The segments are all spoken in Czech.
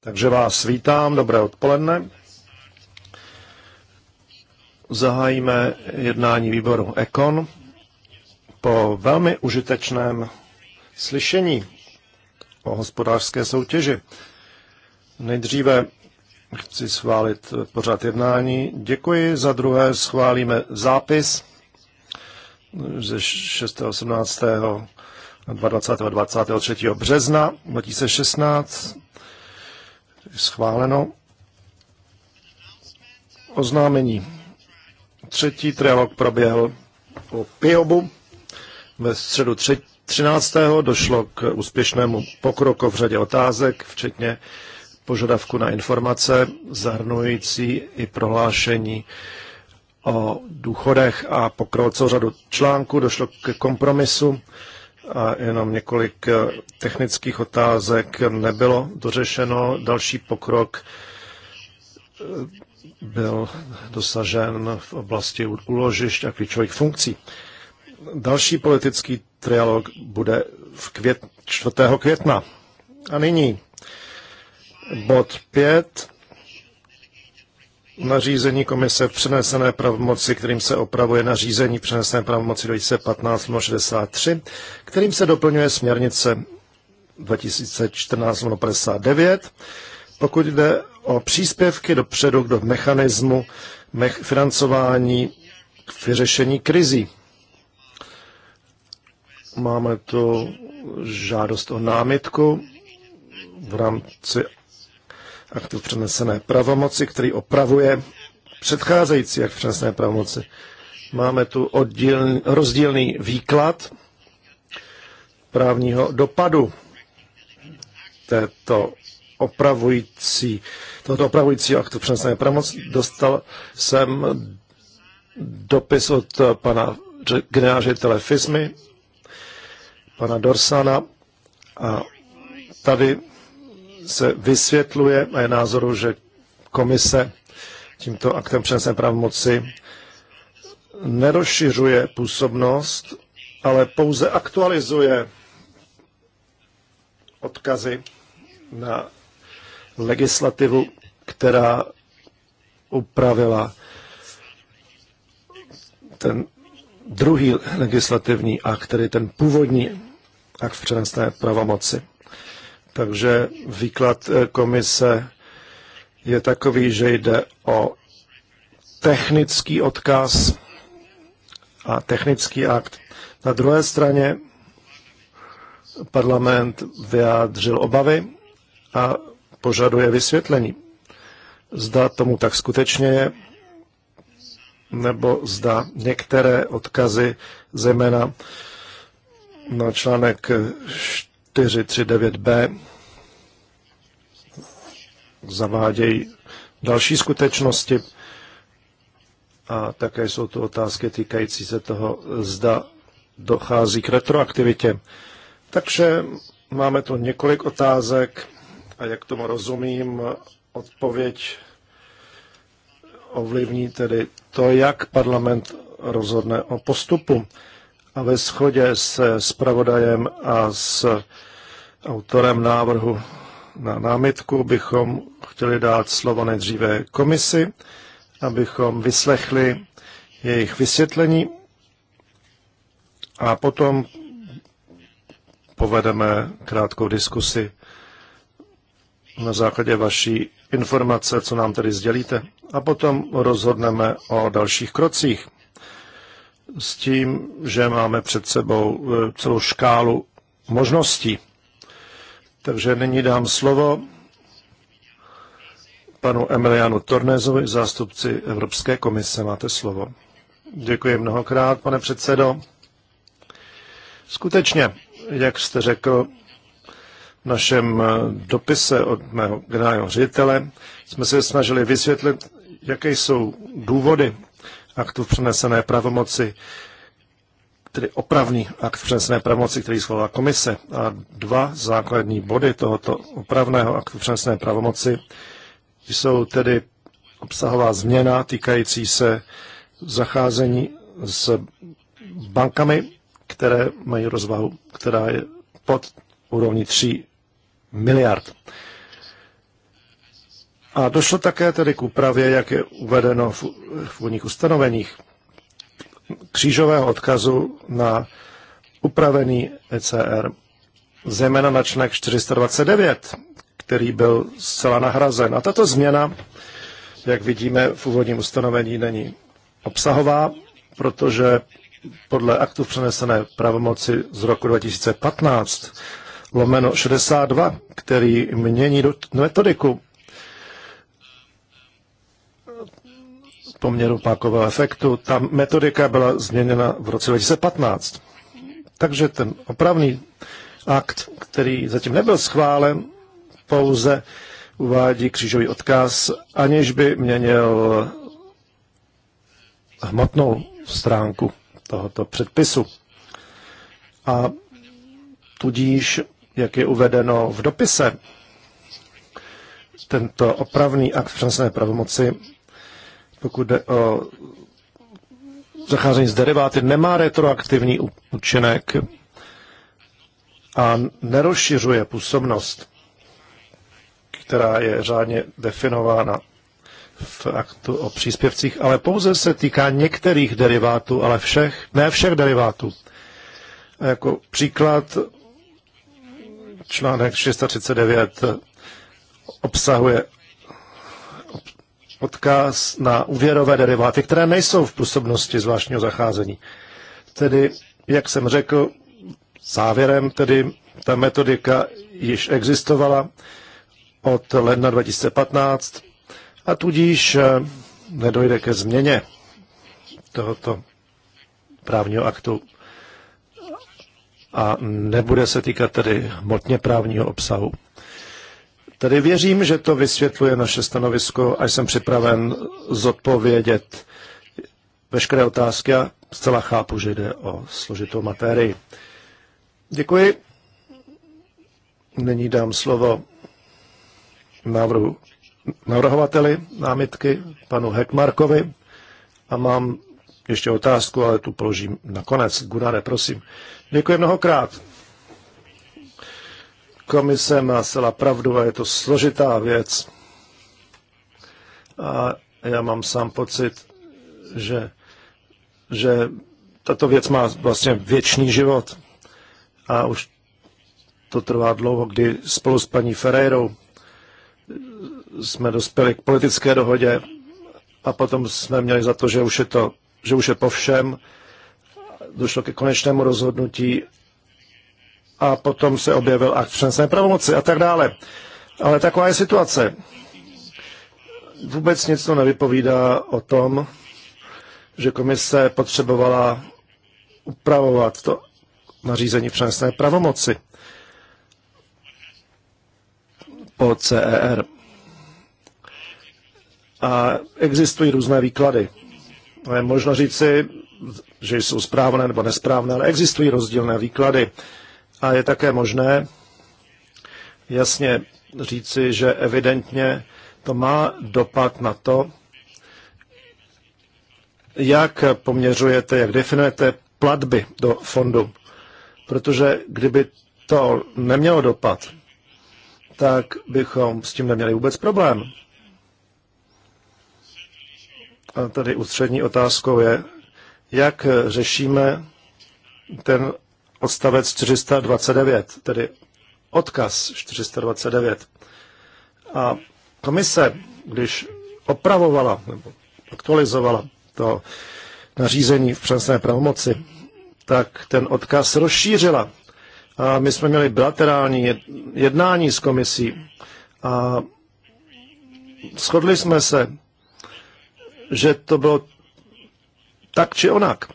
Takže vás vítám, dobré odpoledne. Zahájíme jednání výboru Ekon po velmi užitečném slyšení o hospodářské soutěži. Nejdříve chci schválit pořád jednání. Děkuji. Za druhé schválíme zápis ze 6. 18. 22. 23. března 2016 schváleno oznámení. Třetí trialog proběhl o PIOBu. Ve středu 13. došlo k úspěšnému pokroku v řadě otázek, včetně požadavku na informace, zahrnující i prohlášení o důchodech a pokroil celou řadu článků. Došlo k kompromisu a jenom několik eh, technických otázek nebylo dořešeno. Další pokrok eh, byl dosažen v oblasti úložišť a klíčových funkcí. Další politický trialog bude v květ, 4. května. A nyní bod 5 nařízení komise v přenesené pravomoci, kterým se opravuje nařízení přenesené pravomoci 2015 63, kterým se doplňuje směrnice 2014 59, pokud jde o příspěvky dopředu do mechanismu financování k vyřešení krizí. Máme tu žádost o námitku v rámci aktu přenesené pravomoci, který opravuje předcházející akt přenesené pravomoci. Máme tu oddíl, rozdílný výklad právního dopadu této opravující, tohoto opravujícího aktu přenesené pravomoci. Dostal jsem dopis od pana generála ředitele FISMy, pana Dorsana a tady se vysvětluje a je názoru, že komise tímto aktem přenesené pravomoci nerozšiřuje působnost, ale pouze aktualizuje odkazy na legislativu, která upravila ten druhý legislativní akt, tedy ten původní akt v přenesené pravomoci. Takže výklad eh, komise je takový, že jde o technický odkaz a technický akt. Na druhé straně parlament vyjádřil obavy a požaduje vysvětlení. Zda tomu tak skutečně je, nebo zda některé odkazy, zejména na článek 4, 439b zavádějí další skutečnosti a také jsou tu otázky týkající se toho, zda dochází k retroaktivitě. Takže máme tu několik otázek a jak tomu rozumím, odpověď ovlivní tedy to, jak parlament rozhodne o postupu. A ve shodě se spravodajem a s autorem návrhu na námitku bychom chtěli dát slovo nejdříve komisi, abychom vyslechli jejich vysvětlení a potom povedeme krátkou diskusi na základě vaší informace, co nám tedy sdělíte. A potom rozhodneme o dalších krocích s tím, že máme před sebou eh, celou škálu možností. Takže nyní dám slovo panu Emilianu Tornézovi, zástupci Evropské komise. Máte slovo. Děkuji mnohokrát, pane předsedo. Skutečně, jak jste řekl, v našem dopise od mého generálního ředitele jsme se snažili vysvětlit, jaké jsou důvody aktu v přenesené pravomoci, tedy opravný akt přenesené pravomoci, který schválila komise. A dva základní body tohoto opravného aktu přenesené pravomoci jsou tedy obsahová změna týkající se zacházení s bankami, které mají rozvahu, která je pod úrovní 3 miliard. A došlo také tedy k úpravě, jak je uvedeno v, v úvodních ustanoveních křížového odkazu na upravený ECR, zejména na článek 429, který byl zcela nahrazen. A tato změna, jak vidíme v úvodním ustanovení, není obsahová, protože podle aktu přenesené pravomoci z roku 2015 lomeno 62, který mění metodiku poměru pákového efektu. Ta metodika byla změněna v roce 2015. Takže ten opravný akt, který zatím nebyl schválen, pouze uvádí křížový odkaz, aniž by měnil hmotnou stránku tohoto předpisu. A tudíž, jak je uvedeno v dopise, tento opravný akt v přenesené pravomoci pokud jde o zacházení s deriváty, nemá retroaktivní účinek a nerozšiřuje působnost, která je řádně definována v aktu o příspěvcích, ale pouze se týká některých derivátů, ale všech, ne všech derivátů. A jako příklad článek 639 obsahuje odkaz na úvěrové deriváty, které nejsou v působnosti zvláštního zacházení. Tedy, jak jsem řekl, závěrem tedy ta metodika již existovala od ledna 2015 a tudíž eh, nedojde ke změně tohoto právního aktu a nebude se týkat tedy hmotně právního obsahu. Tedy věřím, že to vysvětluje naše stanovisko a jsem připraven zodpovědět veškeré otázky a zcela chápu, že jde o složitou materii. Děkuji. Nyní dám slovo návrhu navrhovateli námitky, panu Hekmarkovi. A mám ještě otázku, ale tu položím nakonec. Gunare, prosím. Děkuji mnohokrát. Komise má celá pravdu a je to složitá věc. A já mám sám pocit, že, že tato věc má vlastně věčný život. A už to trvá dlouho, kdy spolu s paní Ferreirou jsme dospěli k politické dohodě a potom jsme měli za to, že už je, to, že už je po všem. Došlo ke konečnému rozhodnutí a potom se objevil akt přenesené pravomoci a tak dále. Ale taková je situace. Vůbec nic to nevypovídá o tom, že komise potřebovala upravovat to nařízení přenesené pravomoci po CER. A existují různé výklady. Je možno říci, že jsou správné nebo nesprávné, ale existují rozdílné výklady. A je také možné jasně říci, že evidentně to má dopad na to, jak poměřujete, jak definujete platby do fondu. Protože kdyby to nemělo dopad, tak bychom s tím neměli vůbec problém. A tady ústřední otázkou je, jak řešíme ten odstavec 429, tedy odkaz 429. A komise, když opravovala nebo aktualizovala to nařízení v přenesené pravomoci, tak ten odkaz rozšířila. A my jsme měli bilaterální jednání s komisí a shodli jsme se, že to bylo tak či onak.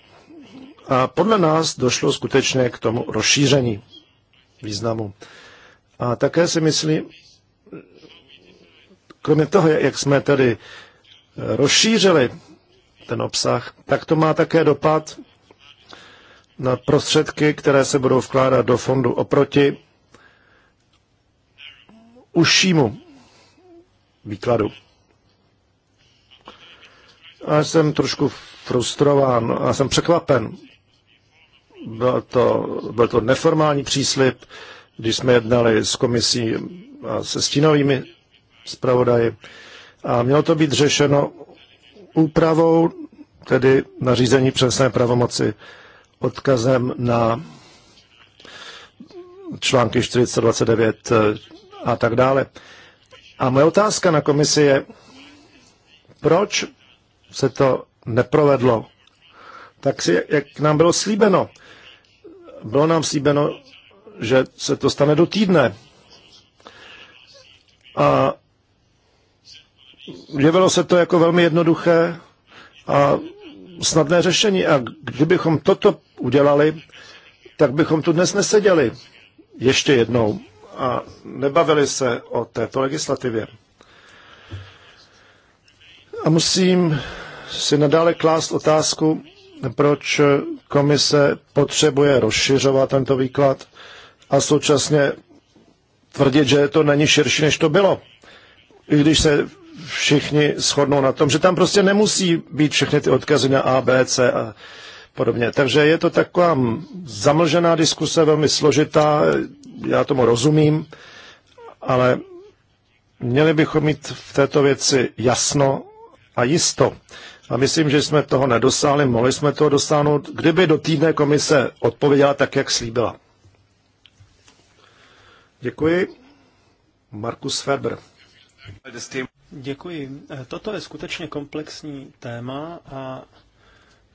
A podle nás došlo skutečně k tomu rozšíření významu. A také si myslím, kromě toho, jak jsme tedy rozšířili ten obsah, tak to má také dopad na prostředky, které se budou vkládat do fondu oproti užšímu výkladu. A jsem trošku frustrován a jsem překvapen byl to, byl to neformální příslip, když jsme jednali s komisí a se stínovými zpravodaji. A mělo to být řešeno úpravou, tedy nařízení přesné pravomoci odkazem na články 429 a tak dále. A moje otázka na komisi je, proč se to neprovedlo tak si, jak nám bylo slíbeno. Bylo nám slíbeno, že se to stane do týdne. A jevilo se to jako velmi jednoduché a snadné řešení. A kdybychom toto udělali, tak bychom tu dnes neseděli ještě jednou a nebavili se o této legislativě. A musím si nadále klást otázku, proč komise potřebuje rozšiřovat tento výklad a současně tvrdit, že to není širší, než to bylo. I když se všichni shodnou na tom, že tam prostě nemusí být všechny ty odkazy na A, B, C a podobně. Takže je to taková zamlžená diskuse, velmi složitá, já tomu rozumím, ale měli bychom mít v této věci jasno a jisto a myslím, že jsme toho nedosáhli, mohli jsme toho dosáhnout, kdyby do týdne komise odpověděla tak, jak slíbila. Děkuji. Markus Weber. Děkuji. Toto je skutečně komplexní téma a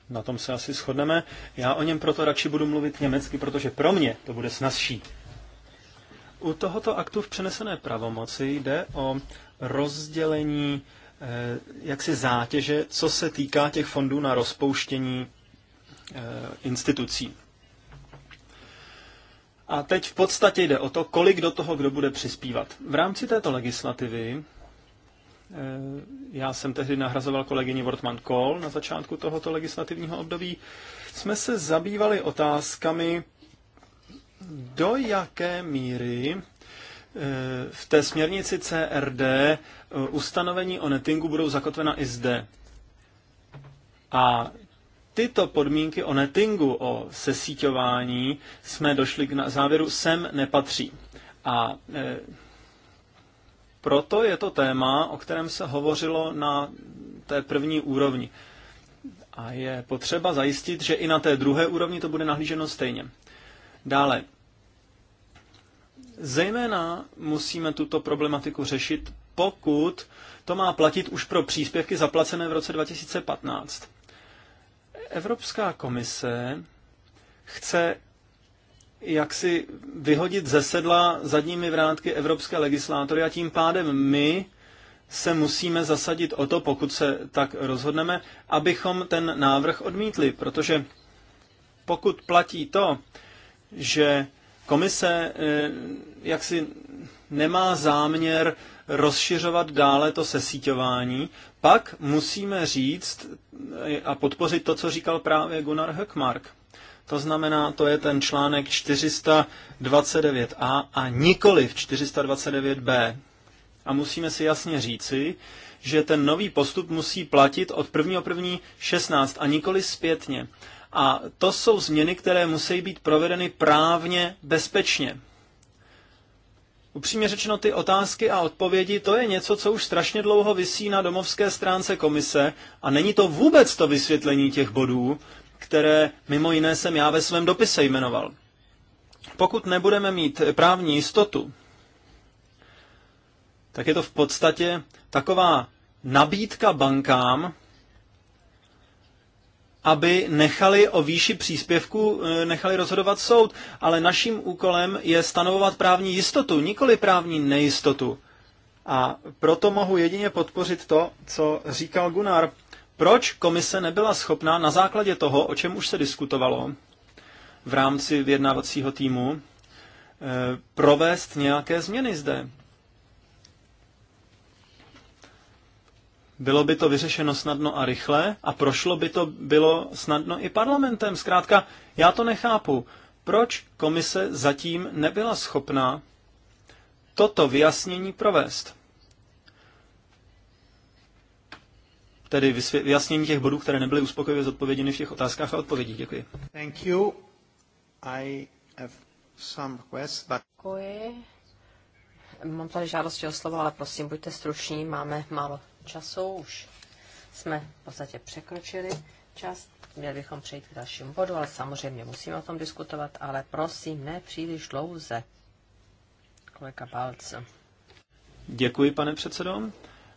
na tom se asi shodneme. Já o něm proto radši budu mluvit německy, protože pro mě to bude snazší. U tohoto aktu v přenesené pravomoci jde o rozdělení Eh, jaksi zátěže, co se týká těch fondů na rozpouštění eh, institucí. A teď v podstatě jde o to, kolik do toho kdo bude přispívat. V rámci této legislativy eh, já jsem tehdy nahrazoval kolegyni Wortmann Kohl na začátku tohoto legislativního období, jsme se zabývali otázkami, do jaké míry Eh, v té směrnici CRD eh, ustanovení o nettingu budou zakotvena i zde. A tyto podmínky o nettingu, o sesíťování, jsme došli k závěru sem nepatří. A e, proto je to téma, o kterém se hovořilo na té první úrovni. A je potřeba zajistit, že i na té druhé úrovni to bude nahlíženo stejně. Dále, Zejména musíme tuto problematiku řešit, pokud to má platit už pro příspěvky zaplacené v roce 2015. Evropská komise chce jak si vyhodit ze sedla zadními vrátky evropské legislátory a tím pádem my se musíme zasadit o to, pokud se tak rozhodneme, abychom ten návrh odmítli, protože pokud platí to, že Komise eh, jaksi nemá záměr rozšiřovat dále to sesíťování, pak musíme říct eh, a podpořit to, co říkal právě Gunnar Höckmark. To znamená, to je ten článek 429a a nikoli v 429b. A musíme si jasně říci, že ten nový postup musí platit od 1.1.16 a nikoli zpětně. A to jsou změny, které musí být provedeny právně bezpečně. Upřímně řečeno, ty otázky a odpovědi, to je něco, co už strašně dlouho visí na domovské stránce komise a není to vůbec to vysvětlení těch bodů, které mimo jiné jsem já ve svém dopise jmenoval. Pokud nebudeme mít právní jistotu, tak je to v podstatě taková nabídka bankám, aby nechali o výši příspěvku, eh, nechali rozhodovat soud, ale naším úkolem je stanovovat právní jistotu, nikoli právní nejistotu. A proto mohu jedině podpořit to, co říkal Gunnar. Proč komise nebyla schopná na základě toho, o čem už se diskutovalo v rámci vyjednávacího týmu, eh, provést nějaké změny zde? bylo by to vyřešeno snadno a rychle a prošlo by to bylo snadno i parlamentem. Zkrátka, já to nechápu. Proč komise zatím nebyla schopná toto vyjasnění provést? Tedy vyjasnění těch bodů, které nebyly uspokojivě zodpověděny v těch otázkách a odpovědích. Děkuji. Thank you. I have some requests, but... Děkuji. Mám tady žádosti o slovo, ale prosím, buďte struční, máme málo času, už jsme v podstatě překročili čas. Měli bychom přejít k dalšímu bodu, ale samozřejmě musíme o tom diskutovat, ale prosím, ne příliš dlouze. Kolega Balc. Děkuji, pane předsedo.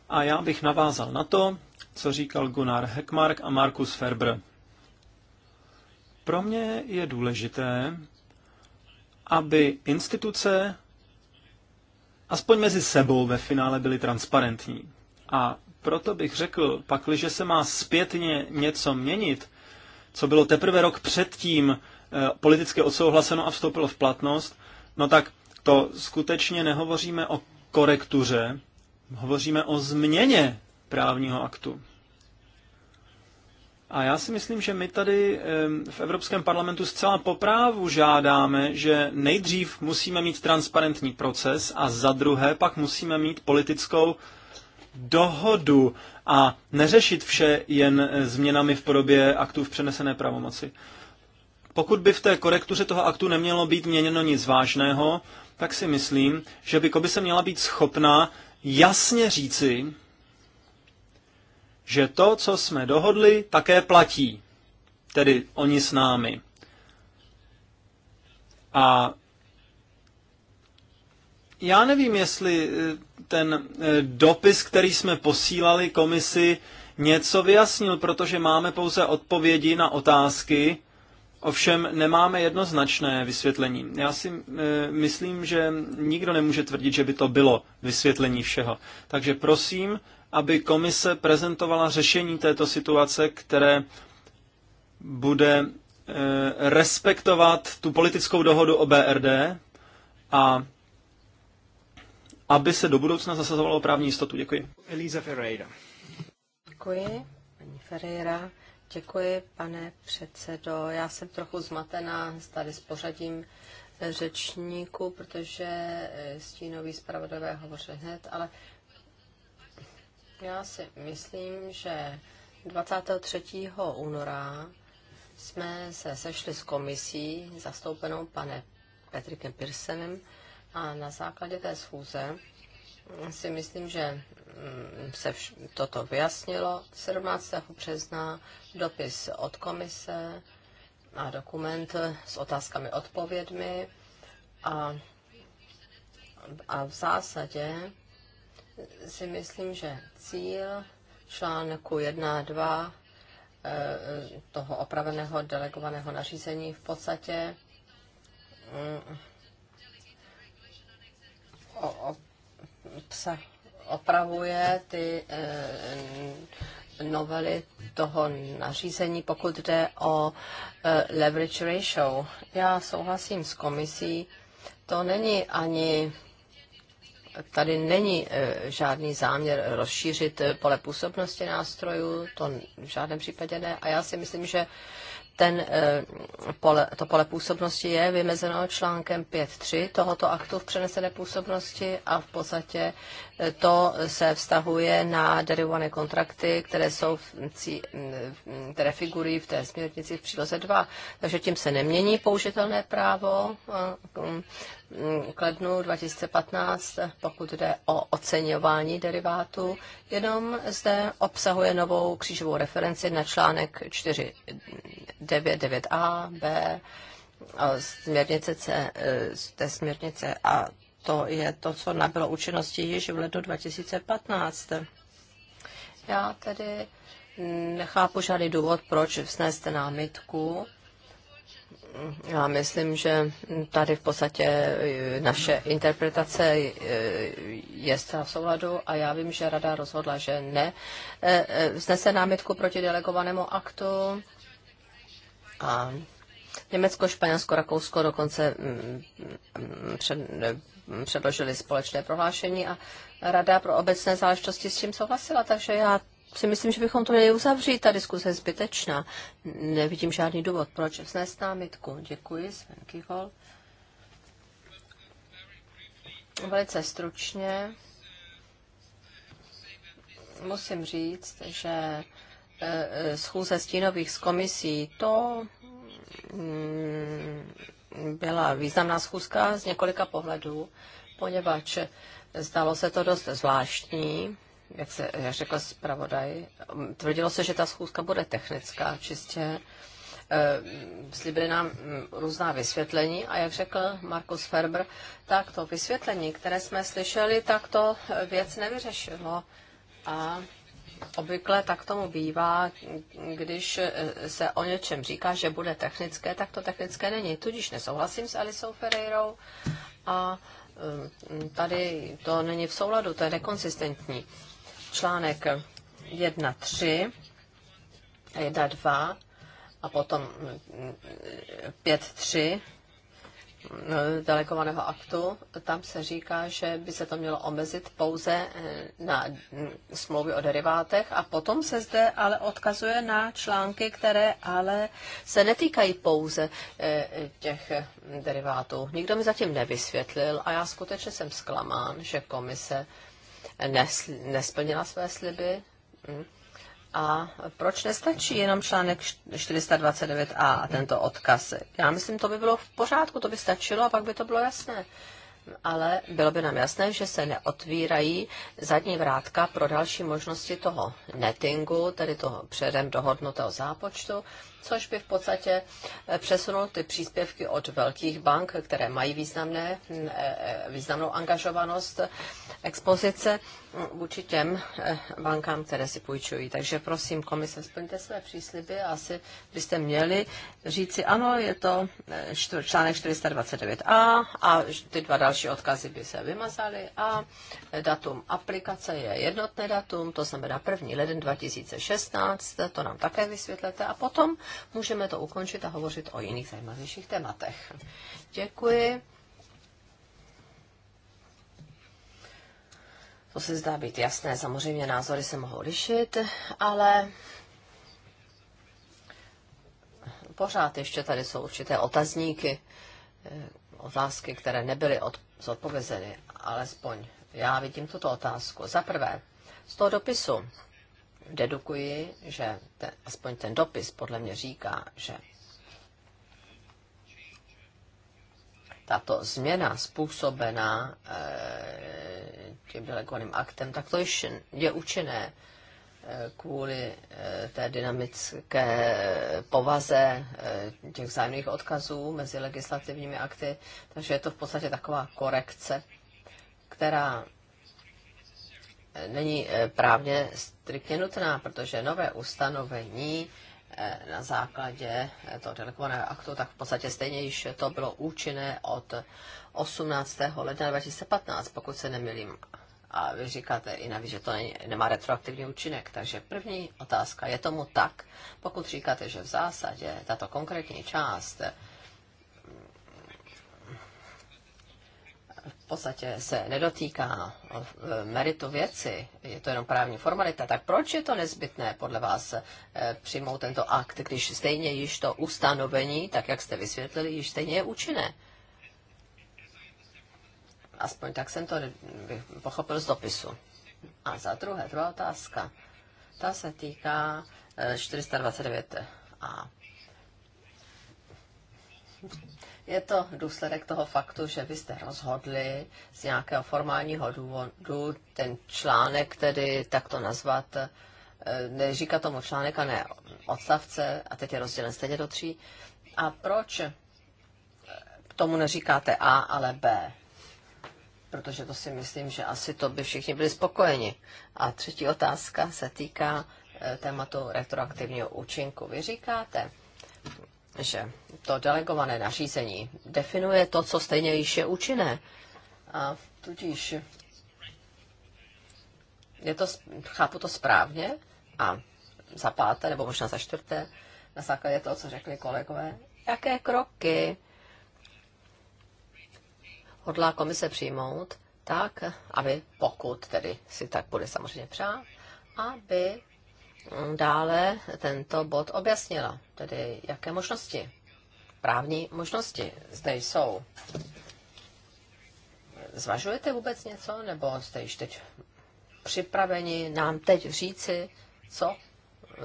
A já bych navázal na to, co říkal Gunnar Heckmark a Markus Ferber. Pro mě je důležité, aby instituce aspoň mezi sebou ve finále byly transparentní. A proto bych řekl, pakliže se má zpětně něco měnit, co bylo teprve rok předtím eh, politicky odsouhlaseno a vstoupilo v platnost, no tak to skutečně nehovoříme o korektuře, hovoříme o změně právního aktu. A já si myslím, že my tady v Evropském parlamentu zcela poprávu žádáme, že nejdřív musíme mít transparentní proces a za druhé pak musíme mít politickou dohodu a neřešit vše jen změnami v podobě aktů v přenesené pravomoci. Pokud by v té korektuře toho aktu nemělo být měněno nic vážného, tak si myslím, že by se měla být schopná jasně říci, že to, co jsme dohodli, také platí. Tedy oni s námi. A já nevím, jestli eh, ten eh, dopis, který jsme posílali komisi, něco vyjasnil, protože máme pouze odpovědi na otázky, ovšem nemáme jednoznačné vysvětlení. Já si eh, myslím, že nikdo nemůže tvrdit, že by to bylo vysvětlení všeho. Takže prosím, aby komise prezentovala řešení této situace, které bude eh, respektovat tu politickou dohodu o BRD a aby se do budoucna zasazovalo o právní jistotu. Děkuji. Elisa Ferreira. Děkuji, paní Ferreira. Děkuji, pane předsedo. Já jsem trochu zmatená tady s pořadím eh, řečníků, protože eh, stínový zpravodové hovořil hned, ale já si myslím, že 23. února jsme se sešli s komisí zastoupenou pane Petrikem Pirsenem a na základě té schůze si myslím, že mm, se vš- toto vyjasnilo. 17. března dopis od komise a dokument s otázkami odpovědmi a, a v zásadě si myslím, že cíl článku 1 a 2 toho opraveného delegovaného nařízení v podstatě mm, o, opravuje ty eh, novely toho nařízení, pokud jde o eh, leverage ratio. Já souhlasím s komisí, to není ani tady není eh, žádný záměr rozšířit pole působnosti nástrojů, to v žádném případě ne. A já si myslím, že ten, eh, pole, to pole působnosti je vymezeno článkem 5.3 tohoto aktu v přenesené působnosti a v podstatě eh, to se vztahuje na derivované kontrakty, které, jsou v, mm, které figurují v té směrnici v příloze 2. Takže tím se nemění použitelné právo eh, k lednu 2015, pokud jde o oceňování derivátů, jenom zde obsahuje novou křížovou referenci na článek 499a, b, směrnice C, té směrnice a to je to, co nabylo účinnosti již v lednu 2015. Já tedy nechápu žádný důvod, proč vznést námitku já myslím, že tady v podstatě eh, naše interpretace eh, je zcela v souladu a já vím, že rada rozhodla, že ne. Eh, vznese námitku proti delegovanému aktu a Německo, Španělsko, Rakousko dokonce mm, mm, předložili společné prohlášení a Rada pro obecné záležitosti s tím souhlasila, takže já si myslím, že bychom to měli uzavřít. Ta diskuse je zbytečná. Nevidím žádný důvod, proč vznést námitku. Děkuji, Sven Kihol. Velice stručně musím říct, že e, e, schůze stínových z komisí, to mm, byla významná schůzka z několika pohledů, poněvadž e, zdalo se to dost zvláštní, jak se řekl zpravodaj, tvrdilo se, že ta schůzka bude technická čistě. Eh, slíbili nám mm, různá vysvětlení a jak řekl Markus Ferber, tak to vysvětlení, které jsme slyšeli, tak to věc nevyřešilo. A obvykle tak tomu bývá, když eh, se o něčem říká, že bude technické, tak to technické není. Tudíž nesouhlasím s Alisou Ferreirou a eh, tady to není v souladu, to je nekonsistentní článek 1.3 a 1.2 a potom 5.3 delegovaného aktu, tam se říká, že by se to mělo omezit pouze na smlouvy o derivátech a potom se zde ale odkazuje na články, které ale se netýkají pouze eh, těch derivátů. Nikdo mi zatím nevysvětlil a já skutečně jsem zklamán, že komise nes, nesplnila své sliby. Mm. A proč nestačí jenom článek 429a a tento odkaz? Já myslím, to by bylo v pořádku, to by stačilo a pak by to bylo jasné. Ale bylo by nám jasné, že se neotvírají zadní vrátka pro další možnosti toho nettingu, tedy toho předem dohodnutého zápočtu což by v podstatě eh, přesunul ty příspěvky od velkých bank, které mají významné, hm, eh, eh, významnou angažovanost expozice hm, vůči těm bankám, které si půjčují. Takže prosím, komise, splňte své přísliby a asi byste měli říci, ano, je to článek 429a a ty dva další odkazy by se vymazaly a datum aplikace je jednotné datum, to znamená 1. leden 2016, to nám také vysvětlete a potom můžeme to ukončit a hovořit o jiných zajímavějších tématech. Děkuji. To se zdá být jasné, samozřejmě názory se mohou lišit, ale pořád ještě tady jsou určité otazníky, eh, otázky, které nebyly od, zodpovězeny, alespoň já vidím tuto otázku. Za prvé, z toho dopisu dedukuji, že ten, aspoň ten dopis podle mě říká, že tato změna způsobená eh, tím delegovaným aktem, tak to již je učené eh, kvůli eh, té dynamické povaze těch vzájemných odkazů mezi legislativními akty. Takže je to v podstatě taková korekce, která není právně striktně nutná, protože nové ustanovení eh, na základě eh, toho delegovaného aktu, tak v podstatě stejně již to bylo účinné od 18. ledna 2015, pokud se nemilím. A vy říkáte i navíc, že to nemá retroaktivní účinek. Takže první otázka, je tomu tak, pokud říkáte, že v zásadě tato konkrétní část podstatě se nedotýká meritu věci, je to jenom právní formalita, tak proč je to nezbytné podle vás eh, přijmout tento akt, když stejně již to ustanovení, tak jak jste vysvětlili, již stejně je účinné? Aspoň tak jsem to pochopil z dopisu. A za druhé, druhá otázka. Ta se týká 429a. Eh, je to důsledek toho faktu, že vy jste rozhodli z nějakého formálního důvodu ten článek tedy takto nazvat, eh, neříká tomu článek a ne odstavce, a teď je rozdělen stejně do tří. A proč eh, tomu neříkáte A, ale B? Protože to si myslím, že asi to by všichni byli spokojeni. A třetí otázka se týká eh, tématu retroaktivního účinku. Vy říkáte, že to delegované nařízení definuje to, co stejně již je účinné. A tudíž je to, chápu to správně a za páté nebo možná za čtvrté, na základě toho, co řekli kolegové, jaké kroky hodlá komise přijmout tak, aby pokud tedy si tak bude samozřejmě přát, aby dále tento bod objasnila, tedy jaké možnosti, právní možnosti zde jsou. Zvažujete vůbec něco, nebo jste již teď připraveni nám teď říci, co,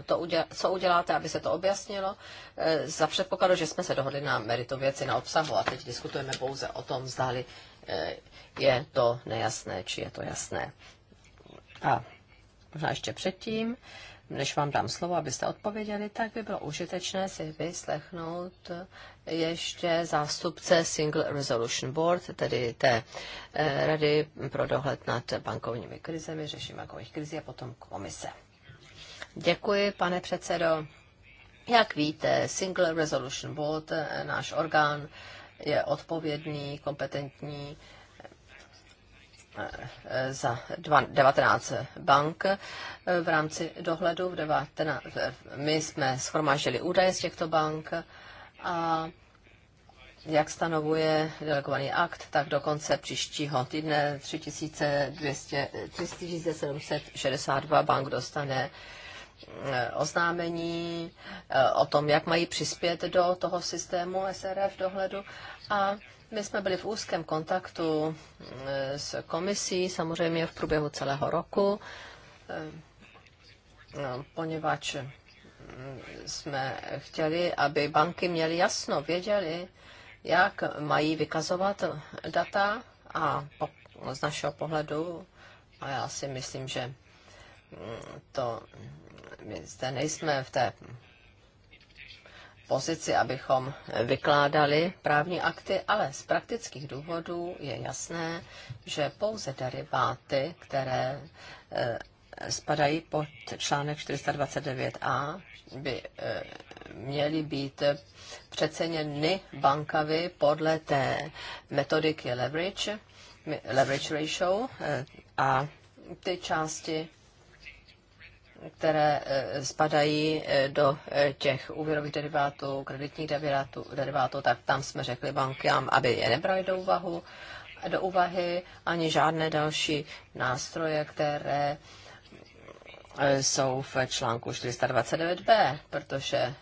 to uděla, co uděláte, aby se to objasnilo, e, za předpokladu, že jsme se dohodli na meritu věci, na obsahu a teď diskutujeme pouze o tom, zdali e, je to nejasné, či je to jasné. A možná ještě předtím než vám dám slovo, abyste odpověděli, tak by bylo užitečné si vyslechnout ještě zástupce Single Resolution Board, tedy té eh, Rady pro dohled nad bankovními krizemi, řešení bankovních krizi a potom komise. Děkuji, pane předsedo. Jak víte, Single Resolution Board, eh, náš orgán, je odpovědný, kompetentní Eh, za 19 bank eh, v rámci dohledu. V 19, eh, my jsme schromáždili údaje z těchto bank a jak stanovuje delegovaný akt, tak do konce příštího týdne 3200, 3762 bank dostane Eh, oznámení eh, o tom, jak mají přispět do toho systému SRF dohledu. A my jsme byli v úzkém kontaktu eh, s komisí, samozřejmě v průběhu celého roku, no, poněvadž mm, jsme chtěli, aby banky měly jasno, věděli, jak mají vykazovat data a z našeho pohledu, a já si myslím, že to my zde nejsme v té pozici, abychom vykládali právní akty, ale z praktických důvodů je jasné, že pouze deriváty, které eh, spadají pod článek 429a, by eh, měly být přeceněny bankavy podle té metodiky leverage, leverage ratio eh, a ty části které eh, spadají eh, do eh, těch úvěrových derivátů, kreditních derivátů, derivátů, tak tam jsme řekli bankám, aby je nebrali do úvahu, do úvahy ani žádné další nástroje, které jsou v článku 429b, protože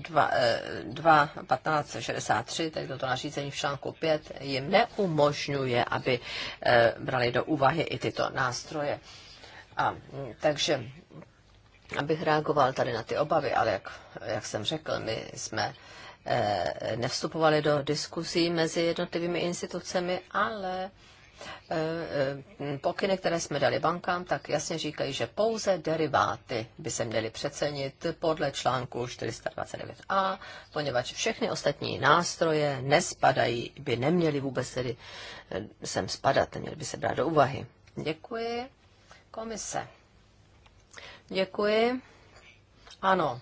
2.1563, tedy toto nařízení v článku 5, jim neumožňuje, aby brali do úvahy i tyto nástroje. A, takže abych reagoval tady na ty obavy, ale jak, jak jsem řekl, my jsme eh, nevstupovali do diskuzí mezi jednotlivými institucemi, ale eh, eh, pokyny, které jsme dali bankám, tak jasně říkají, že pouze deriváty by se měly přecenit podle článku 429a, poněvadž všechny ostatní nástroje nespadají, by neměly vůbec tedy eh, sem spadat, neměly by se brát do úvahy. Děkuji. Komise. Děkuji. Ano,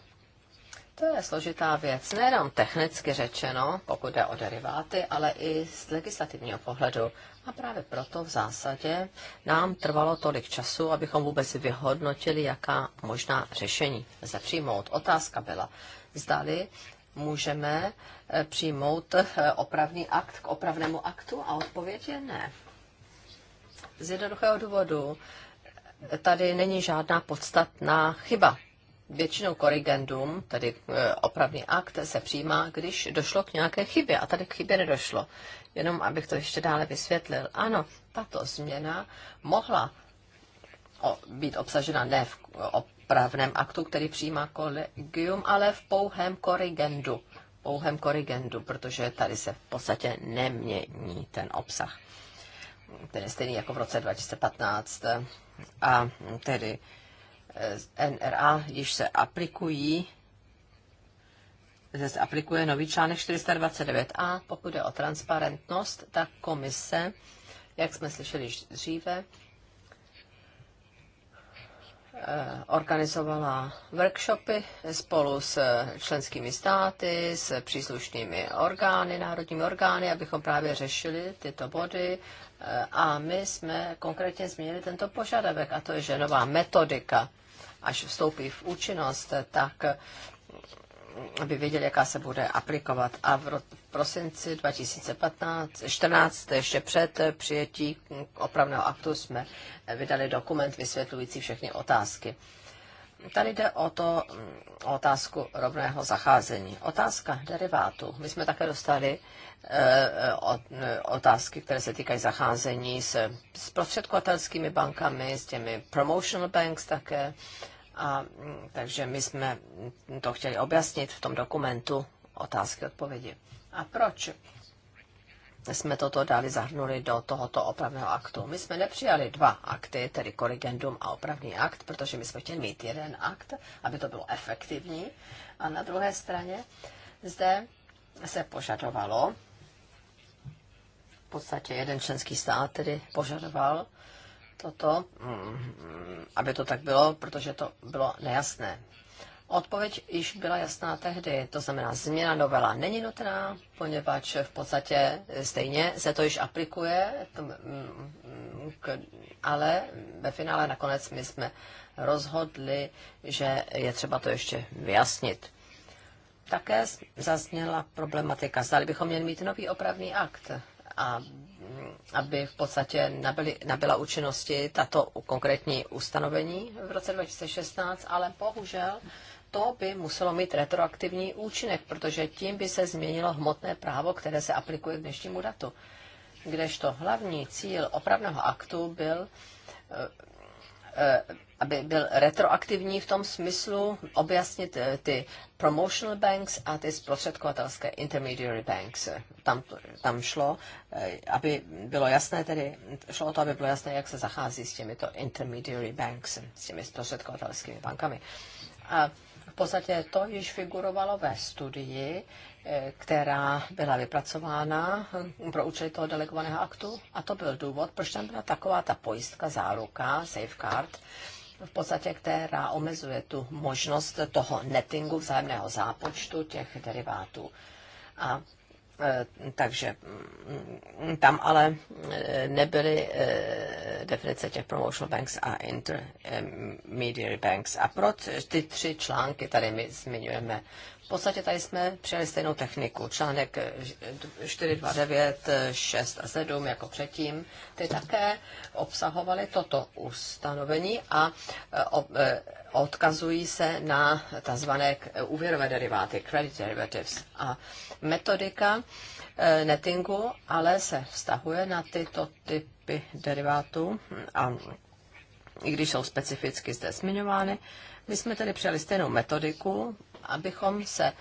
to je složitá věc, nejenom technicky řečeno, pokud jde o deriváty, ale i z legislativního pohledu. A právě proto v zásadě nám trvalo tolik času, abychom vůbec vyhodnotili, jaká možná řešení se přijmout. Otázka byla, zdali můžeme eh, přijmout eh, opravný akt k opravnému aktu a odpověď je ne. Z jednoduchého důvodu tady není žádná podstatná chyba. Většinou korrigendum, tedy eh, opravný akt, se přijímá, když došlo k nějaké chybě. A tady k chybě nedošlo. Jenom abych to ještě dále vysvětlil. Ano, tato změna mohla být obsažena ne v opravném aktu, který přijímá kolegium, ale v pouhém korrigendu. Pouhém korrigendu, protože tady se v podstatě nemění ten obsah ten je stejný jako v roce 2015. A tedy eh, NRA již se aplikují, se aplikuje nový článek 429a, pokud je o transparentnost, tak komise, jak jsme slyšeli již dříve, eh, organizovala workshopy spolu s členskými státy, s příslušnými orgány, národními orgány, abychom právě řešili tyto body a my jsme konkrétně změnili tento požadavek, a to je, že nová metodika, až vstoupí v účinnost, tak aby věděli, jaká se bude aplikovat. A v, prosinci 2015, 14, ještě před přijetí opravného aktu, jsme vydali dokument vysvětlující všechny otázky. Tady jde o, to, o otázku rovného zacházení. Otázka derivátu. My jsme také dostali uh, Eh, eh, otázky, které se týkají zacházení s zprostředkovatelskými bankami, s těmi promotional banks také. A, mm, takže my jsme to chtěli objasnit v tom dokumentu otázky odpovědi. A proč jsme toto dali, zahrnuli do tohoto opravného aktu? My jsme nepřijali dva akty, tedy korrigendum a opravný akt, protože my jsme chtěli mít jeden akt, aby to bylo efektivní. A na druhé straně zde se požadovalo, podstatě jeden členský stát tedy požadoval toto, mm, aby to tak bylo, protože to bylo nejasné. Odpověď již byla jasná tehdy, to znamená změna novela není nutná, poněvadž v podstatě stejně se to již aplikuje, mm, mm, ale ve finále nakonec my jsme rozhodli, že je třeba to ještě vyjasnit. Také zazněla problematika, zda bychom měli mít nový opravný akt a aby v podstatě nabyly, nabyla účinnosti tato konkrétní ustanovení v roce 2016, ale bohužel to by muselo mít retroaktivní účinek, protože tím by se změnilo hmotné právo, které se aplikuje k dnešnímu datu. Kdežto hlavní cíl opravného aktu byl eh, eh, aby byl retroaktivní v tom smyslu objasnit eh, ty promotional banks a ty zprostředkovatelské intermediary banks. Tam, tam šlo, eh, aby bylo jasné tedy, šlo o to, aby bylo jasné, jak se zachází s těmito intermediary banks, s těmi zprostředkovatelskými bankami. A v podstatě to již figurovalo ve studii, eh, která byla vypracována hm, pro účely toho delegovaného aktu a to byl důvod, proč tam byla taková ta pojistka, záruka, safeguard, card, v podstatě, která omezuje tu možnost toho nettingu, vzájemného zápočtu těch derivátů. A e, takže mm, mm, tam ale e, nebyly e, definice těch promotional banks a intermediary banks. A proč ty tři články tady my zmiňujeme? podstatě tady jsme přijali stejnou techniku. Článek 9, eh, 6 eh, a 7 jako předtím, ty také obsahovaly toto ustanovení a eh, odkazují se na tzv. úvěrové deriváty, credit derivatives. A metodika nettingu ale se vztahuje na tyto typy derivátů a i když jsou specificky zde zmiňovány, my jsme tedy přijali stejnou metodiku, abychom se eh,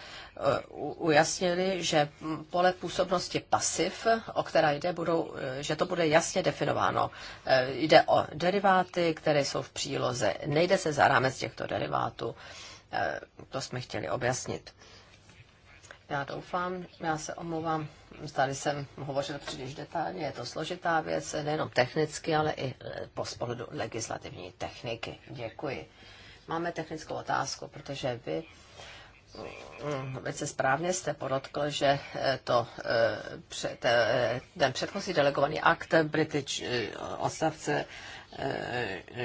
ujasnili, že pole působnosti pasiv, o která jde, budou, eh, že to bude jasně definováno. Eh, jde o deriváty, které jsou v příloze. Nejde se za rámec těchto derivátů. To jsme chtěli objasnit. Já doufám, já se omlouvám, tady jsem hovořil příliš detailně, je to složitá věc, nejenom technicky, ale i po pohledu legislativní techniky. Děkuji. Máme technickou otázku, protože vy Mm, velice správně jste podotkl, že eh, to, eh, eh, ten předchozí delegovaný akt British odstavce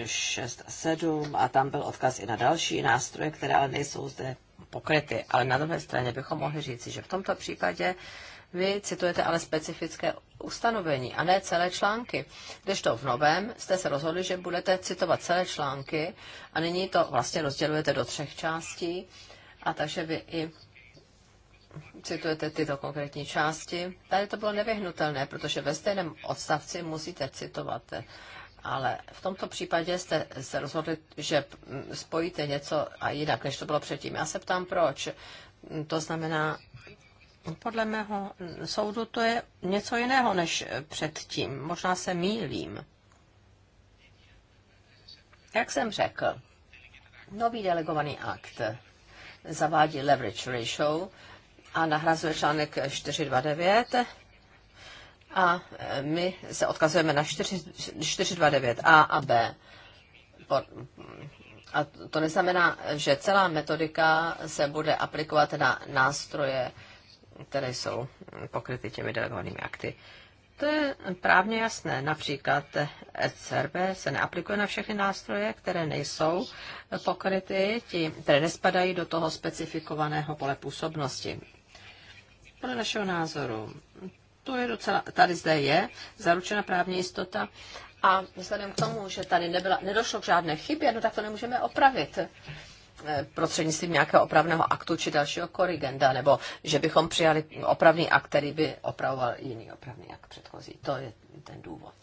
6 a 7 a tam byl odkaz i na další nástroje, které ale nejsou zde pokryty. Ale na druhé straně bychom mohli říci, že v tomto případě vy citujete ale specifické ustanovení a ne celé články. to v novém jste se rozhodli, že budete citovat celé články a nyní to vlastně rozdělujete do třech částí a takže vy i citujete tyto konkrétní části. Tady to bylo nevyhnutelné, protože ve stejném odstavci musíte citovat. Ale v tomto případě jste se rozhodli, že spojíte něco a jinak, než to bylo předtím. Já se ptám, proč. To znamená, podle mého soudu to je něco jiného než předtím. Možná se mýlím. Jak jsem řekl, nový delegovaný akt zavádí leverage ratio a nahrazuje článek 429 a e, my se odkazujeme na 429 A a B. A to neznamená, že celá metodika se bude aplikovat na nástroje, které jsou pokryty těmi delegovanými akty. To je právně jasné. Například SRB se neaplikuje na všechny nástroje, které nejsou pokryty, ti, které nespadají do toho specifikovaného pole působnosti. Podle našeho názoru, to je docela, tady zde je zaručena právní jistota a vzhledem k tomu, že tady nebyla, nedošlo k žádné chybě, no tak to nemůžeme opravit. Eh, prostřednictvím nějakého opravného aktu či dalšího korigenda, nebo že bychom přijali opravný akt, který by opravoval jiný opravný akt předchozí. To je ten důvod.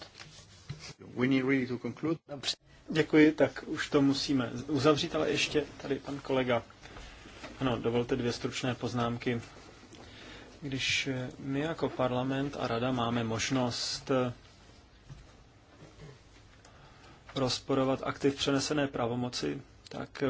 We need really to conclude. Dobře. Děkuji, tak už to musíme uzavřít, ale ještě tady pan kolega. Ano, dovolte dvě stručné poznámky. Když eh, my jako parlament a rada máme možnost eh, rozporovat aktiv přenesené pravomoci, tak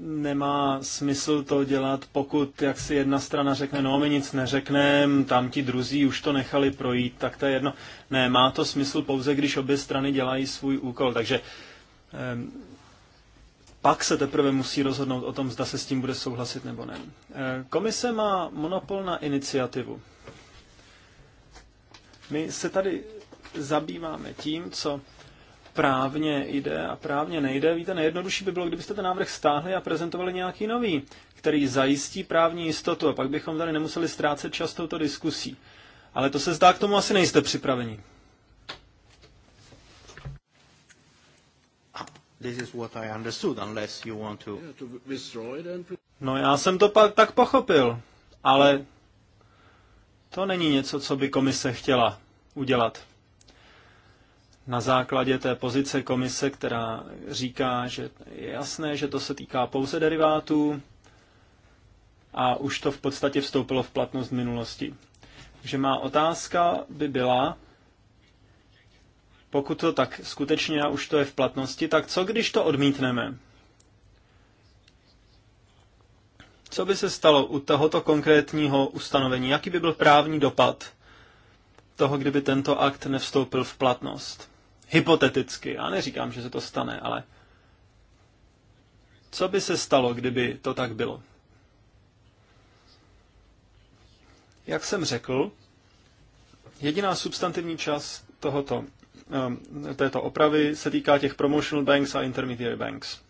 nemá smysl to dělat, pokud jak si jedna strana řekne, no my nic neřekneme, tam ti druzí už to nechali projít, tak to je jedno. Ne, má to smysl pouze, když obě strany dělají svůj úkol. Takže eh, pak se teprve musí rozhodnout o tom, zda se s tím bude souhlasit nebo ne. Eh, komise má monopol na iniciativu. My se tady zabýváme tím, co právně jde a právně nejde. Víte, nejjednodušší by bylo, kdybyste ten návrh stáhli a prezentovali nějaký nový, který zajistí právní jistotu a pak bychom tady nemuseli ztrácet čas touto diskusí. Ale to se zdá, k tomu asi nejste připraveni. Ah, no já jsem to pak tak pochopil, ale to není něco, co by komise chtěla udělat na základě té pozice komise, která říká, že je jasné, že to se týká pouze derivátů a už to v podstatě vstoupilo v platnost v minulosti. Takže má otázka by byla, pokud to tak skutečně a už to je v platnosti, tak co když to odmítneme? Co by se stalo u tohoto konkrétního ustanovení? Jaký by byl právní dopad toho, kdyby tento akt nevstoupil v platnost? Hypoteticky, já neříkám, že se to stane, ale co by se stalo, kdyby to tak bylo? Jak jsem řekl, jediná substantivní část tohoto, ehm, této opravy se týká těch promotional banks a intermediary banks.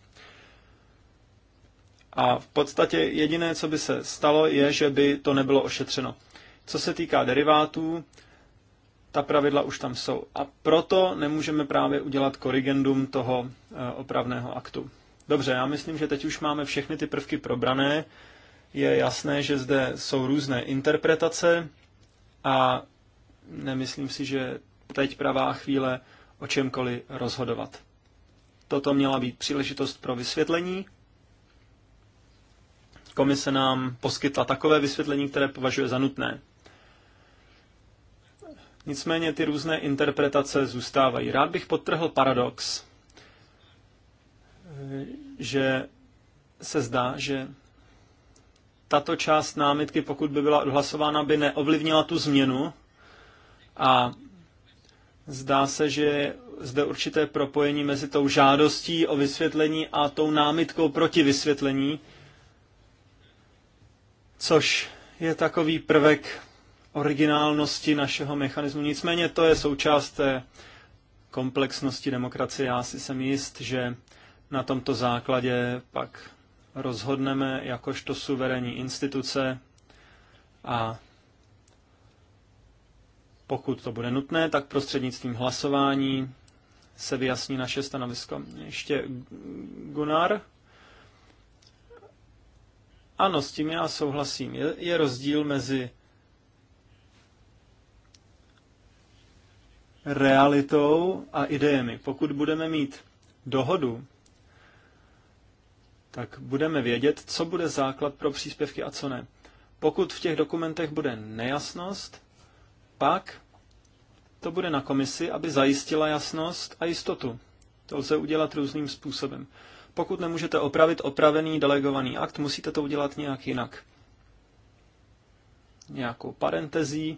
A v podstatě jediné, co by se stalo, je, že by to nebylo ošetřeno. Co se týká derivátů, ta pravidla už tam jsou. A proto nemůžeme právě udělat korrigendum toho eh, opravného aktu. Dobře, já myslím, že teď už máme všechny ty prvky probrané. Je jasné, že zde jsou různé interpretace a nemyslím si, že teď pravá chvíle o čemkoliv rozhodovat. Toto měla být příležitost pro vysvětlení. Komise nám poskytla takové vysvětlení, které považuje za nutné. Nicméně ty různé interpretace zůstávají. Rád bych podtrhl paradox, že se zdá, že tato část námitky, pokud by byla odhlasována, by neovlivnila tu změnu a zdá se, že je zde určité propojení mezi tou žádostí o vysvětlení a tou námitkou proti vysvětlení, což je takový prvek originálnosti našeho mechanismu. Nicméně to je součást té komplexnosti demokracie. Já si jsem jist, že na tomto základě pak rozhodneme jakožto suverénní instituce a pokud to bude nutné, tak prostřednictvím hlasování se vyjasní naše stanovisko. Ještě Gunnar. Ano, s tím já souhlasím. Je, je rozdíl mezi realitou a idejemi. Pokud budeme mít dohodu, tak budeme vědět, co bude základ pro příspěvky a co ne. Pokud v těch dokumentech bude nejasnost, pak to bude na komisi, aby zajistila jasnost a jistotu. To lze udělat různým způsobem. Pokud nemůžete opravit opravený delegovaný akt, musíte to udělat nějak jinak. Nějakou parentezí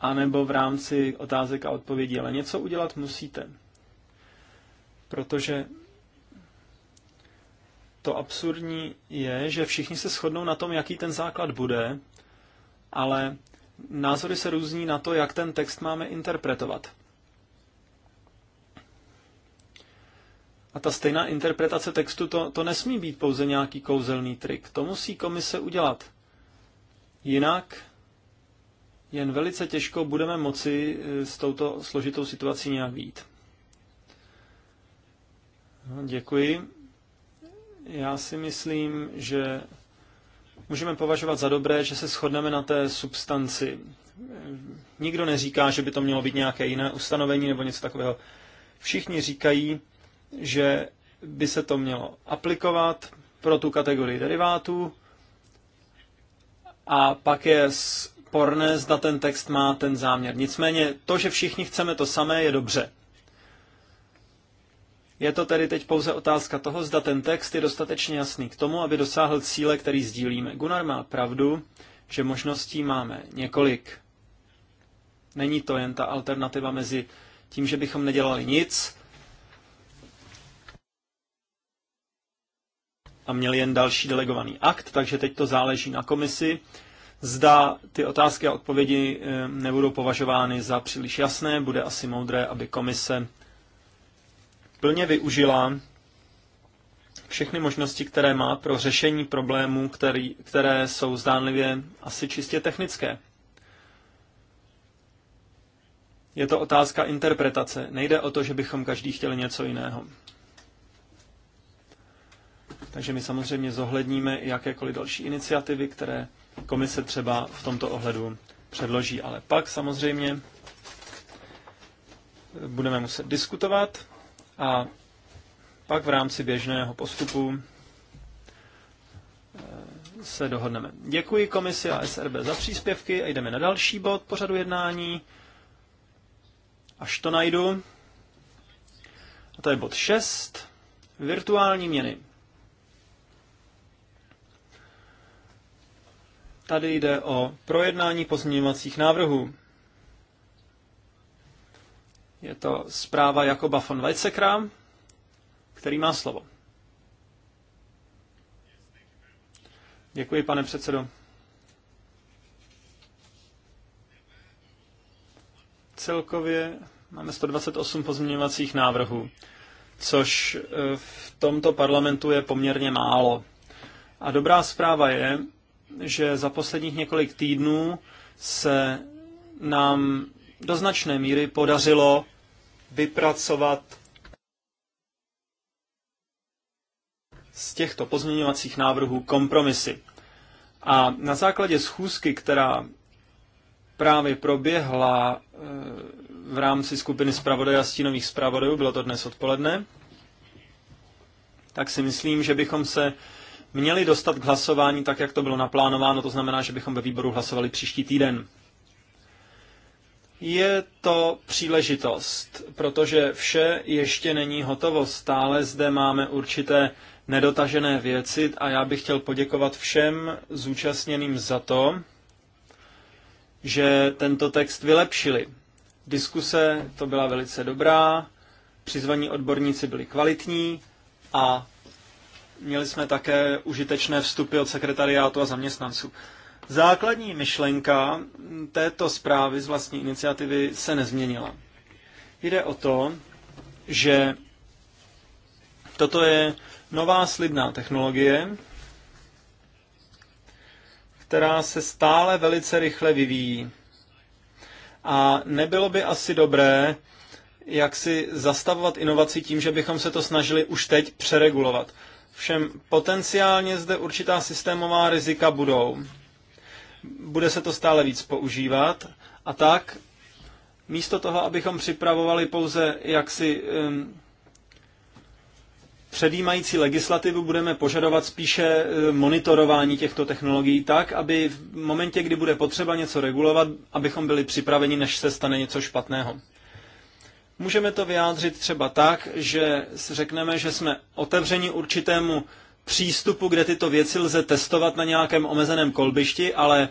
anebo v rámci otázek a odpovědí, ale něco udělat musíte. Protože to absurdní je, že všichni se shodnou na tom, jaký ten základ bude, ale názory se různí na to, jak ten text máme interpretovat. A ta stejná interpretace textu, to, to nesmí být pouze nějaký kouzelný trik. To musí komise udělat. Jinak jen velice těžko budeme moci eh, s touto složitou situací nějak výjít. No, děkuji. Já si myslím, že můžeme považovat za dobré, že se shodneme na té substanci. Nikdo neříká, že by to mělo být nějaké jiné ustanovení nebo něco takového. Všichni říkají, že by se to mělo aplikovat pro tu kategorii derivátů a pak je sporné, zda ten text má ten záměr. Nicméně to, že všichni chceme to samé, je dobře. Je to tedy teď pouze otázka toho, zda ten text je dostatečně jasný k tomu, aby dosáhl cíle, který sdílíme. Gunnar má pravdu, že možností máme několik. Není to jen ta alternativa mezi tím, že bychom nedělali nic a měli jen další delegovaný akt, takže teď to záleží na komisi, Zda ty otázky a odpovědi eh, nebudou považovány za příliš jasné, bude asi moudré, aby komise plně využila všechny možnosti, které má pro řešení problémů, který, které jsou zdánlivě asi čistě technické. Je to otázka interpretace. Nejde o to, že bychom každý chtěli něco jiného. Takže my samozřejmě zohledníme jakékoliv další iniciativy, které komise třeba v tomto ohledu předloží. Ale pak samozřejmě budeme muset diskutovat a pak v rámci běžného postupu eh, se dohodneme. Děkuji komisi a SRB za příspěvky a jdeme na další bod pořadu jednání. Až to najdu. A to je bod 6. Virtuální měny. Tady jde o projednání pozměňovacích návrhů. Je to zpráva Jakoba von Weizsäckera, který má slovo. Děkuji, pane předsedo. Celkově máme 128 pozměňovacích návrhů, což eh, v tomto parlamentu je poměrně málo. A dobrá zpráva je, že za posledních několik týdnů se nám do značné míry podařilo vypracovat z těchto pozměňovacích návrhů kompromisy. A na základě schůzky, která právě proběhla eh, v rámci skupiny zpravodajů a stínových zpravodajů, bylo to dnes odpoledne, tak si myslím, že bychom se měli dostat k hlasování tak, jak to bylo naplánováno, to znamená, že bychom ve výboru hlasovali příští týden. Je to příležitost, protože vše ještě není hotovo. Stále zde máme určité nedotažené věci a já bych chtěl poděkovat všem zúčastněným za to, že tento text vylepšili. Diskuse to byla velice dobrá, přizvaní odborníci byli kvalitní a Měli jsme také užitečné vstupy od sekretariátu a zaměstnanců. Základní myšlenka této zprávy z vlastní iniciativy se nezměnila. Jde o to, že toto je nová slibná technologie, která se stále velice rychle vyvíjí. A nebylo by asi dobré, jak si zastavovat inovaci tím, že bychom se to snažili už teď přeregulovat. Všem potenciálně zde určitá systémová rizika budou. Bude se to stále víc používat a tak místo toho, abychom připravovali pouze jaksi um, předjímající legislativu, budeme požadovat spíše monitorování těchto technologií tak, aby v momentě, kdy bude potřeba něco regulovat, abychom byli připraveni, než se stane něco špatného. Můžeme to vyjádřit třeba tak, že řekneme, že jsme otevřeni určitému přístupu, kde tyto věci lze testovat na nějakém omezeném kolbišti, ale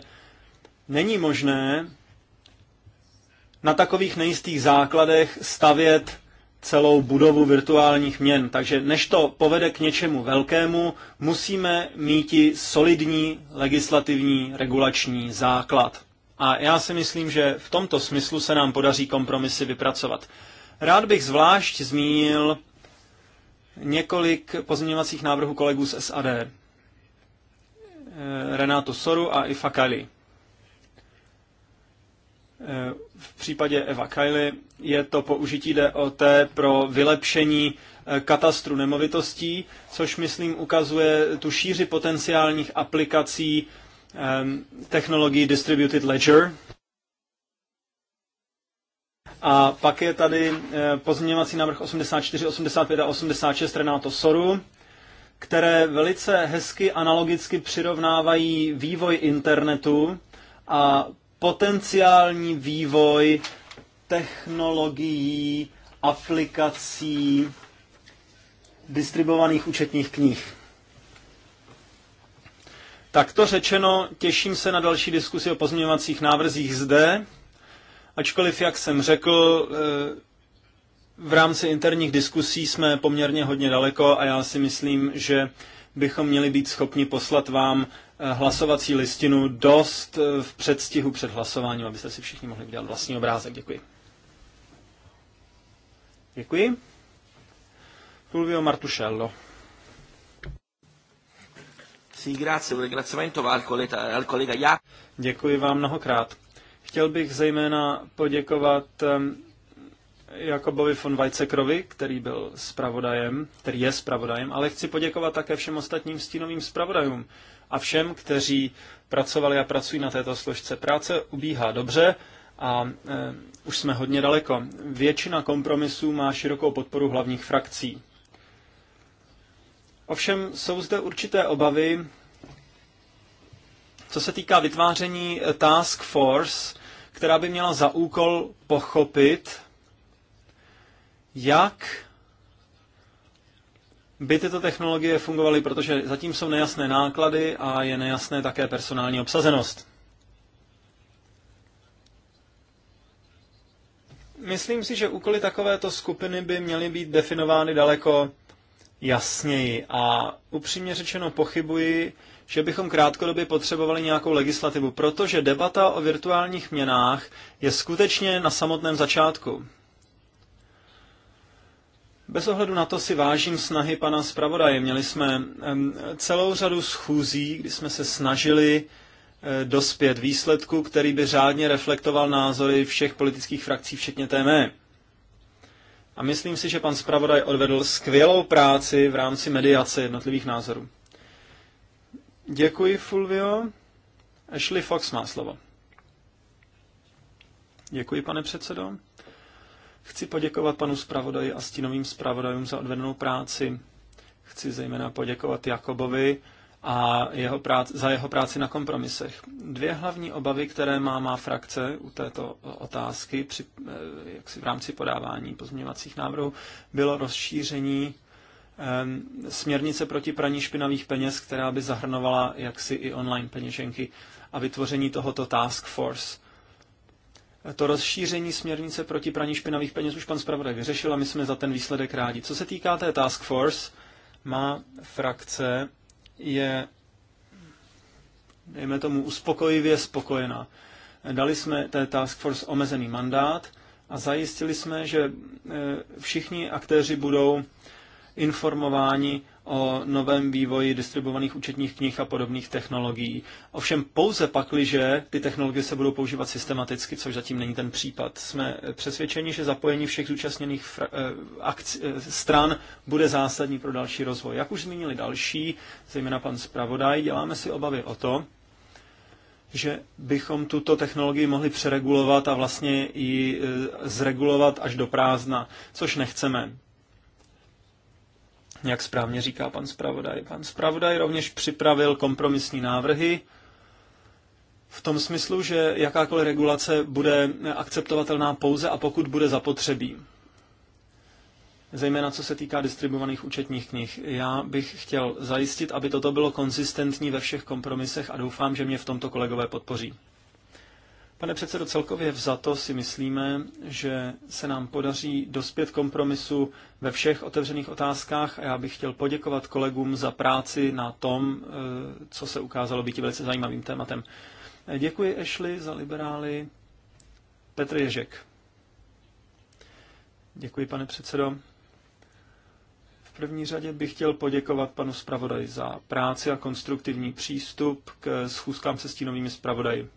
není možné na takových nejistých základech stavět celou budovu virtuálních měn. Takže než to povede k něčemu velkému, musíme mít i solidní legislativní regulační základ. A já si myslím, že v tomto smyslu se nám podaří kompromisy vypracovat. Rád bych zvlášť zmínil několik pozměňovacích návrhů kolegů z SAD. Eh, Renato Soru a Ifa Kaili. Eh, v případě Eva Kaili je to použití DOT pro vylepšení eh, katastru nemovitostí, což myslím ukazuje tu šíři potenciálních aplikací technologií Distributed Ledger, a pak je tady eh, pozměňovací návrh 84, 85 a 86 Renato Soru, které velice hezky analogicky přirovnávají vývoj internetu a potenciální vývoj technologií, aplikací, distribuovaných účetních knih. Takto řečeno, těším se na další diskusi o pozměňovacích návrzích zde Ačkoliv, jak jsem řekl, eh, v rámci interních diskusí jsme poměrně hodně daleko a já si myslím, že bychom měli být schopni poslat vám eh, hlasovací listinu dost eh, v předstihu před hlasováním, abyste si všichni mohli udělat vlastní obrázek. Děkuji. Děkuji. Fulvio Martušello. Děkuji vám mnohokrát. Chtěl bych zejména poděkovat Jakobovi von Weizsäckerovi, který byl spravodajem, který je spravodajem, ale chci poděkovat také všem ostatním stínovým spravodajům a všem, kteří pracovali a pracují na této složce. Práce ubíhá dobře a e, už jsme hodně daleko. Většina kompromisů má širokou podporu hlavních frakcí. Ovšem jsou zde určité obavy, co se týká vytváření eh, task force, která by měla za úkol pochopit, jak by tyto technologie fungovaly, protože zatím jsou nejasné náklady a je nejasné také personální obsazenost. Myslím si, že úkoly takovéto skupiny by měly být definovány daleko jasněji a upřímně řečeno pochybuji, že bychom krátkodobě potřebovali nějakou legislativu, protože debata o virtuálních měnách je skutečně na samotném začátku. Bez ohledu na to si vážím snahy pana zpravodaje. Měli jsme celou řadu schůzí, kdy jsme se snažili eh, dospět výsledku, který by řádně reflektoval názory všech politických frakcí, včetně té mé. A myslím si, že pan zpravodaj odvedl skvělou práci v rámci mediace jednotlivých názorů. Děkuji, Fulvio. Ashley Fox má slovo. Děkuji, pane předsedo. Chci poděkovat panu zpravodaji a stínovým zpravodajům za odvedenou práci. Chci zejména poděkovat Jakobovi a jeho práci, za jeho práci na kompromisech. Dvě hlavní obavy, které má má frakce u této otázky při, eh, jaksi v rámci podávání pozměňovacích návrhů, bylo rozšíření Ehm, směrnice proti praní špinavých peněz, která by zahrnovala jaksi i online peněženky a vytvoření tohoto task force. E, to rozšíření směrnice proti praní špinavých peněz už pan zpravodaj vyřešil a my jsme za ten výsledek rádi. Co se týká té task force, má frakce je, dejme tomu, uspokojivě spokojená. E, dali jsme té task force omezený mandát a zajistili jsme, že e, všichni aktéři budou informováni o novém vývoji distribuovaných účetních knih a podobných technologií. Ovšem pouze že ty technologie se budou používat systematicky, což zatím není ten případ. Jsme přesvědčeni, že zapojení všech zúčastněných eh, akci, eh, stran bude zásadní pro další rozvoj. Jak už zmínili další, zejména pan zpravodaj, děláme si obavy o to, že bychom tuto technologii mohli přeregulovat a vlastně ji eh, zregulovat až do prázdna, což nechceme. Jak správně říká pan zpravodaj. Pan zpravodaj rovněž připravil kompromisní návrhy v tom smyslu, že jakákoliv regulace bude akceptovatelná pouze a pokud bude zapotřebí zejména co se týká distribuovaných účetních knih. Já bych chtěl zajistit, aby toto bylo konzistentní ve všech kompromisech a doufám, že mě v tomto kolegové podpoří. Pane předsedo, celkově vzato si myslíme, že se nám podaří dospět kompromisu ve všech otevřených otázkách a já bych chtěl poděkovat kolegům za práci na tom, eh, co se ukázalo být velice zajímavým tématem. Eh, děkuji ešli, za liberály. Petr Ježek. Děkuji, pane předsedo. V první řadě bych chtěl poděkovat panu zpravodaji za práci a konstruktivní přístup k schůzkám se stínovými zpravodaji.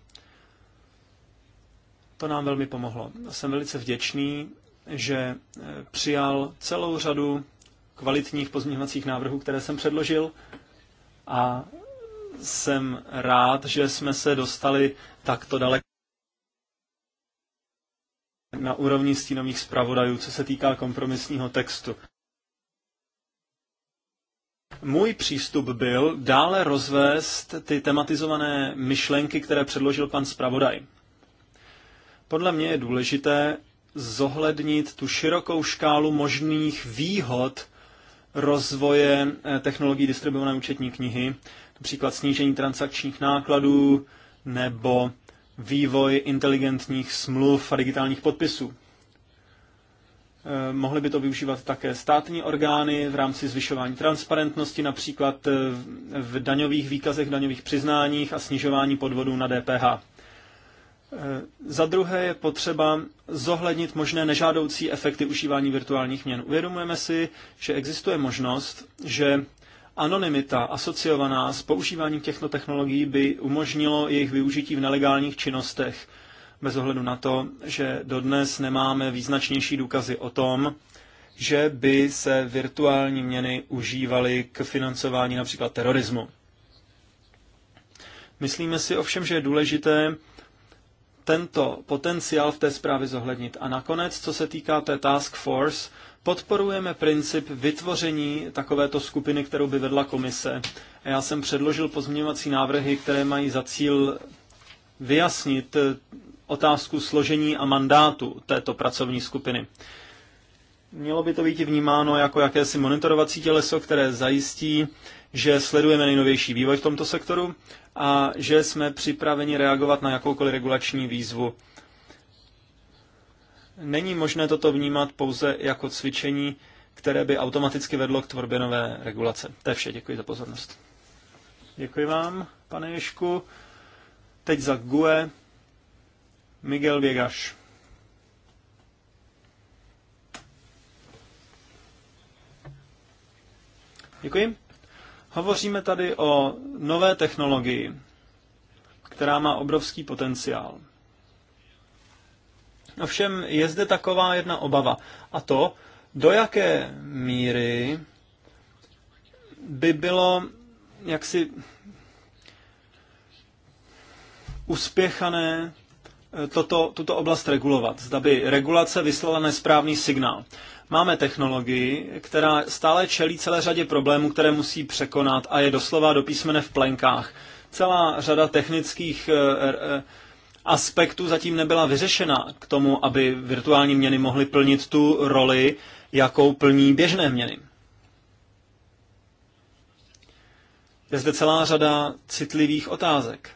To nám velmi pomohlo. Jsem velice vděčný, že eh, přijal celou řadu kvalitních pozměňovacích návrhů, které jsem předložil a jsem rád, že jsme se dostali takto daleko na úrovni stínových zpravodajů, co se týká kompromisního textu. Můj přístup byl dále rozvést ty tematizované myšlenky, které předložil pan zpravodaj. Podle mě je důležité zohlednit tu širokou škálu možných výhod rozvoje eh, technologií distribuované účetní knihy, například snížení transakčních nákladů nebo vývoj inteligentních smluv a digitálních podpisů. Eh, mohly by to využívat také státní orgány v rámci zvyšování transparentnosti, například eh, v daňových výkazech, daňových přiznáních a snižování podvodů na DPH. Eh, za druhé je potřeba zohlednit možné nežádoucí efekty užívání virtuálních měn. Uvědomujeme si, že existuje možnost, že anonymita asociovaná s používáním těchto technologií by umožnilo jejich využití v nelegálních činnostech, bez ohledu na to, že dodnes nemáme význačnější důkazy o tom, že by se virtuální měny užívaly k financování například terorismu. Myslíme si ovšem, že je důležité tento potenciál v té zprávě zohlednit. A nakonec, co se týká té task force, podporujeme princip vytvoření takovéto skupiny, kterou by vedla komise. A já jsem předložil pozměňovací návrhy, které mají za cíl vyjasnit eh, otázku složení a mandátu této pracovní skupiny. Mělo by to být vnímáno jako jakési monitorovací těleso, které zajistí, že sledujeme nejnovější vývoj v tomto sektoru a že jsme připraveni reagovat na jakoukoliv regulační výzvu. Není možné toto vnímat pouze jako cvičení, které by automaticky vedlo k tvorbě nové regulace. To je vše, děkuji za pozornost. Děkuji vám, pane Ješku. Teď za GUE Miguel Věgaš. Děkuji. Hovoříme tady o nové technologii, která má obrovský potenciál. Ovšem je zde taková jedna obava, a to, do jaké míry by bylo jaksi uspěchané eh, toto, tuto oblast regulovat. Zda by regulace vyslala nesprávný signál. Máme technologii, která stále čelí celé řadě problémů, které musí překonat a je doslova do písmene v plenkách. Celá řada technických eh, eh, aspektů zatím nebyla vyřešena k tomu, aby virtuální měny mohly plnit tu roli, jakou plní běžné měny. Je zde celá řada citlivých otázek.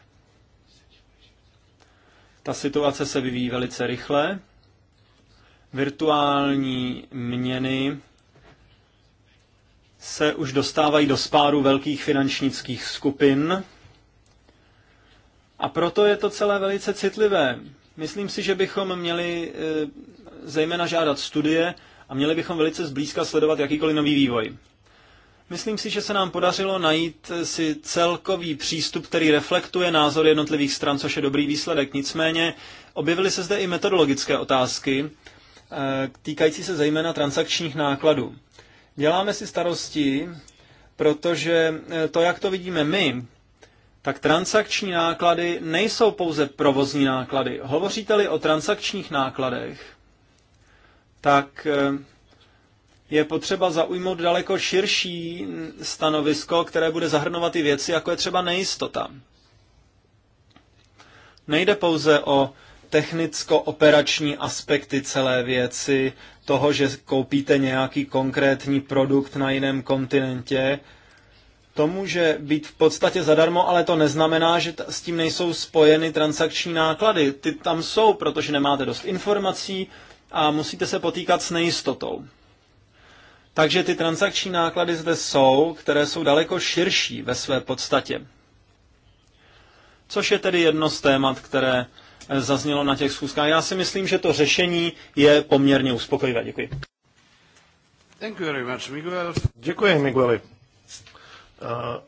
Ta situace se vyvíjí velice rychle virtuální měny se už dostávají do spáru velkých finančnických skupin a proto je to celé velice citlivé. Myslím si, že bychom měli eh, zejména žádat studie a měli bychom velice zblízka sledovat jakýkoliv nový vývoj. Myslím si, že se nám podařilo najít eh, si celkový přístup, který reflektuje názor jednotlivých stran, což je dobrý výsledek. Nicméně objevily se zde i metodologické otázky, Eh, týkající se zejména transakčních nákladů. Děláme si starosti, protože eh, to, jak to vidíme my, tak transakční náklady nejsou pouze provozní náklady. Hovoříte-li o transakčních nákladech, tak eh, je potřeba zaujmout daleko širší stanovisko, které bude zahrnovat i věci, jako je třeba nejistota. Nejde pouze o technicko-operační aspekty celé věci, toho, že koupíte nějaký konkrétní produkt na jiném kontinentě, to může být v podstatě zadarmo, ale to neznamená, že s tím nejsou spojeny transakční náklady. Ty tam jsou, protože nemáte dost informací a musíte se potýkat s nejistotou. Takže ty transakční náklady zde jsou, které jsou daleko širší ve své podstatě. Což je tedy jedno z témat, které zaznělo na těch schůzkách. Já si myslím, že to řešení je poměrně uspokojivé. Děkuji. Thank you very much, Miguel. Děkuji, Migueli. Uh,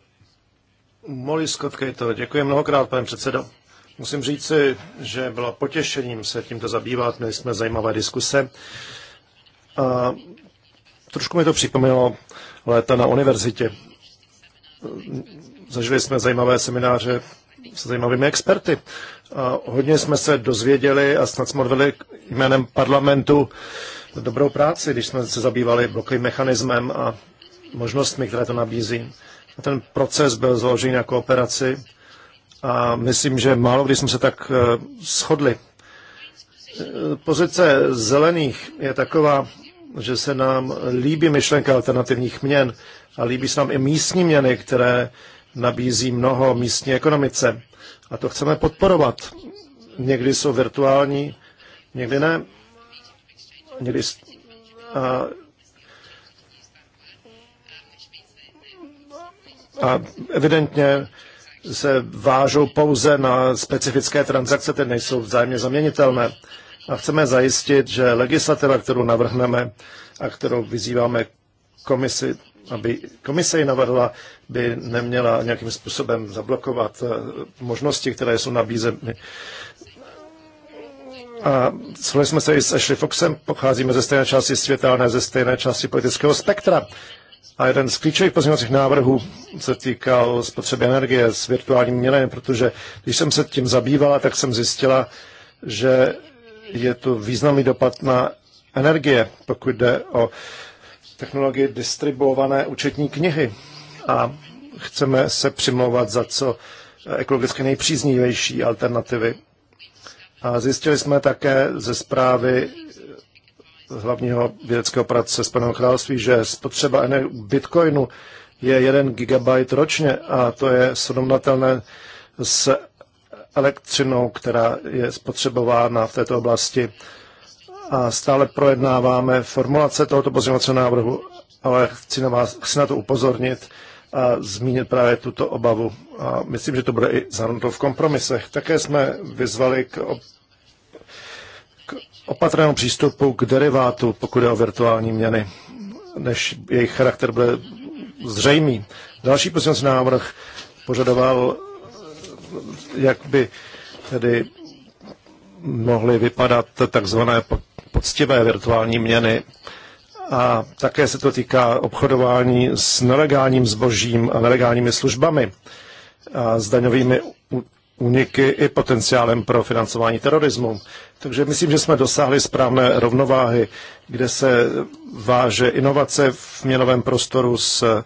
Molly Scott Cato, děkuji mnohokrát, pane předsedo. Musím říci, že bylo potěšením se tímto zabývat, měli jsme zajímavé diskuse. A trošku mi to připomnělo léta na univerzitě. Zažili jsme zajímavé semináře se zajímavými experty. A hodně jsme se dozvěděli a snad jsme odvedli jménem parlamentu dobrou práci, když jsme se zabývali blokovým mechanismem a možnostmi, které to nabízí. A ten proces byl založen na kooperaci a myslím, že málo kdy jsme se tak eh, shodli. Eh, pozice zelených je taková, že se nám líbí myšlenka alternativních měn a líbí se nám i místní měny, které nabízí mnoho místní ekonomice. A to chceme podporovat. Někdy jsou virtuální, někdy ne. Někdy a, a evidentně se vážou pouze na specifické transakce, které nejsou vzájemně zaměnitelné. A chceme zajistit, že legislativa, kterou navrhneme a kterou vyzýváme komisi, aby komise ji navrhla, by neměla nějakým způsobem zablokovat eh, možnosti, které jsou nabízeny. A shodli jsme se i s Ashley Foxem, pocházíme ze stejné části světa, ale ne ze stejné části politického spektra. A jeden z klíčových pozměňovacích návrhů se týkal spotřeby energie s virtuálním měnem, protože když jsem se tím zabývala, tak jsem zjistila, že je to významný dopad na energie, pokud jde o technologii distribuované účetní knihy a chceme se přimlouvat za co ekologicky nejpříznivější alternativy. A zjistili jsme také ze zprávy hlavního vědeckého práce Spojeného království, že spotřeba bitcoinu je 1 gigabyte ročně a to je srovnatelné s elektřinou, která je spotřebována v této oblasti. A stále projednáváme formulace tohoto pozměňovacího návrhu, ale chci na, vás, chci na to upozornit, a zmínit právě tuto obavu. A myslím, že to bude i zahrnuto v kompromisech. Také jsme vyzvali k, op- k opatrnému přístupu k derivátu, pokud je o virtuální měny, než jejich charakter bude zřejmý. Další poslanec návrh požadoval, jak by tedy mohly vypadat takzvané poctivé virtuální měny, a také se to týká obchodování s nelegálním zbožím a nelegálními službami a s daňovými úniky i potenciálem pro financování terorismu. Takže myslím, že jsme dosáhli správné rovnováhy, kde se váže inovace v měnovém prostoru s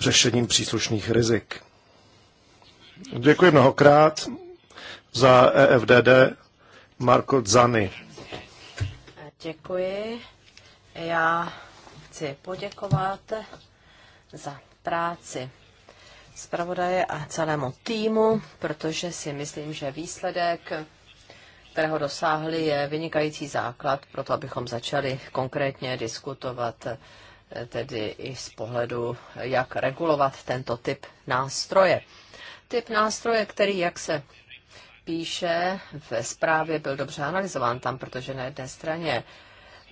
řešením příslušných rizik. Děkuji mnohokrát za EFDD Marko Zany. Děkuji. Já chci poděkovat za práci zpravodaje a celému týmu, protože si myslím, že výsledek, kterého dosáhli, je vynikající základ pro to, abychom začali konkrétně diskutovat eh, tedy i z pohledu, jak regulovat tento typ nástroje. Typ nástroje, který, jak se píše, ve zprávě byl dobře analyzován tam, protože na jedné straně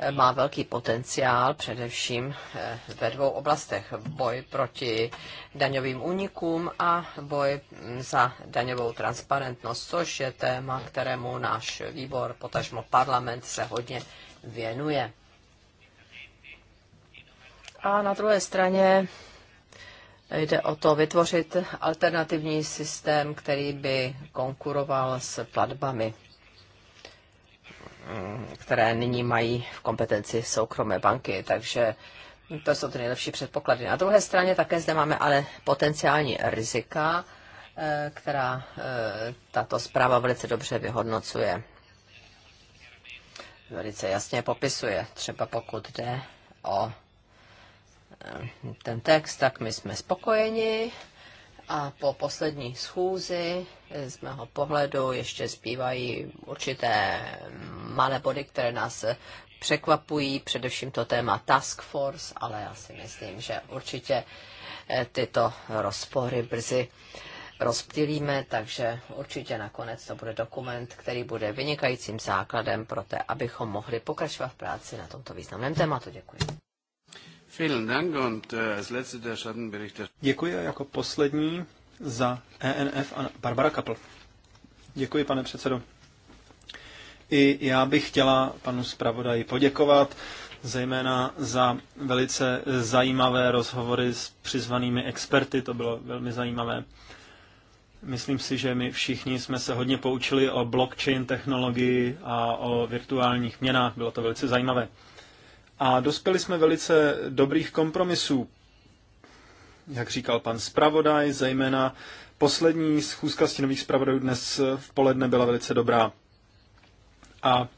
Eh, má velký potenciál, především eh, ve dvou oblastech. Boj proti daňovým únikům a boj hm, za daňovou transparentnost, což je téma, kterému náš výbor, potažmo parlament, se hodně věnuje. A na druhé straně jde o to vytvořit alternativní systém, který by konkuroval s platbami Mm, které nyní mají v kompetenci soukromé banky, takže to jsou ty nejlepší předpoklady. Na druhé straně také zde máme ale potenciální rizika, eh, která eh, tato zpráva velice dobře vyhodnocuje. Velice jasně popisuje, třeba pokud jde o eh, ten text, tak my jsme spokojeni a po poslední schůzi z mého pohledu ještě zbývají určité malé body, které nás překvapují, především to téma Task Force, ale já si myslím, že určitě eh, tyto rozpory brzy rozptýlíme, takže určitě nakonec to bude dokument, který bude vynikajícím základem pro to, abychom mohli pokračovat v práci na tomto významném tématu. Děkuji. Äh, Děkuji a jako poslední za ENF a Barbara Kapl. Děkuji, pane předsedo. I já bych chtěla panu zpravodaji poděkovat, zejména za velice zajímavé rozhovory s přizvanými experty, to bylo velmi zajímavé. Myslím si, že my všichni jsme se hodně poučili o blockchain technologii a o virtuálních měnách, bylo to velice zajímavé. A dospěli jsme velice dobrých kompromisů. Jak říkal pan zpravodaj, zejména poslední schůzka stínových zpravodajů dnes v poledne byla velice dobrá. A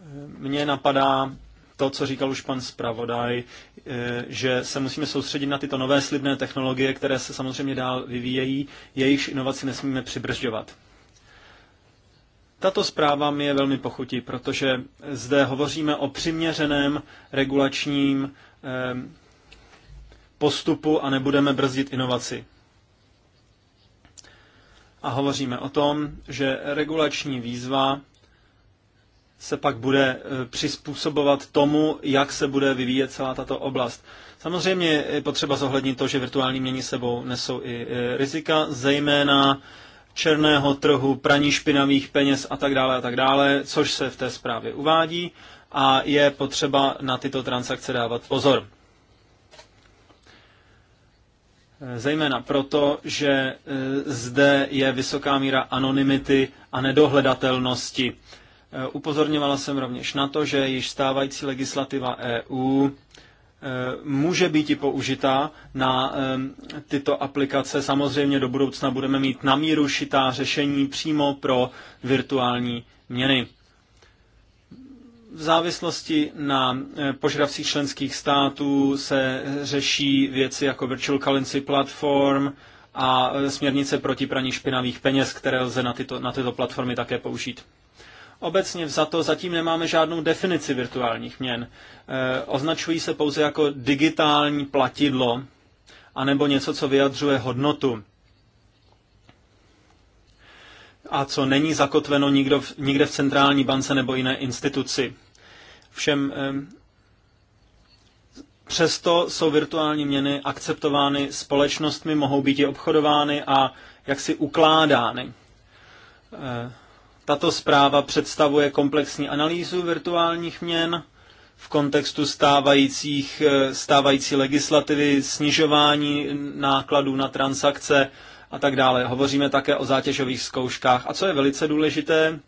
e, mně napadá to, co říkal už pan zpravodaj, e, že se musíme soustředit na tyto nové slibné technologie, které se samozřejmě dál vyvíjejí, jejichž inovaci nesmíme přibržďovat. Tato zpráva mi je velmi pochutí, protože zde hovoříme o přiměřeném regulačním eh, postupu a nebudeme brzdit inovaci. A hovoříme o tom, že regulační výzva se pak bude eh, přizpůsobovat tomu, jak se bude vyvíjet celá tato oblast. Samozřejmě je potřeba zohlednit to, že virtuální měny sebou nesou i eh, rizika, zejména černého trhu, praní špinavých peněz a tak dále a tak dále, což se v té zprávě uvádí a je potřeba na tyto transakce dávat pozor. Zejména proto, že e, zde je vysoká míra anonymity a nedohledatelnosti. E, upozorňovala jsem rovněž na to, že již stávající legislativa EU Eh, může být i použita na eh, tyto aplikace. Samozřejmě do budoucna budeme mít na míru šitá řešení přímo pro virtuální měny. V závislosti na eh, požadavcích členských států se řeší věci jako Virtual Currency Platform a směrnice proti praní špinavých peněz, které lze na tyto, na tyto platformy také použít. Obecně vzato zatím nemáme žádnou definici virtuálních měn. E, označují se pouze jako digitální platidlo anebo něco, co vyjadřuje hodnotu a co není zakotveno nikdo v, nikde v centrální bance nebo jiné instituci. Všem e, přesto jsou virtuální měny akceptovány společnostmi, mohou být i obchodovány a jaksi ukládány. E, tato zpráva představuje komplexní analýzu virtuálních měn v kontextu stávajících, eh, stávající legislativy, snižování nákladů na transakce a tak dále. Hovoříme také o zátěžových zkouškách. A co je velice důležité,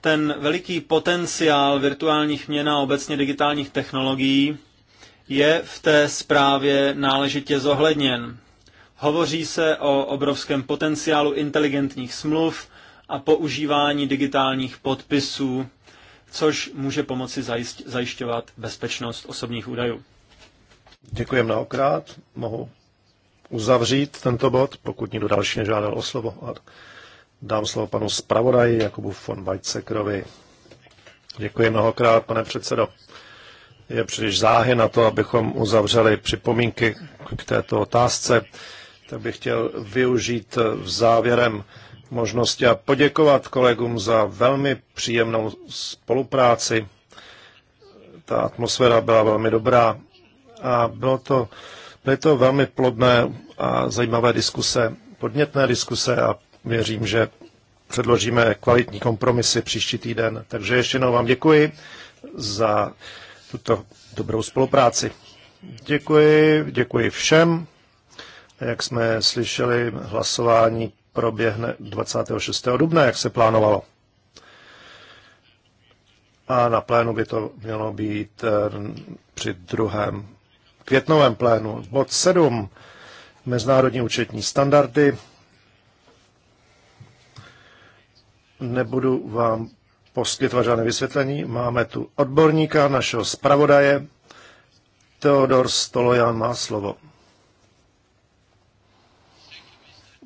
ten veliký potenciál virtuálních měn a obecně digitálních technologií je v té zprávě náležitě zohledněn. Hovoří se o obrovském potenciálu inteligentních smluv a používání digitálních podpisů, což může pomoci zajišťovat bezpečnost osobních údajů. Děkuji mnohokrát. Mohu uzavřít tento bod, pokud někdo další nežádal o slovo. A dám slovo panu zpravodaji Jakubu von Weizsäckerovi. Děkuji mnohokrát, pane předsedo. Je příliš záhy na to, abychom uzavřeli připomínky k této otázce tak bych chtěl využít v závěrem možnosti a poděkovat kolegům za velmi příjemnou spolupráci. Ta atmosféra byla velmi dobrá a bylo to, byly to velmi plodné a zajímavé diskuse, podnětné diskuse a věřím, že předložíme kvalitní kompromisy příští týden. Takže ještě jednou vám děkuji za tuto dobrou spolupráci. Děkuji, děkuji všem. Jak jsme slyšeli, hlasování proběhne 26. dubna, jak se plánovalo. A na plénu by to mělo být eh, při druhém květnovém plénu. Bod 7. Mezinárodní účetní standardy. Nebudu vám poskytovat žádné vysvětlení. Máme tu odborníka, našeho zpravodaje. Teodor Stolojan má slovo.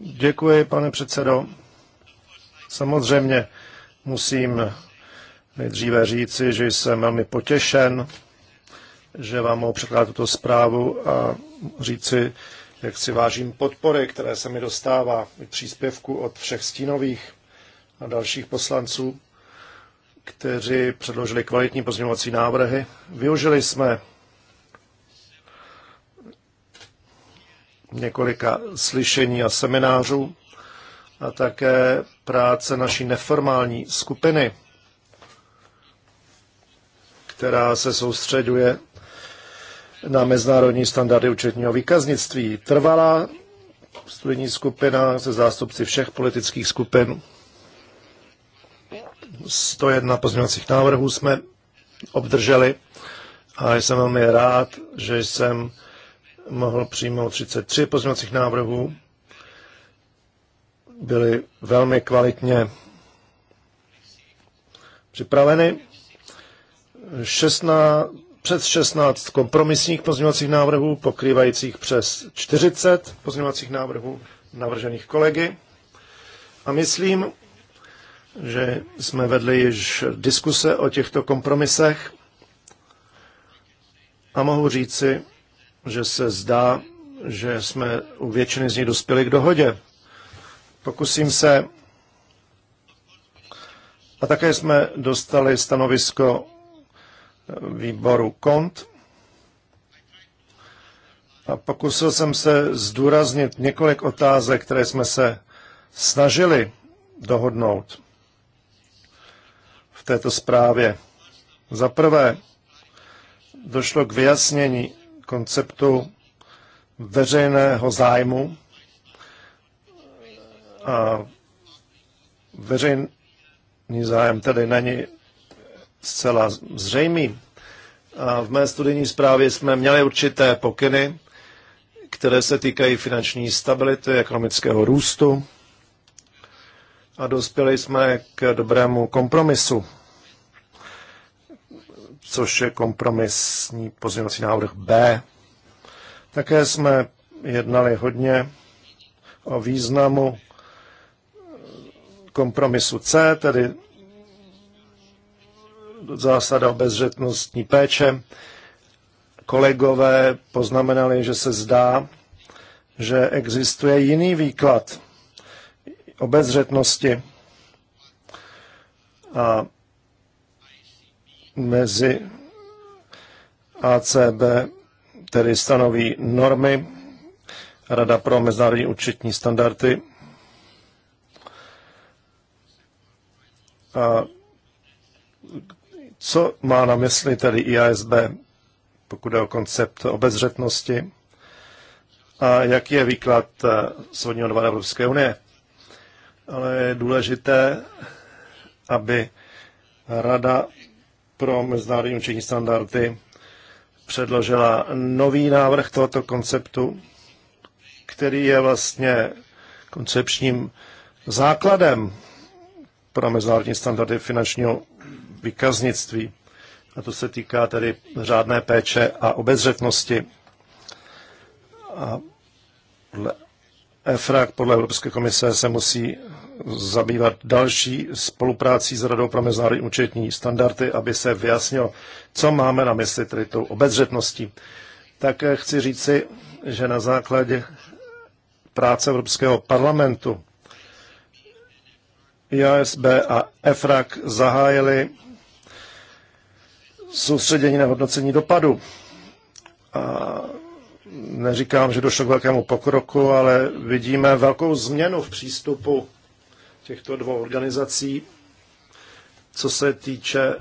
Děkuji, pane předsedo. Samozřejmě musím nejdříve říci, že jsem velmi potěšen, že vám mohu překládat tuto zprávu a říci, jak si vážím podpory, které se mi dostává i příspěvku od všech stínových a dalších poslanců, kteří předložili kvalitní pozměňovací návrhy. Využili jsme několika slyšení a seminářů a také práce naší neformální skupiny, která se soustředuje na mezinárodní standardy účetního výkaznictví. Trvalá studijní skupina se zástupci všech politických skupin. 101 pozměňovacích návrhů jsme obdrželi a jsem velmi rád, že jsem mohl přijmout 33 pozměňovacích návrhů. Byly velmi kvalitně připraveny. 16, přes 16 kompromisních pozměňovacích návrhů, pokrývajících přes 40 pozměňovacích návrhů navržených kolegy. A myslím, že jsme vedli již diskuse o těchto kompromisech a mohu říci, že se zdá, že jsme u většiny z nich dospěli k dohodě. Pokusím se. A také jsme dostali stanovisko výboru KONT. A pokusil jsem se zdůraznit několik otázek, které jsme se snažili dohodnout v této zprávě. Za prvé, došlo k vyjasnění konceptu veřejného zájmu a veřejný zájem tedy není zcela zřejmý. A v mé studijní zprávě jsme měli určité pokyny, které se týkají finanční stability, ekonomického růstu a dospěli jsme k dobrému kompromisu což je kompromisní pozměňovací návrh B. Také jsme jednali hodně o významu kompromisu C, tedy zásada bezřetnostní péče. Kolegové poznamenali, že se zdá, že existuje jiný výklad bezřetnosti. A mezi ACB, který stanoví normy, Rada pro mezinárodní účetní standardy a co má na mysli tedy IASB, pokud je o koncept obezřetnosti a jaký je výklad eh, Soudního dvora Evropské unie. Ale je důležité, aby Rada pro mezinárodní učení standardy předložila nový návrh tohoto konceptu, který je vlastně koncepčním základem pro mezinárodní standardy finančního vykaznictví. A to se týká tedy řádné péče a obezřetnosti. A podle EFRAG, podle Evropské komise, se musí zabývat další spoluprácí s Radou pro mezinárodní účetní standardy, aby se vyjasnilo, co máme na mysli tedy tou obezřetností. Tak chci říci, že na základě práce Evropského parlamentu IASB a EFRAK zahájili soustředění na hodnocení dopadu. A neříkám, že došlo k velkému pokroku, ale vidíme velkou změnu v přístupu těchto dvou organizací. Co se týče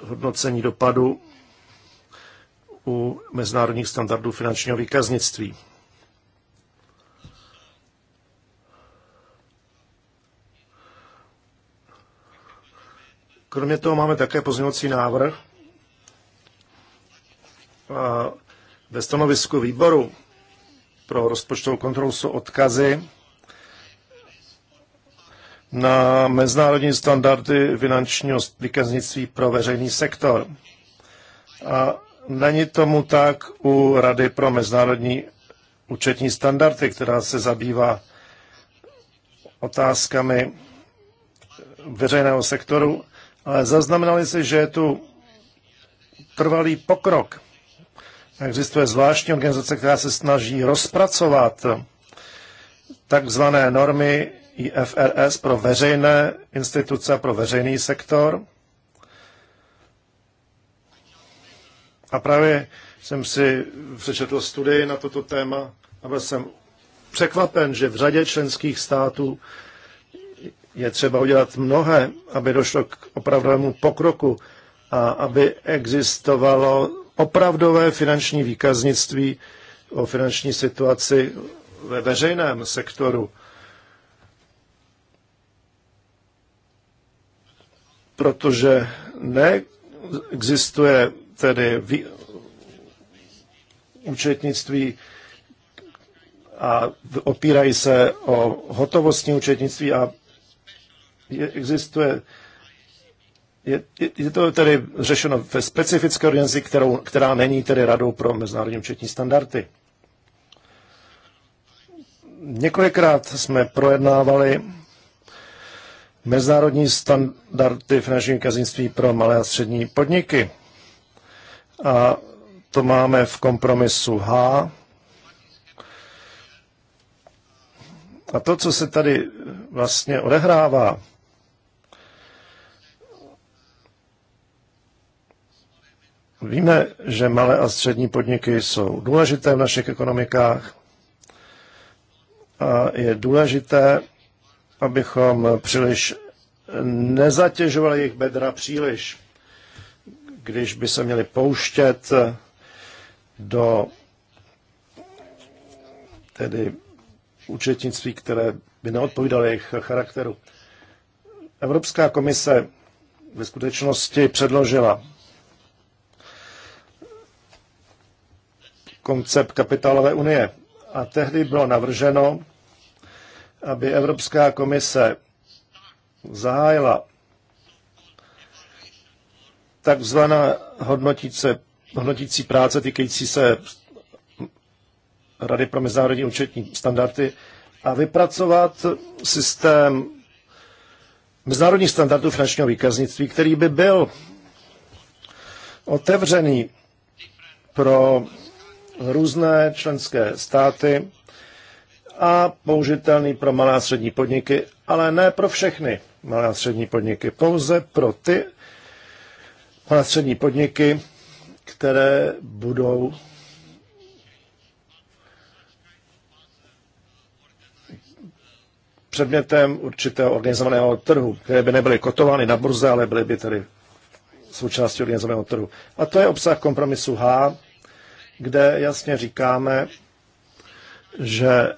hodnocení dopadu u mezinárodních standardů finančního výkaznictví. Kromě toho máme také pozměňovací návrh. A ve stanovisku výboru pro rozpočtovou kontrolu jsou odkazy na mezinárodní standardy finančního výkaznictví pro veřejný sektor. A není tomu tak u Rady pro mezinárodní účetní standardy, která se zabývá otázkami veřejného sektoru, ale zaznamenali si, že je tu trvalý pokrok. Existuje zvláštní organizace, která se snaží rozpracovat takzvané normy IFRS pro veřejné instituce a pro veřejný sektor. A právě jsem si přečetl studii na toto téma a byl jsem překvapen, že v řadě členských států je třeba udělat mnohé, aby došlo k opravdovému pokroku a aby existovalo opravdové finanční výkaznictví o finanční situaci ve veřejném sektoru. protože neexistuje tedy vý... účetnictví a opírají se o hotovostní účetnictví a je, existuje je, je to tedy řešeno ve specifické organizaci, kterou, která není tedy radou pro mezinárodní účetní standardy. Několikrát jsme projednávali mezinárodní standardy finančního kazinství pro malé a střední podniky. A to máme v kompromisu H. A to, co se tady vlastně odehrává, Víme, že malé a střední podniky jsou důležité v našich ekonomikách a je důležité, abychom příliš nezatěžovali jejich bedra příliš, když by se měli pouštět do tedy účetnictví, které by neodpovídalo jejich charakteru. Evropská komise ve skutečnosti předložila koncept kapitálové unie a tehdy bylo navrženo, aby Evropská komise zahájila takzvaná hodnotící práce týkající se Rady pro mezinárodní účetní standardy a vypracovat systém mezinárodních standardů finančního výkaznictví, který by byl otevřený pro různé členské státy a použitelný pro malé a střední podniky, ale ne pro všechny malé a střední podniky, pouze pro ty malé a střední podniky, které budou předmětem určitého organizovaného trhu, které by nebyly kotovány na burze, ale byly by tedy součástí organizovaného trhu. A to je obsah kompromisu H, kde jasně říkáme, že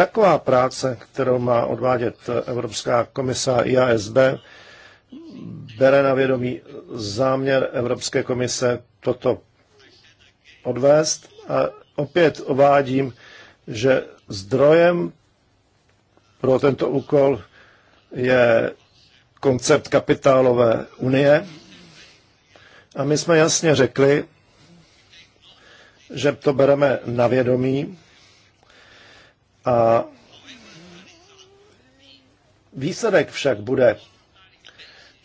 Taková práce, kterou má odvádět Evropská komise IASB, bere na vědomí záměr Evropské komise toto odvést a opět ovádím, že zdrojem pro tento úkol je koncept kapitálové unie. A my jsme jasně řekli, že to bereme na vědomí a výsledek však bude,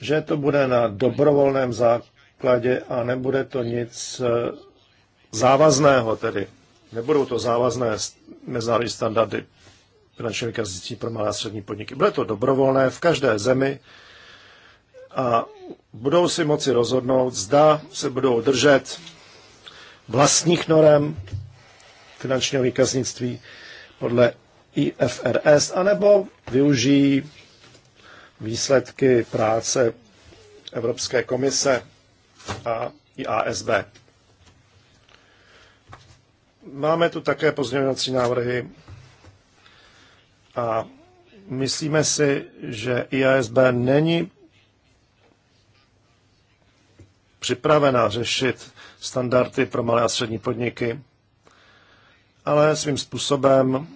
že to bude na dobrovolném základě a nebude to nic eh, závazného tedy. Nebudou to závazné mezinárodní standardy finančního vykazití pro malé a střední podniky. Bude to dobrovolné v každé zemi a budou si moci rozhodnout, zda se budou držet vlastních norem finančního vykaznictví, podle IFRS, anebo využijí výsledky práce Evropské komise a IASB. Máme tu také pozměňovací návrhy a myslíme si, že IASB není připravena řešit standardy pro malé a střední podniky ale svým způsobem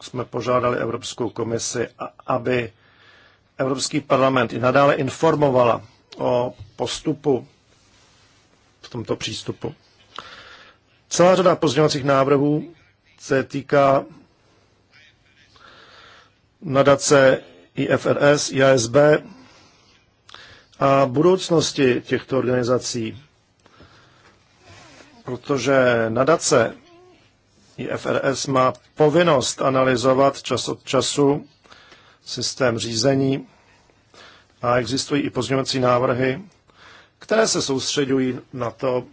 jsme požádali Evropskou komisi, aby Evropský parlament i nadále informovala o postupu v tomto přístupu. Celá řada pozměňovacích návrhů se týká nadace IFRS, IASB a budoucnosti těchto organizací, protože nadace IFRS má povinnost analyzovat čas od času systém řízení a existují i pozměňovací návrhy, které se soustředují na to,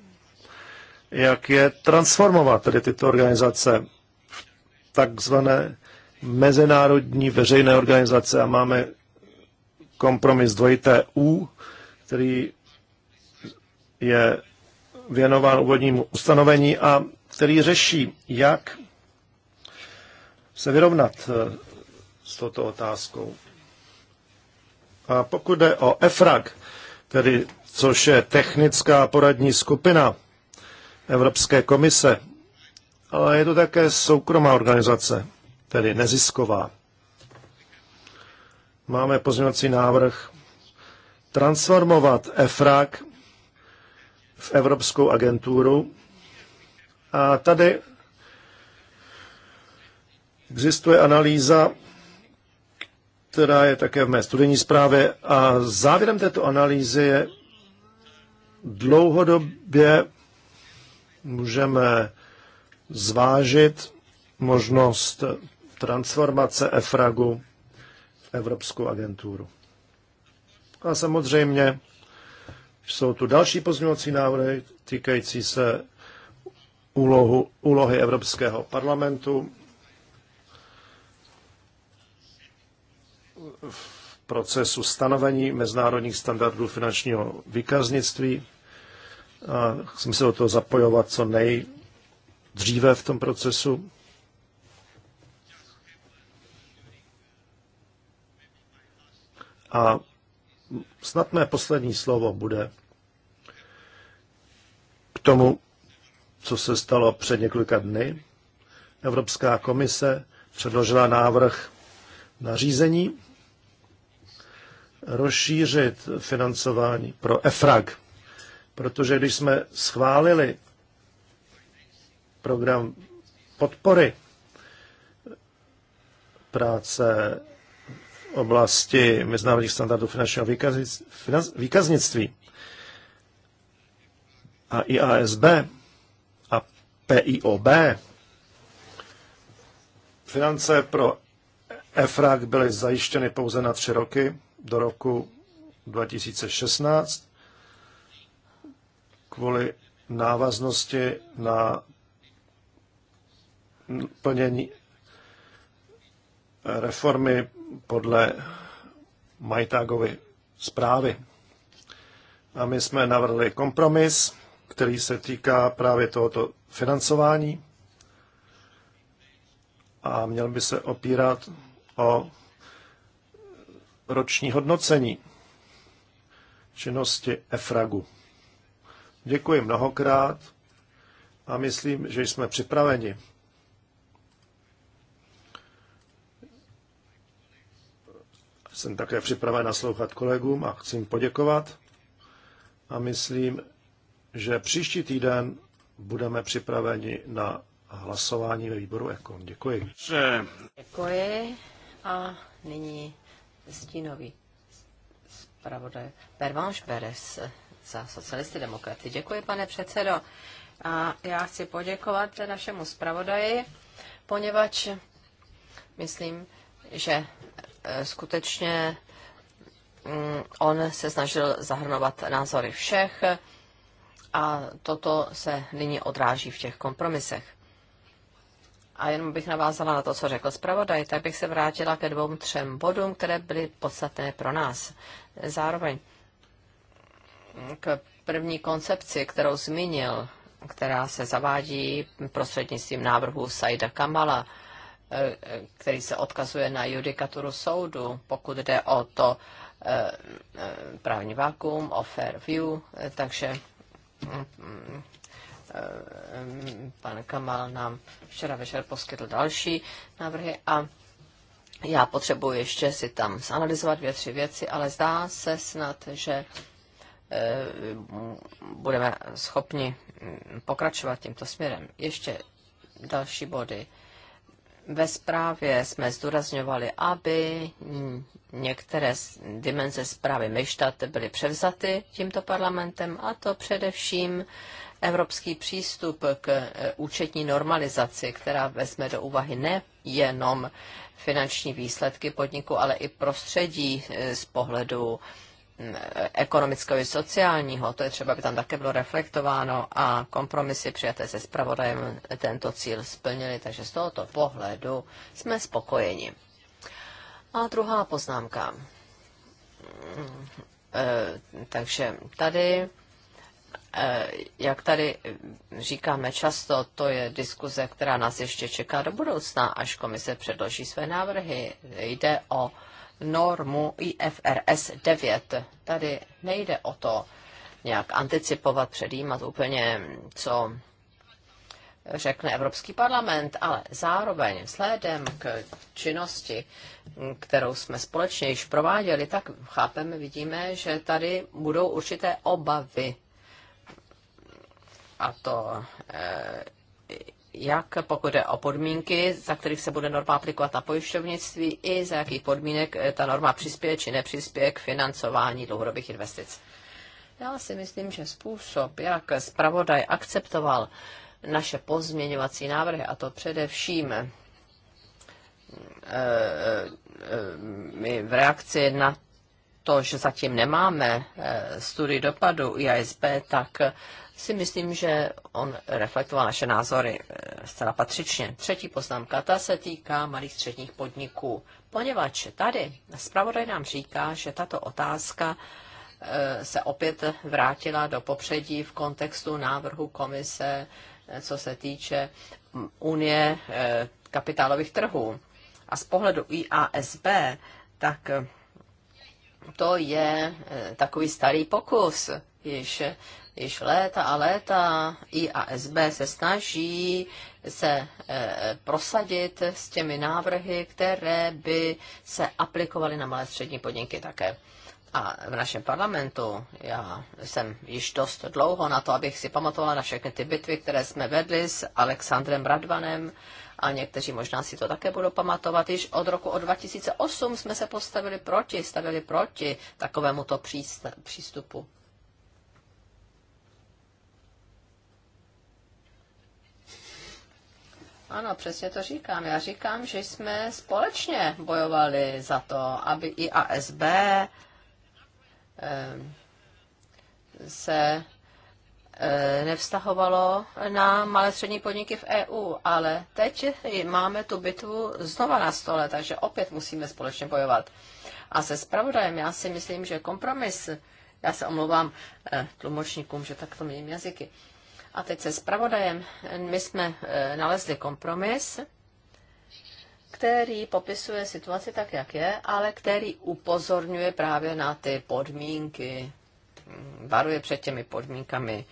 jak je transformovat tedy tyto organizace v takzvané mezinárodní veřejné organizace a máme kompromis dvojité U, který je věnován úvodnímu ustanovení a který řeší, jak se vyrovnat eh, s touto otázkou. A pokud jde o EFRAG, tedy což je technická poradní skupina Evropské komise, ale je to také soukromá organizace, tedy nezisková. Máme pozměňovací návrh transformovat EFRAG v Evropskou agenturu a tady existuje analýza, která je také v mé studijní zprávě a závěrem této analýzy je dlouhodobě můžeme zvážit možnost transformace EFRAGu v Evropskou agenturu. A samozřejmě jsou tu další pozměňovací návrhy týkající se úlohu, úlohy Evropského parlamentu v procesu stanovení mezinárodních standardů finančního výkaznictví. A chci se do toho zapojovat co nejdříve v tom procesu. A snad mé poslední slovo bude k tomu, co se stalo před několika dny. Evropská komise předložila návrh nařízení rozšířit financování pro EFRAG, protože když jsme schválili program podpory práce oblasti mezinárodních standardů finančního výkaznictví a IASB, PIOB, finance pro EFRAG byly zajištěny pouze na tři roky do roku 2016 kvůli návaznosti na plnění reformy podle Majtágovy zprávy. A my jsme navrhli kompromis, který se týká právě tohoto financování a měl by se opírat o roční hodnocení činnosti EFRAGu. Děkuji mnohokrát a myslím, že jsme připraveni. Jsem také připraven naslouchat kolegům a chci jim poděkovat. A myslím, že příští týden budeme připraveni na hlasování ve výboru EKON. Děkuji. Děkuji a nyní stínový zpravodaj Pervanš Beres za socialisty demokraty. Děkuji, pane předsedo. A já chci poděkovat našemu zpravodaji, poněvadž myslím, že e, skutečně mm, on se snažil zahrnovat názory všech a toto se nyní odráží v těch kompromisech. A jenom bych navázala na to, co řekl zpravodaj, tak bych se vrátila ke dvou, třem bodům, které byly podstatné pro nás. Zároveň k první koncepci, kterou zmínil, která se zavádí prostřednictvím návrhu Saida Kamala, e, který se odkazuje na judikaturu soudu, pokud jde o to e, e, právní vakuum, o fair view, takže pan Kamal nám včera večer poskytl další návrhy a já potřebuji ještě si tam zanalizovat dvě, tři věci, ale zdá se snad, že eh, budeme schopni hm, pokračovat tímto směrem. Ještě další body ve zprávě jsme zdůrazňovali, aby některé dimenze zprávy Meštat byly převzaty tímto parlamentem, a to především evropský přístup k e, účetní normalizaci, která vezme do úvahy nejenom finanční výsledky podniku, ale i prostředí e, z pohledu ekonomického i sociálního, to je třeba, aby tam také bylo reflektováno a kompromisy přijaté se spravodajem tento cíl splnili, takže z tohoto pohledu jsme spokojeni. A druhá poznámka. E, takže tady e, jak tady říkáme často, to je diskuze, která nás ještě čeká do budoucna, až komise předloží své návrhy. Jde o normu IFRS 9. Tady nejde o to nějak anticipovat, předjímat úplně, co řekne Evropský parlament, ale zároveň vzhledem k činnosti, kterou jsme společně již prováděli, tak chápeme, vidíme, že tady budou určité obavy. A to eh, jak pokud jde o podmínky, za kterých se bude norma aplikovat na pojišťovnictví, i za jakých podmínek eh, ta norma přispěje či nepřispěje k financování dlouhodobých investic. Já si myslím, že způsob, jak zpravodaj akceptoval naše pozměňovací návrhy, a to především eh, eh, my v reakci na to, že zatím nemáme eh, studii dopadu IASB, tak eh, si myslím, že on reflektoval naše názory eh, zcela patřičně. Třetí poznámka, ta se týká malých středních podniků, poněvadž tady zpravodaj nám říká, že tato otázka se opět vrátila do popředí v kontextu návrhu komise, co se týče mm, Unie kapitálových trhů. A z pohledu IASB, tak to je eh, takový starý pokus, již, již léta a léta ASB se snaží se eh, prosadit s těmi návrhy, které by se aplikovaly na malé střední podniky také. A v našem parlamentu já jsem již dost dlouho na to, abych si pamatovala na všechny ty bitvy, které jsme vedli s Alexandrem Radvanem, a někteří možná si to také budou pamatovat, již od roku od 2008 jsme se postavili proti, stavili proti takovému to přístupu. Ano, přesně to říkám. Já říkám, že jsme společně bojovali za to, aby i ASB eh, se Eh, nevztahovalo na malé střední podniky v EU, ale teď máme tu bitvu znova na stole, takže opět musíme společně bojovat. A se spravodajem já si myslím, že kompromis, já se omlouvám eh, tlumočníkům, že takto měním jazyky, a teď se spravodajem my jsme eh, nalezli kompromis, který popisuje situaci tak, jak je, ale který upozorňuje právě na ty podmínky, varuje před těmi podmínkami,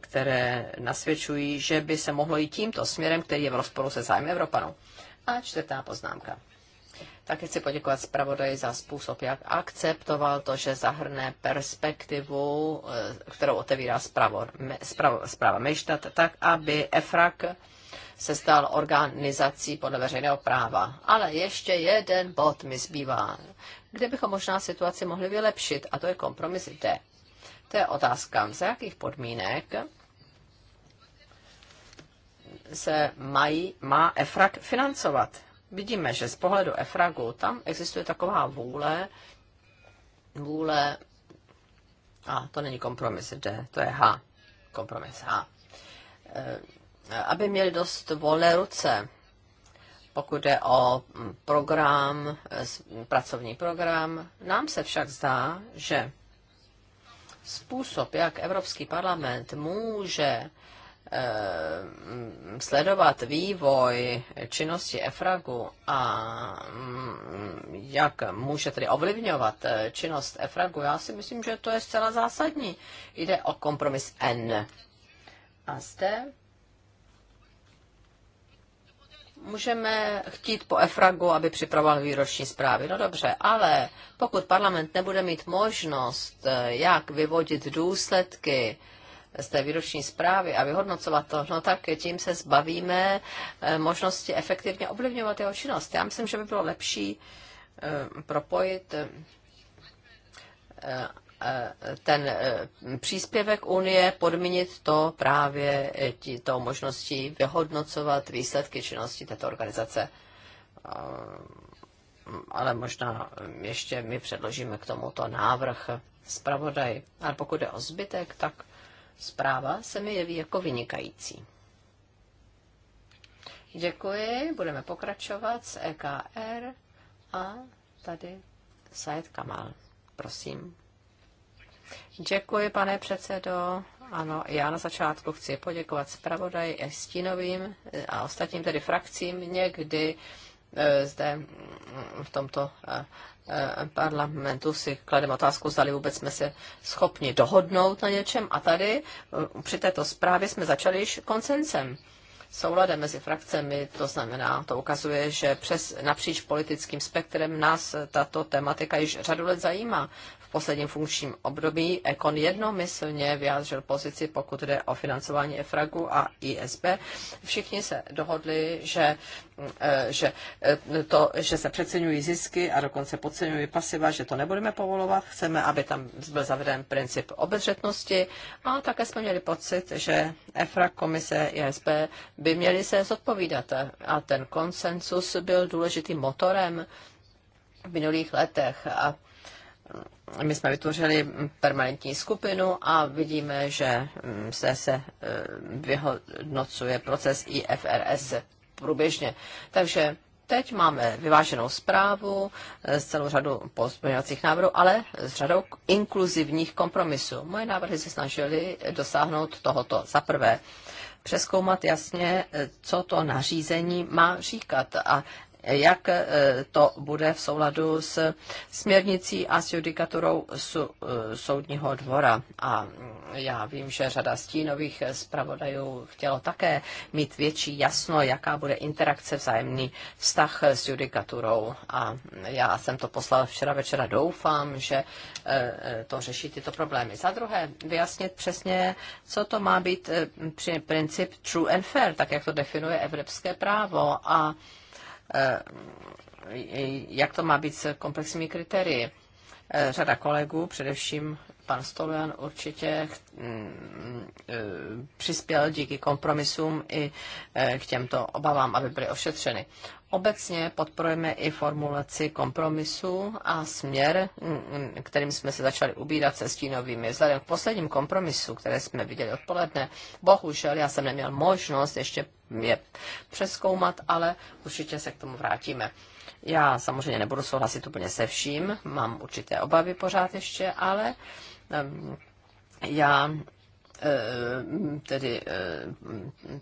které nasvědčují, že by se mohlo jít tímto směrem, který je v rozporu se zájmem Evropanů. A čtvrtá poznámka. Také chci poděkovat zpravodaji za způsob, jak akceptoval to, že zahrne perspektivu, eh, kterou otevírá zpráva Mejštat, tak aby EFRAK se stal organizací podle veřejného práva. Ale ještě jeden bod mi zbývá kde bychom možná situaci mohli vylepšit, a to je kompromis D. To je otázka, za jakých podmínek se mají, má EFRAG financovat. Vidíme, že z pohledu EFRAGu tam existuje taková vůle, vůle, a to není kompromis D, to je H, kompromis H, e, aby měli dost volné ruce pokud jde o mm, program, eh, pracovní program. Nám se však zdá, že způsob, jak Evropský parlament může eh, mm, sledovat vývoj činnosti EFRAGu a mm, jak může tedy ovlivňovat eh, činnost EFRAGu, já si myslím, že to je zcela zásadní. Jde o kompromis N. A zde můžeme chtít po EFRAGu, aby připravoval výroční zprávy. No dobře, ale pokud parlament nebude mít možnost, eh, jak vyvodit důsledky z té výroční zprávy a vyhodnocovat to, no tak tím se zbavíme eh, možnosti efektivně ovlivňovat jeho činnost. Já myslím, že by bylo lepší eh, propojit ten eh, příspěvek Unie podmínit to právě eh, to možností vyhodnocovat výsledky činnosti této organizace. Eh, ale možná ještě my předložíme k tomuto návrh zpravodaj. A pokud je o zbytek, tak zpráva se mi jeví jako vynikající. Děkuji, budeme pokračovat s EKR a tady Said Kamal. Prosím. Děkuji, pane předsedo. Ano, já na začátku chci poděkovat zpravodaji a stínovým eh, a ostatním tedy frakcím někdy eh, zde mm, v tomto eh, parlamentu si klademe otázku, zda vůbec jsme se schopni dohodnout na něčem a tady při této zprávě jsme začali již koncensem souladem mezi frakcemi, to znamená, to ukazuje, že přes napříč politickým spektrem nás tato tematika již řadu let zajímá posledním funkčním období Ekon jednomyslně vyjádřil pozici, pokud jde o financování EFRAGu a ISB. Všichni se dohodli, že, eh, že, eh, to, že se přeceňují zisky a dokonce podceňují pasiva, že to nebudeme povolovat. Chceme, aby tam byl zaveden princip obezřetnosti a také jsme měli pocit, že EFRAG, komise ISB by měli se zodpovídat a ten konsensus byl důležitým motorem v minulých letech a my jsme vytvořili permanentní skupinu a vidíme, že mm, se, se eh, vyhodnocuje proces IFRS průběžně. Takže teď máme vyváženou zprávu eh, s celou řadou pozměňovacích návrhů, ale s řadou inkluzivních kompromisů. Moje návrhy se snažily dosáhnout tohoto. Za prvé, přeskoumat jasně, eh, co to nařízení má říkat a jak e, to bude v souladu s směrnicí a s judikaturou e, soudního dvora. A mm, já vím, že řada stínových zpravodajů chtělo také mít větší jasno, jaká bude interakce, vzájemný vztah s judikaturou. A já jsem to poslal včera večera. Doufám, že e, to řeší tyto problémy. Za druhé, vyjasnit přesně, co to má být princip true and fair, tak jak to definuje evropské právo. A Eh, jak to má být s komplexními kritérii. Eh, řada kolegů, především pan Stolian určitě mm, eh, přispěl díky kompromisům i k těmto obavám, aby byly ošetřeny. Obecně podporujeme i formulaci kompromisu a směr, mm, mm, kterým jsme se začali ubírat se stínovými. Vzhledem k posledním kompromisu, které jsme viděli odpoledne, bohužel já jsem neměl možnost ještě je přeskoumat, ale určitě se k tomu vrátíme. Já samozřejmě nebudu souhlasit úplně se vším, mám určité obavy pořád ještě, ale já Eh, tedy eh,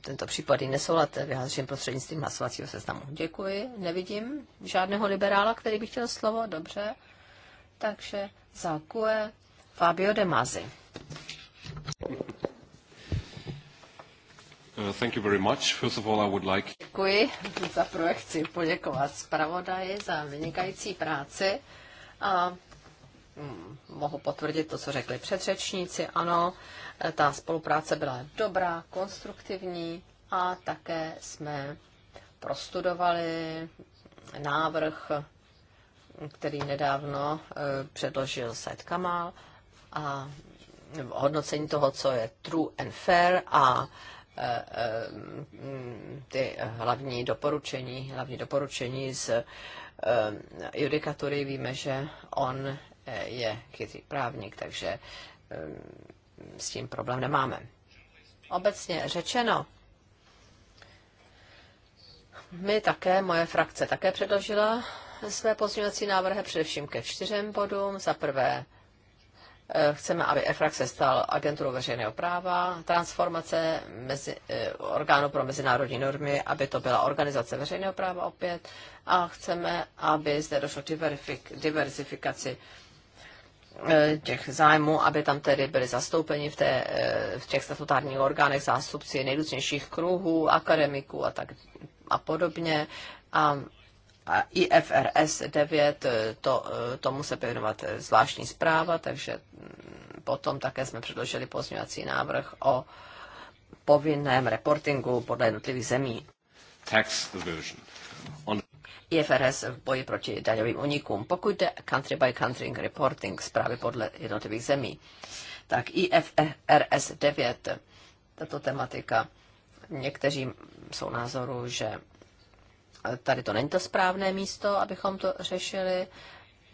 tento případný nesoulad eh, vyjádřím prostřednictvím hlasovacího seznamu. Děkuji, nevidím žádného liberála, který by chtěl slovo, dobře. Takže za QE Fabio De Mazi. Uh, thank you very much. First of all, I would like... Děkuji za projekci, poděkovat zpravodaji za vynikající práci a Hmm, mohu potvrdit to, co řekli předřečníci. Ano, ta spolupráce byla dobrá, konstruktivní a také jsme prostudovali návrh, který nedávno eh, předložil Said Kamal a hodnocení toho, co je true and fair a eh, eh, ty hlavní doporučení, hlavní doporučení z judikatury víme, že on je chytrý právník, takže s tím problém nemáme. Obecně řečeno, my také, moje frakce také předložila své pozměňovací návrhy především ke čtyřem bodům. Za prvé, eh, chceme, aby EFRAX se stal agenturou veřejného práva, transformace mezi, eh, orgánu pro mezinárodní normy, aby to byla organizace veřejného práva opět a chceme, aby zde došlo k diverzifikaci Eh, těch zájmů, aby tam tedy byly zastoupeni v, té, eh, v těch statutárních orgánech zástupci nejrůznějších kruhů, akademiků a tak a podobně. A, a IFRS 9, eh, to, tomu se pěnovat zvláštní zpráva, takže mm, potom také jsme předložili pozměňovací návrh o povinném reportingu podle jednotlivých zemí. Tax On... IFRS v boji proti daňovým unikům. Pokud jde country by country reporting, zprávy podle jednotlivých zemí, tak IFRS 9, tato tematika, někteří jsou názoru, že tady to není to správné místo, abychom to řešili.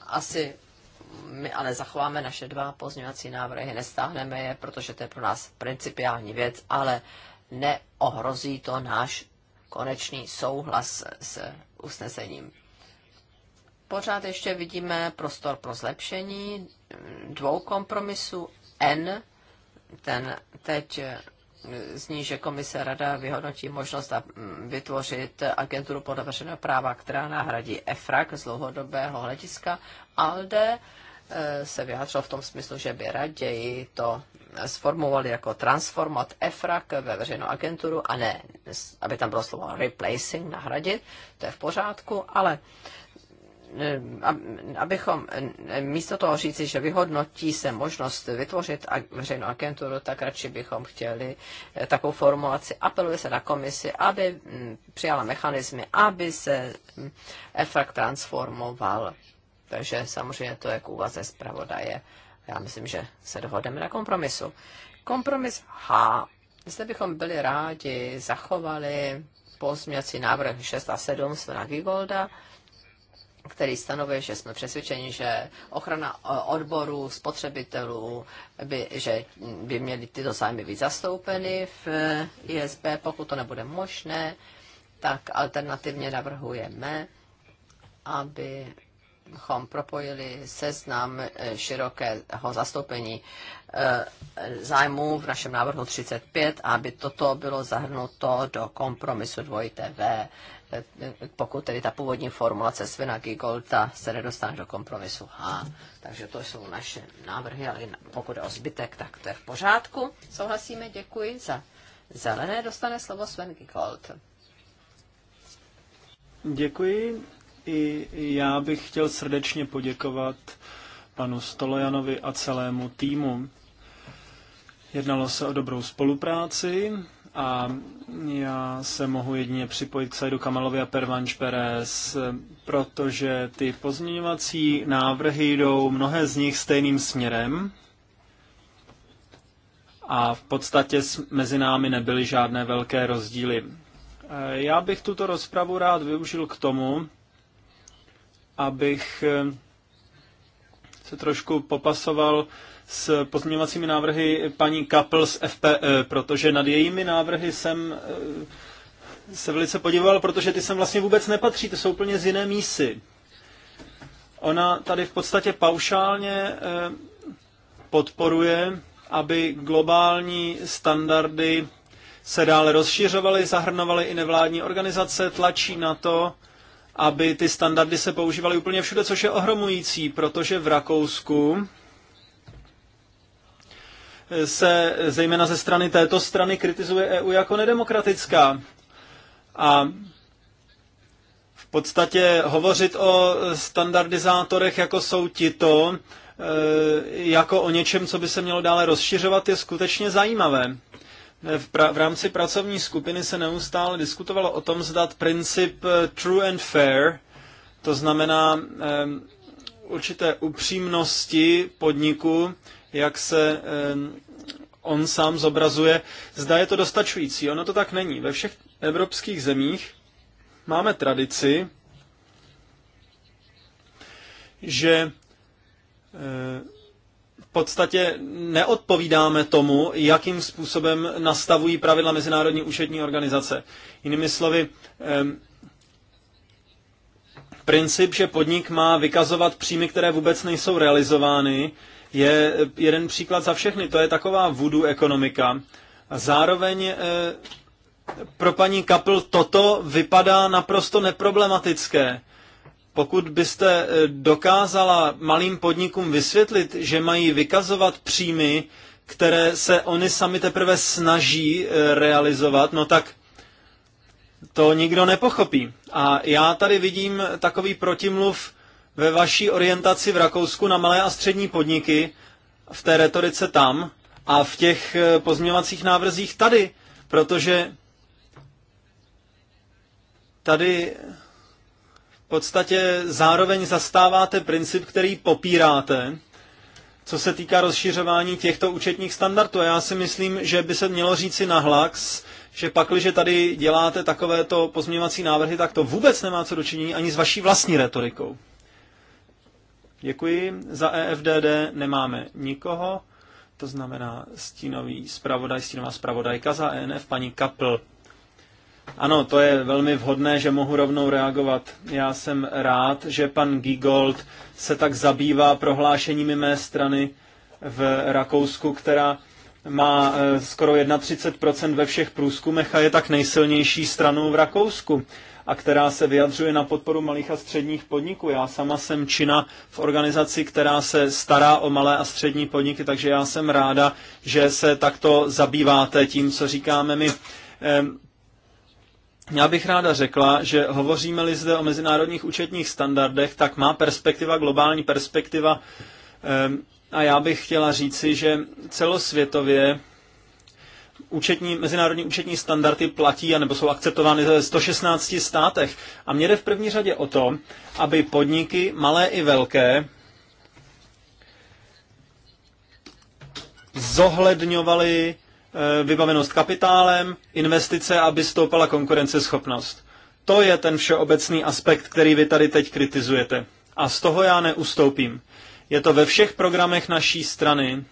Asi my ale zachováme naše dva pozměňovací návrhy, nestáhneme je, protože to je pro nás principiální věc, ale neohrozí to náš konečný souhlas s usnesením. Pořád ještě vidíme prostor pro zlepšení dvou kompromisů N, ten teď eh, zní, že komise rada vyhodnotí možnost vytvořit agenturu podle veřejného práva, která nahradí EFRAG z dlouhodobého hlediska, ALDE Eh, se vyjádřil v tom smyslu, že by raději to sformovali jako transformat EFRAK ve veřejnou agenturu a ne, aby tam bylo slovo replacing, nahradit, to je v pořádku, ale eh, abychom eh, místo toho říci, že vyhodnotí se možnost vytvořit veřejnou agenturu, tak radši bychom chtěli takovou formulaci. Apeluje se na komisi, aby mm, přijala mechanizmy, aby se mm, EFRAK transformoval takže samozřejmě to je k úvaze zpravodaje. Já myslím, že se dohodeme na kompromisu. Kompromis H. Zde bychom byli rádi zachovali pozměňovací návrh 6 a 7 Svena Gigolda, který stanovuje, že jsme přesvědčeni, že ochrana eh, odborů, spotřebitelů, by, že by měly tyto zájmy být zastoupeny v eh, ISB, pokud to nebude možné, tak alternativně navrhujeme, aby abychom propojili seznam eh, širokého zastoupení eh, zájmů v našem návrhu 35, aby toto bylo zahrnuto do kompromisu dvojité V, eh, pokud tedy ta původní formulace Svena Gigolta se nedostane do kompromisu H. Takže to jsou naše návrhy, ale pokud je o zbytek, tak to je v pořádku. Souhlasíme, děkuji. Za zelené dostane slovo Sven Gigolt. Děkuji. I já bych chtěl srdečně poděkovat panu Stolojanovi a celému týmu. Jednalo se o dobrou spolupráci a já se mohu jedině připojit k Sajdu Kamalovi a Pervanč Perez, protože ty pozměňovací návrhy jdou mnohé z nich stejným směrem a v podstatě mezi námi nebyly žádné velké rozdíly. E, já bych tuto rozpravu rád využil k tomu, abych eh, se trošku popasoval s pozměňovacími návrhy paní Kapl z FPE, protože nad jejími návrhy jsem eh, se velice podíval, protože ty sem vlastně vůbec nepatří, ty jsou úplně z jiné mísy. Ona tady v podstatě paušálně eh, podporuje, aby globální standardy se dále rozšiřovaly, zahrnovaly i nevládní organizace, tlačí na to, aby ty standardy se používaly úplně všude, což je ohromující, protože v Rakousku se zejména ze strany této strany kritizuje EU jako nedemokratická. A v podstatě hovořit o standardizátorech, jako jsou tito, e, jako o něčem, co by se mělo dále rozšiřovat, je skutečně zajímavé v, pra- v rámci pracovní skupiny se neustále diskutovalo o tom, zda princip eh, true and fair, to znamená um, určité upřímnosti podniku, jak se um, on sám zobrazuje, zda je to dostačující. Ono to tak není. Ve všech evropských zemích máme tradici, že um, podstatě neodpovídáme tomu, jakým způsobem nastavují pravidla Mezinárodní účetní organizace. Jinými slovy, princip, že podnik má vykazovat příjmy, které vůbec nejsou realizovány, je jeden příklad za všechny. To je taková voodoo ekonomika. A zároveň eh, pro paní Kapl toto vypadá naprosto neproblematické. Pokud byste eh, dokázala malým podnikům vysvětlit, že mají vykazovat příjmy, které se oni sami teprve snaží eh, realizovat, no tak to nikdo nepochopí. A já tady vidím takový protimluv ve vaší orientaci v Rakousku na malé a střední podniky, v té retorice tam a v těch eh, pozměňovacích návrzích tady, protože tady podstatě zároveň zastáváte princip, který popíráte, co se týká rozšiřování těchto účetních standardů. A já si myslím, že by se mělo říci nahlax, že pakliže tady děláte takovéto pozměňovací návrhy, tak to vůbec nemá co dočinění ani s vaší vlastní retorikou. Děkuji. Za EFDD nemáme nikoho, to znamená stínový zpravodaj, stínová zpravodajka za ENF paní Kapl. Ano, to je velmi vhodné, že mohu rovnou reagovat. Já jsem rád, že pan Gigold se tak zabývá prohlášeními mé strany v Rakousku, která má eh, skoro 31% ve všech průzkumech a je tak nejsilnější stranou v Rakousku a která se vyjadřuje na podporu malých a středních podniků. Já sama jsem čina v organizaci, která se stará o malé a střední podniky, takže já jsem ráda, že se takto zabýváte tím, co říkáme my. Ehm, já bych ráda řekla, že hovoříme-li zde o mezinárodních účetních standardech, tak má perspektiva, globální perspektiva, a já bych chtěla říci, že celosvětově účetní, mezinárodní účetní standardy platí nebo jsou akceptovány ve 116 státech. A mě jde v první řadě o to, aby podniky, malé i velké, zohledňovaly Eh, vybavenost kapitálem, investice, aby stoupala konkurenceschopnost. To je ten všeobecný aspekt, který vy tady teď kritizujete. A z toho já neustoupím. Je to ve všech programech naší strany.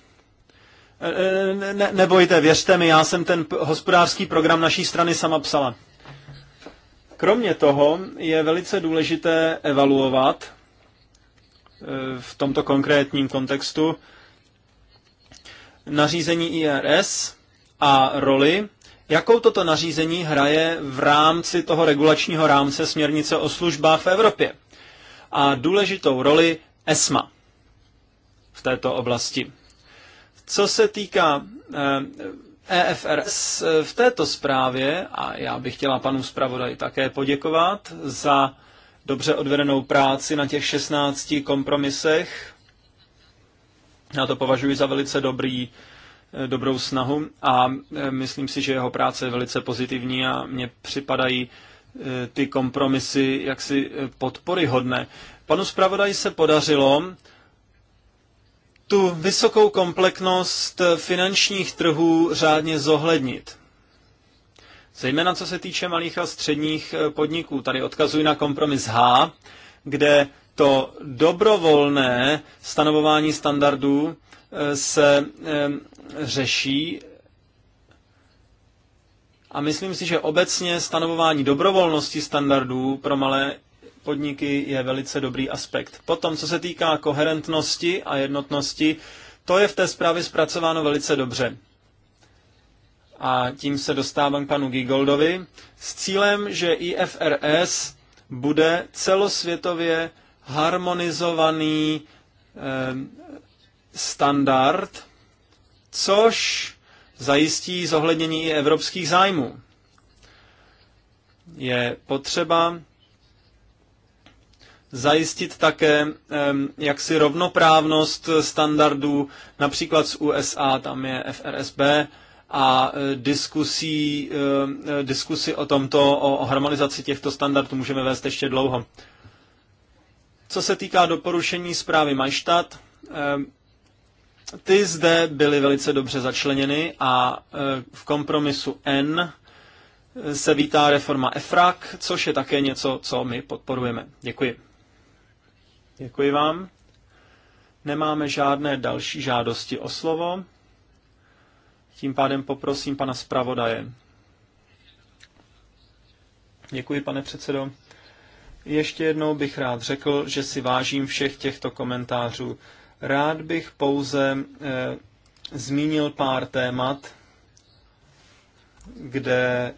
Eh, eh, ne, nebojte, věřte mi, já jsem ten hospodářský program naší strany sama psala. Kromě toho je velice důležité evaluovat v tomto konkrétním kontextu nařízení IRS a roli, jakou toto nařízení hraje v rámci toho regulačního rámce směrnice o službách v Evropě a důležitou roli ESMA v této oblasti. Co se týká EFRS eh, e eh, v této zprávě, a já bych chtěla panu zpravodaji také poděkovat za dobře odvedenou práci na těch 16 kompromisech. Já to považuji za velice dobrý dobrou snahu a e, myslím si, že jeho práce je velice pozitivní a mně připadají e, ty kompromisy jaksi e, hodné. Panu zpravodaji se podařilo tu vysokou komplexnost finančních trhů řádně zohlednit. Zejména co se týče malých a středních podniků. Tady odkazuji na kompromis H, kde to dobrovolné stanovování standardů se řeší. A myslím si, že obecně stanovování dobrovolnosti standardů pro malé podniky je velice dobrý aspekt. Potom, co se týká koherentnosti a jednotnosti, to je v té zprávě zpracováno velice dobře. A tím se dostávám k panu Gigoldovi s cílem, že IFRS bude celosvětově harmonizovaný eh, standard což zajistí zohlednění i evropských zájmů. Je potřeba zajistit také jaksi rovnoprávnost standardů, například z USA, tam je FRSB, a e, diskusí, e, e, diskusy o tomto, o harmonizaci těchto standardů můžeme vést ještě dlouho. Co se týká doporušení zprávy Majštat, ty zde byly velice dobře začleněny a e, v kompromisu N e, se vítá reforma EFRAK, což je také něco, co my podporujeme. Děkuji. Děkuji vám. Nemáme žádné další žádosti o slovo. Tím pádem poprosím pana zpravodaje. Děkuji, pane předsedo. Ještě jednou bych rád řekl, že si vážím všech těchto komentářů Rád bych pouze eh, zmínil pár témat, kde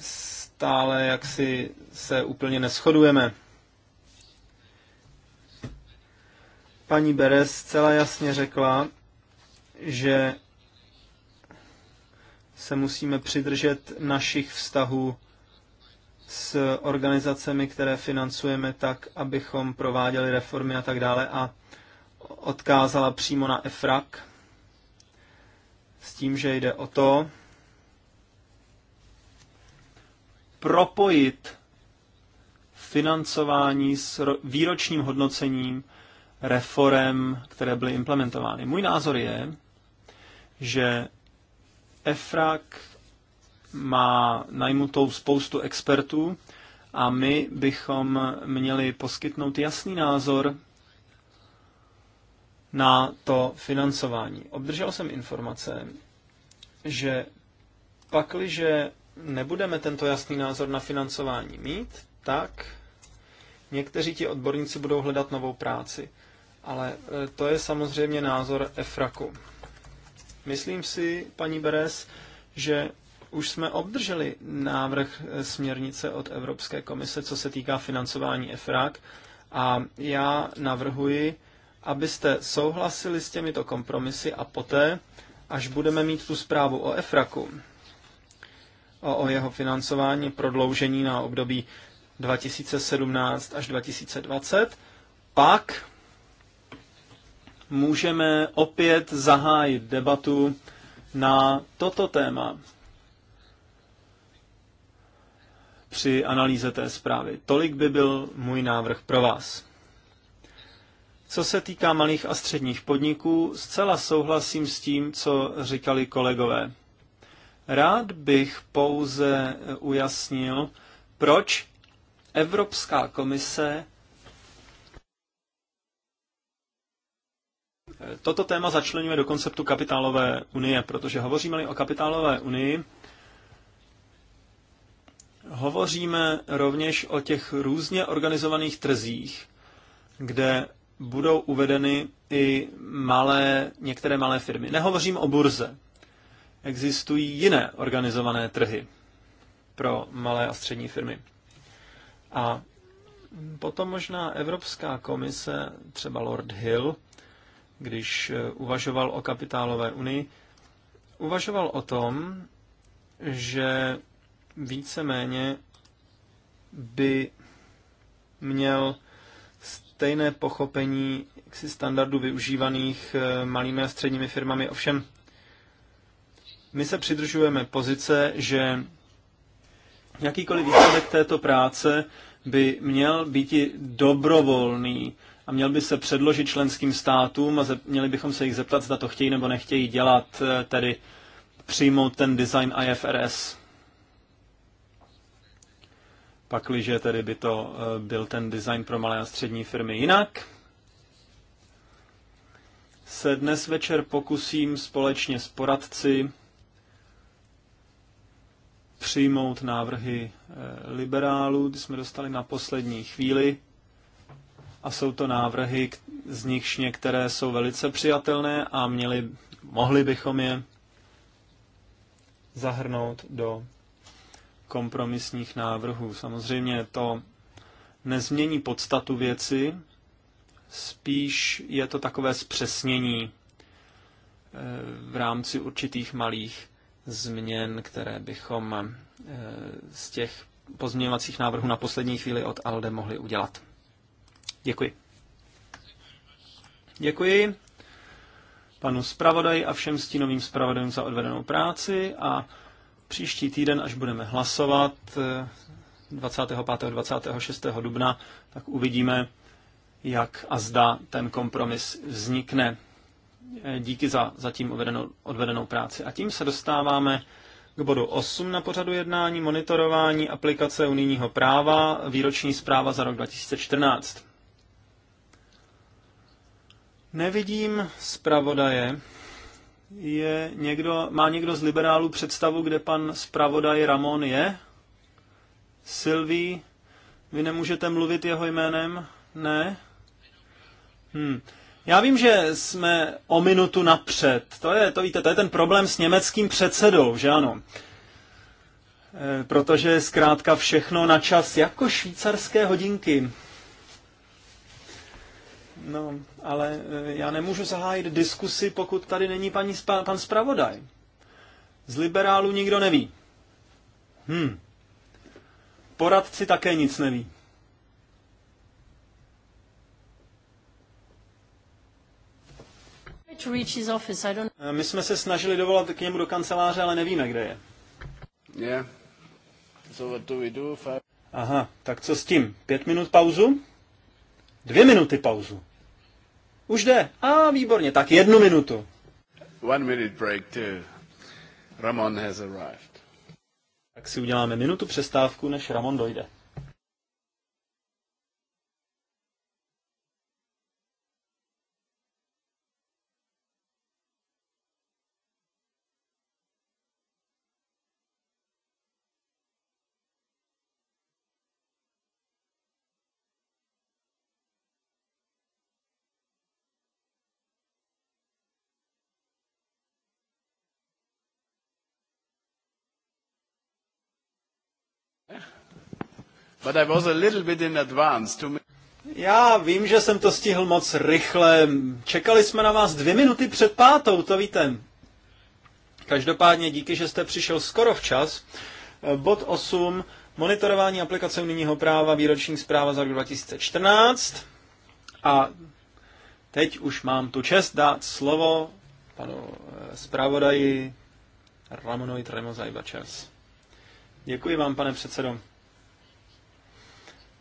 stále jaksi se úplně neschodujeme. Paní Beres celá jasně řekla, že se musíme přidržet našich vztahů s organizacemi, které financujeme tak, abychom prováděli reformy a tak dále. A odkázala přímo na EFRAK s tím, že jde o to propojit financování s výročním hodnocením reform, které byly implementovány. Můj názor je, že EFRAK má najmutou spoustu expertů a my bychom měli poskytnout jasný názor na to financování. Obdržel jsem informace, že pakliže nebudeme tento jasný názor na financování mít, tak někteří ti odborníci budou hledat novou práci. Ale e, to je samozřejmě názor EFRAKu. Myslím si, paní Beres, že už jsme obdrželi návrh e, směrnice od Evropské komise, co se týká financování EFRAK, a já navrhuji, abyste souhlasili s těmito kompromisy a poté, až budeme mít tu zprávu o EFRAKu, o, o jeho financování prodloužení na období 2017 až 2020, pak můžeme opět zahájit debatu na toto téma při analýze té zprávy. Tolik by byl můj návrh pro vás. Co se týká malých a středních podniků, zcela souhlasím s tím, co říkali kolegové. Rád bych pouze ujasnil, proč Evropská komise toto téma začlenuje do konceptu kapitálové unie, protože hovoříme-li o kapitálové unii, hovoříme rovněž o těch různě organizovaných trzích, kde budou uvedeny i malé, některé malé firmy. Nehovořím o burze. Existují jiné organizované trhy pro malé a střední firmy. A potom možná Evropská komise, třeba Lord Hill, když eh, uvažoval o kapitálové unii, uvažoval o tom, že víceméně by měl stejné pochopení jaksi standardu využívaných eh, malými a středními firmami. Ovšem, my se přidržujeme pozice, že jakýkoliv výsledek této práce by měl být i dobrovolný a měl by se předložit členským státům a měli bychom se jich zeptat, zda to chtějí nebo nechtějí dělat, eh, tedy přijmout ten design IFRS pakliže tedy by to eh, byl ten design pro malé a střední firmy jinak. Se dnes večer pokusím společně s poradci přijmout návrhy eh, liberálů, ty jsme dostali na poslední chvíli a jsou to návrhy, z nichž některé jsou velice přijatelné a měli, mohli bychom je zahrnout do kompromisních návrhů. Samozřejmě to nezmění podstatu věci, spíš je to takové zpřesnění eh, v rámci určitých malých změn, které bychom eh, z těch pozměňovacích návrhů na poslední chvíli od ALDE mohli udělat. Děkuji. Děkuji panu zpravodaji a všem stínovým zpravodajům za odvedenou práci a Příští týden, až budeme hlasovat 25. Eh, 26. dubna, tak uvidíme, jak a zda ten kompromis vznikne. Eh, díky za zatím odvedenou, odvedenou práci. A tím se dostáváme k bodu 8 na pořadu jednání monitorování aplikace unijního práva, výroční zpráva za rok 2014. Nevidím zpravodaje je někdo, má někdo z liberálů představu, kde pan zpravodaj Ramon je? Sylvie, vy nemůžete mluvit jeho jménem? Ne? Hm. Já vím, že jsme o minutu napřed. To je, to víte, to je ten problém s německým předsedou, že ano? E, protože zkrátka všechno na čas, jako švýcarské hodinky. No, ale eh, já nemůžu zahájit diskusi, pokud tady není paní, pan zpravodaj. Z liberálu nikdo neví. Hm. Poradci také nic neví. Eh, my jsme se snažili dovolat k němu do kanceláře, ale nevíme, kde je. Aha, tak co s tím? Pět minut pauzu? Dvě minuty pauzu. Už jde. A výborně, tak jednu minutu. One minute break too. Ramon has arrived. Tak si uděláme minutu přestávku, než Ramon dojde. But I was a little bit in advance to... Já vím, že jsem to stihl moc rychle. Čekali jsme na vás dvě minuty před pátou, to víte. Každopádně díky, že jste přišel skoro včas. Bod 8. Monitorování aplikace unijního práva, výroční zpráva za rok 2014. A teď už mám tu čest dát slovo panu eh, zpravodaji Ramonovi Tremozaj Děkuji vám, pane předsedo.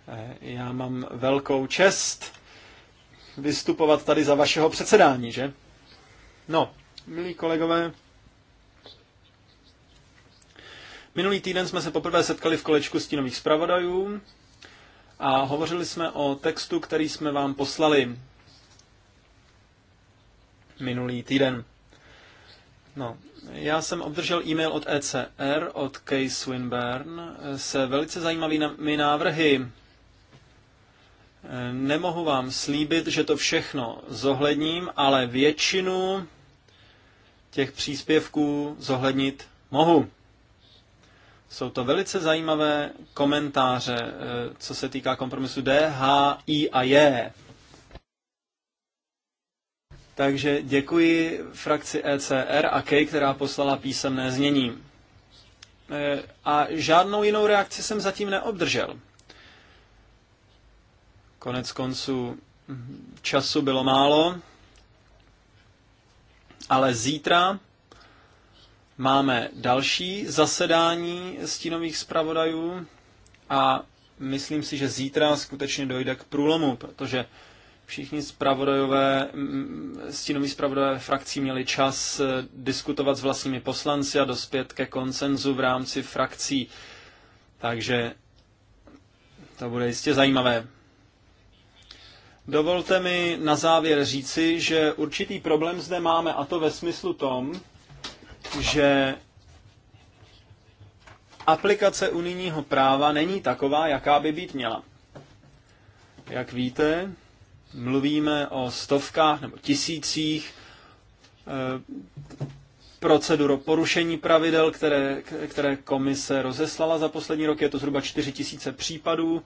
Eh, já mám velkou čest vystupovat tady za vašeho předsedání, že? No, milí kolegové, minulý týden jsme se poprvé setkali v kolečku stínových zpravodajů a hovořili jsme o textu, který jsme vám poslali minulý týden. No, já jsem obdržel e-mail od ECR, od Kay Swinburne, eh, se velice zajímavými návrhy Nemohu vám slíbit, že to všechno zohledním, ale většinu těch příspěvků zohlednit mohu. Jsou to velice zajímavé komentáře, eh, co se týká kompromisu D, H, I a J. Takže děkuji frakci ECR a K, která poslala písemné znění. Eh, a žádnou jinou reakci jsem zatím neobdržel. Konec konců času bylo málo, ale zítra máme další zasedání stínových zpravodajů a myslím si, že zítra skutečně dojde k průlomu, protože všichni zpravodajové, stínoví zpravodajové frakcí měli čas eh, diskutovat s vlastními poslanci a dospět ke konsenzu v rámci frakcí. Takže to bude jistě zajímavé. Dovolte mi na závěr říci, že určitý problém zde máme, a to ve smyslu tom, že aplikace unijního práva není taková, jaká by být měla. Jak víte, mluvíme o stovkách nebo tisících e, procedur o porušení pravidel, které, které komise rozeslala za poslední rok. Je to zhruba 4 tisíce případů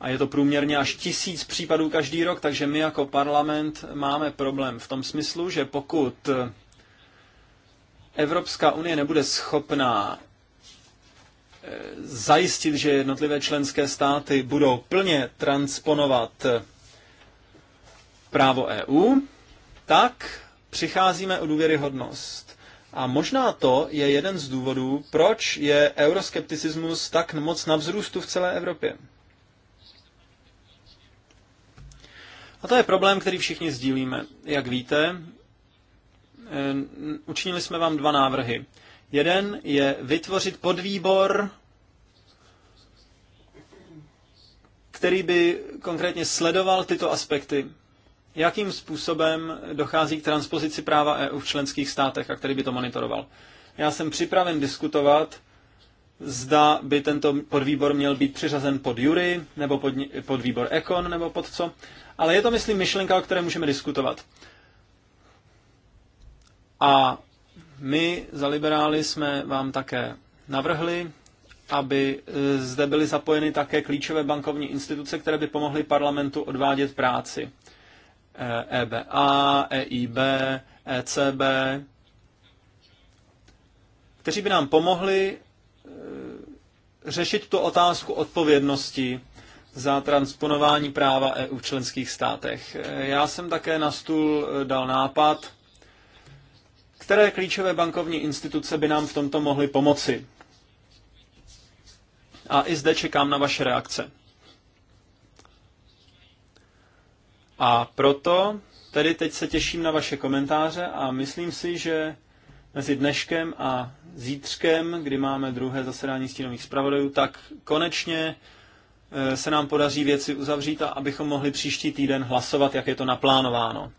a je to průměrně až tisíc případů každý rok, takže my jako parlament máme problém v tom smyslu, že pokud Evropská unie nebude schopná eh, zajistit, že jednotlivé členské státy budou plně transponovat eh, právo EU, tak přicházíme o důvěryhodnost. A možná to je jeden z důvodů, proč je euroskepticismus tak moc na vzrůstu v celé Evropě. A to je problém, který všichni sdílíme. Jak víte, eh, učinili jsme vám dva návrhy. Jeden je vytvořit podvýbor, který by konkrétně sledoval tyto aspekty. Jakým způsobem dochází k transpozici práva EU v členských státech a který by to monitoroval. Já jsem připraven diskutovat, zda by tento podvýbor měl být přiřazen pod jury, nebo pod, pod výbor Ekon, nebo pod co ale je to, myslím, myšlenka, o které můžeme diskutovat. A my za liberály jsme vám také navrhli, aby e, zde byly zapojeny také klíčové bankovní instituce, které by pomohly parlamentu odvádět práci. EBA, e EIB, ECB, kteří by nám pomohli e, řešit tu otázku odpovědnosti za transponování práva EU v členských státech. Já jsem také na stůl eh, dal nápad, které klíčové bankovní instituce by nám v tomto mohly pomoci. A i zde čekám na vaše reakce. A proto tedy teď se těším na vaše komentáře a myslím si, že mezi dneškem a zítřkem, kdy máme druhé zasedání stínových zpravodajů, tak konečně Eh, se nám podaří věci uzavřít a abychom mohli příští týden hlasovat, jak je to naplánováno.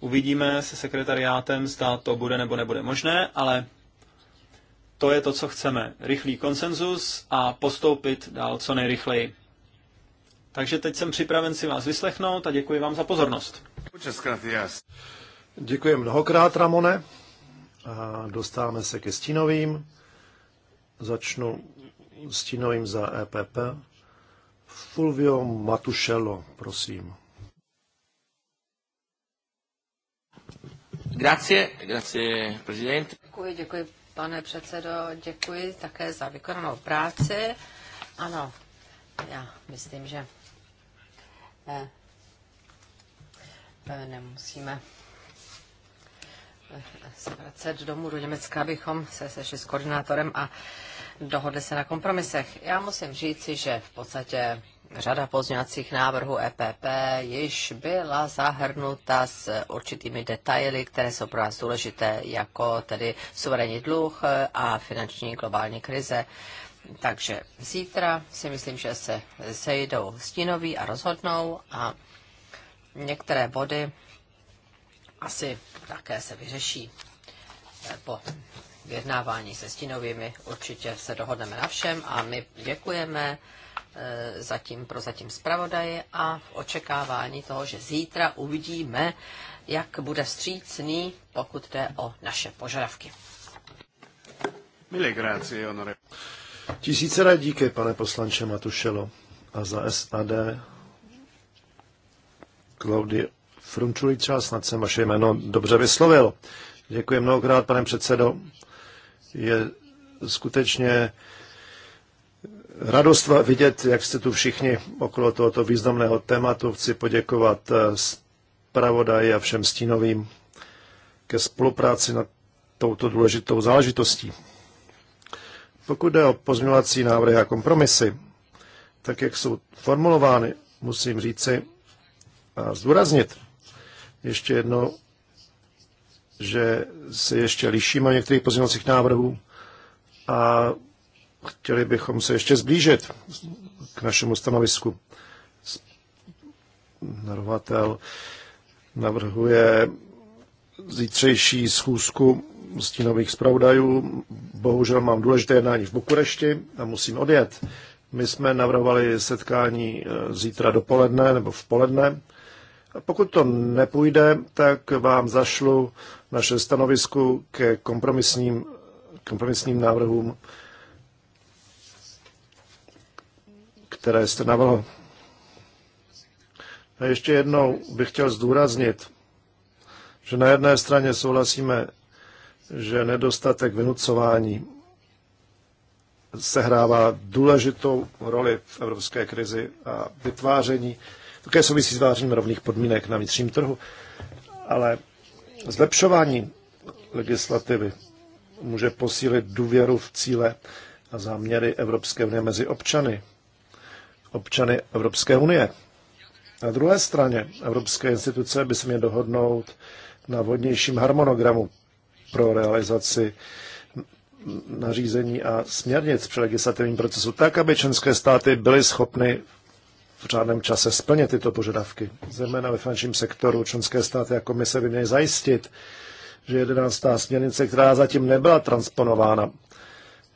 Uvidíme se sekretariátem, zda to bude nebo nebude možné, ale to je to, co chceme. Rychlý konsenzus a postoupit dál co nejrychleji. Takže teď jsem připraven si vás vyslechnout a děkuji vám za pozornost. Děkuji mnohokrát, Ramone. A dostáváme se ke stínovým. Začnu stínovým za EPP. Fulvio Matušelo, prosím. Grazie, grazie, prezident. Děkuji, děkuji, pane předsedo, děkuji také za vykonanou práci. Ano, já myslím, že ne, eh, eh, nemusíme eh, se vracet domů do Německa, abychom se sešli s koordinátorem a dohodli se na kompromisech. Já musím říci, že v podstatě řada pozměňovacích návrhů EPP již byla zahrnuta s určitými detaily, které jsou pro nás důležité, jako tedy suverénní dluh a finanční globální krize. Takže zítra si myslím, že se sejdou stínoví a rozhodnou a některé body asi také se vyřeší po vyjednávání se stínovými. Určitě se dohodneme na všem a my děkujeme e, zatím pro zatím zpravodaje a v očekávání toho, že zítra uvidíme, jak bude vstřícný, pokud jde o naše požadavky. Milé grácie, honore. Tisíce rád díky, pane poslanče Matušelo. A za SAD Klaudy Frunčuliča, snad jsem vaše jméno dobře vyslovil. Děkuji mnohokrát, pane předsedo je skutečně radost vidět, jak jste tu všichni okolo tohoto významného tématu. Chci poděkovat eh, zpravodaji a všem stínovým ke spolupráci nad touto důležitou záležitostí. Pokud jde o pozměňovací návrhy a kompromisy, tak jak jsou formulovány, musím říci a zdůraznit ještě jednou, že se ještě lišíme některých pozměňovacích návrhů a chtěli bychom se ještě zblížit k našemu stanovisku. Narovatel navrhuje zítřejší schůzku stínových zpravodajů. Bohužel mám důležité jednání v Bukurešti a musím odjet. My jsme navrhovali setkání eh, zítra dopoledne nebo v poledne pokud to nepůjde, tak vám zašlu naše stanovisku ke kompromisním, kompromisním návrhům, které jste navrhl. A ještě jednou bych chtěl zdůraznit, že na jedné straně souhlasíme, že nedostatek vynucování sehrává důležitou roli v evropské krizi a vytváření také souvisí s vářením rovných podmínek na vnitřním trhu. Ale zlepšování legislativy může posílit důvěru v cíle a záměry Evropské unie mezi občany, občany Evropské unie. Na druhé straně evropské instituce by se měly dohodnout na vodnějším harmonogramu pro realizaci nařízení a směrnic při legislativním procesu tak, aby členské státy byly schopny v řádném čase splnit tyto požadavky. Zejména ve finančním sektoru členské státy a komise by měly zajistit, že jedenáctá směrnice, která zatím nebyla transponována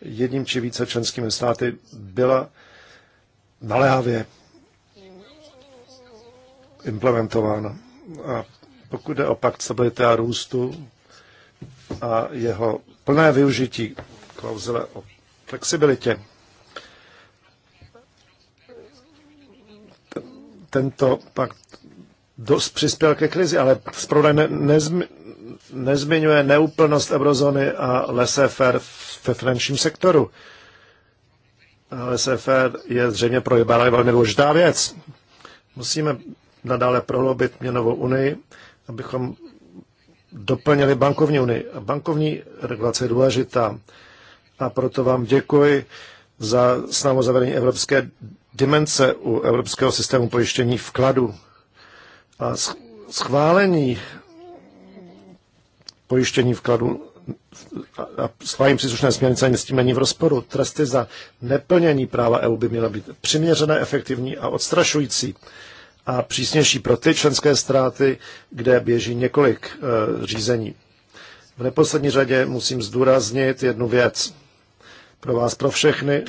jedním či více členskými státy, byla naléhavě implementována. A pokud jde o pakt stability a růstu a jeho plné využití klauzule o flexibilitě, tento pakt dost přispěl ke krizi, ale zpravodaj ne, nezmi, nezmiňuje neúplnost eurozóny a laissez-faire ve finančním sektoru. Laissez-faire je zřejmě pro Ibaraj velmi důležitá věc. Musíme nadále prohloubit měnovou unii, abychom doplnili bankovní unii. Bankovní regulace je důležitá a proto vám děkuji za snahu zavedení evropské dimenze u evropského systému pojištění vkladu a schválení pojištění vkladu a schválení příslušné směrnice ani s tím není v rozporu. Tresty za neplnění práva EU by měly být přiměřené, efektivní a odstrašující a přísnější pro ty členské ztráty, kde běží několik e, řízení. V neposlední řadě musím zdůraznit jednu věc. Pro vás, pro všechny,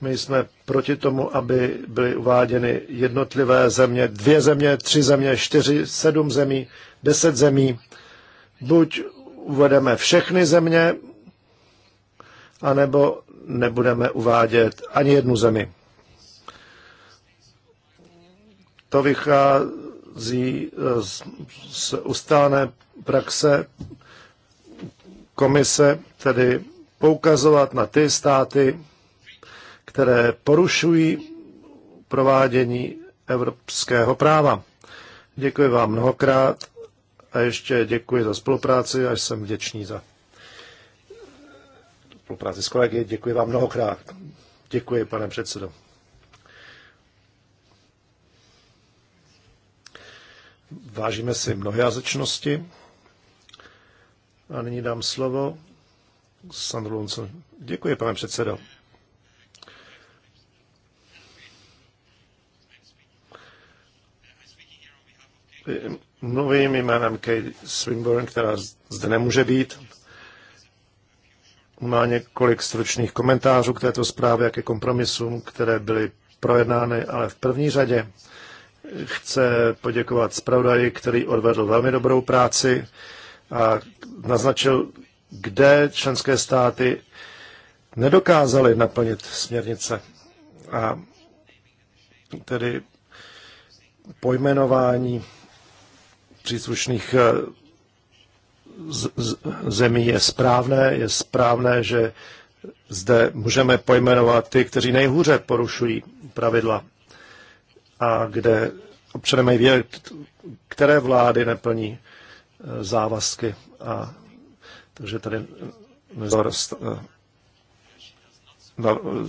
my jsme proti tomu, aby byly uváděny jednotlivé země, dvě země, tři země, čtyři, sedm zemí, deset zemí. Buď uvedeme všechny země, anebo nebudeme uvádět ani jednu zemi. To vychází eh, z, z ustálené praxe komise, tedy poukazovat na ty státy, které porušují provádění evropského práva. Děkuji vám mnohokrát a ještě děkuji za spolupráci a jsem vděčný za spolupráci s kolegy. Děkuji vám mnohokrát. Děkuji, pane předsedo. Vážíme si mnohojazyčnosti. A nyní dám slovo Sandru Děkuji, pane předsedo. novým jménem Kate Swinburne, která zde nemůže být. Má několik stručných komentářů k této zprávě a ke kompromisům, které byly projednány, ale v první řadě chce poděkovat zpravodaji, který odvedl velmi dobrou práci a naznačil, kde členské státy nedokázaly naplnit směrnice. A tedy pojmenování příslušných eh, zemí je správné. Je správné, že zde můžeme pojmenovat ty, kteří nejhůře porušují pravidla a kde občané mají vědět, které vlády neplní eh, závazky. A, takže tady názor eh,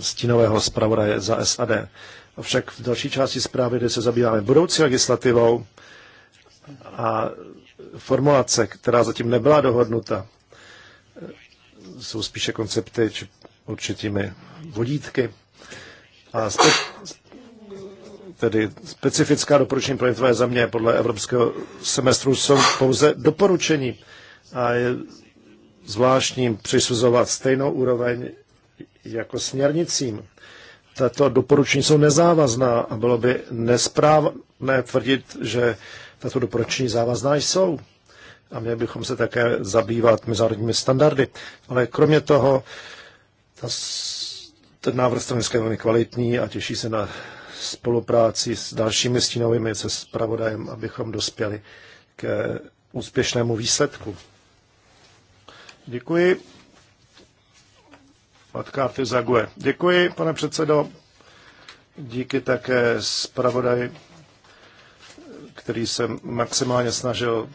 stínového zpravodaje za SAD. Avšak v další části zprávy, kde se zabýváme budoucí legislativou, a formulace, která zatím nebyla dohodnuta, jsou spíše koncepty či určitými vodítky. A spe, tedy specifická doporučení pro jednotlivé země podle evropského semestru jsou pouze doporučení. A je zvláštním přisuzovat stejnou úroveň jako směrnicím. Tato doporučení jsou nezávazná a bylo by nesprávné tvrdit, že tato doporučení závazná jsou. A měli bychom se také zabývat mezinárodními standardy. Ale kromě toho, ta, ten návrh stanoviska je velmi kvalitní a těší se na spolupráci s dalšími stínovými se spravodajem, abychom dospěli k úspěšnému výsledku. Děkuji. Matkáty Zague. Děkuji, pane předsedo. Díky také zpravodaji který se maximálně snažil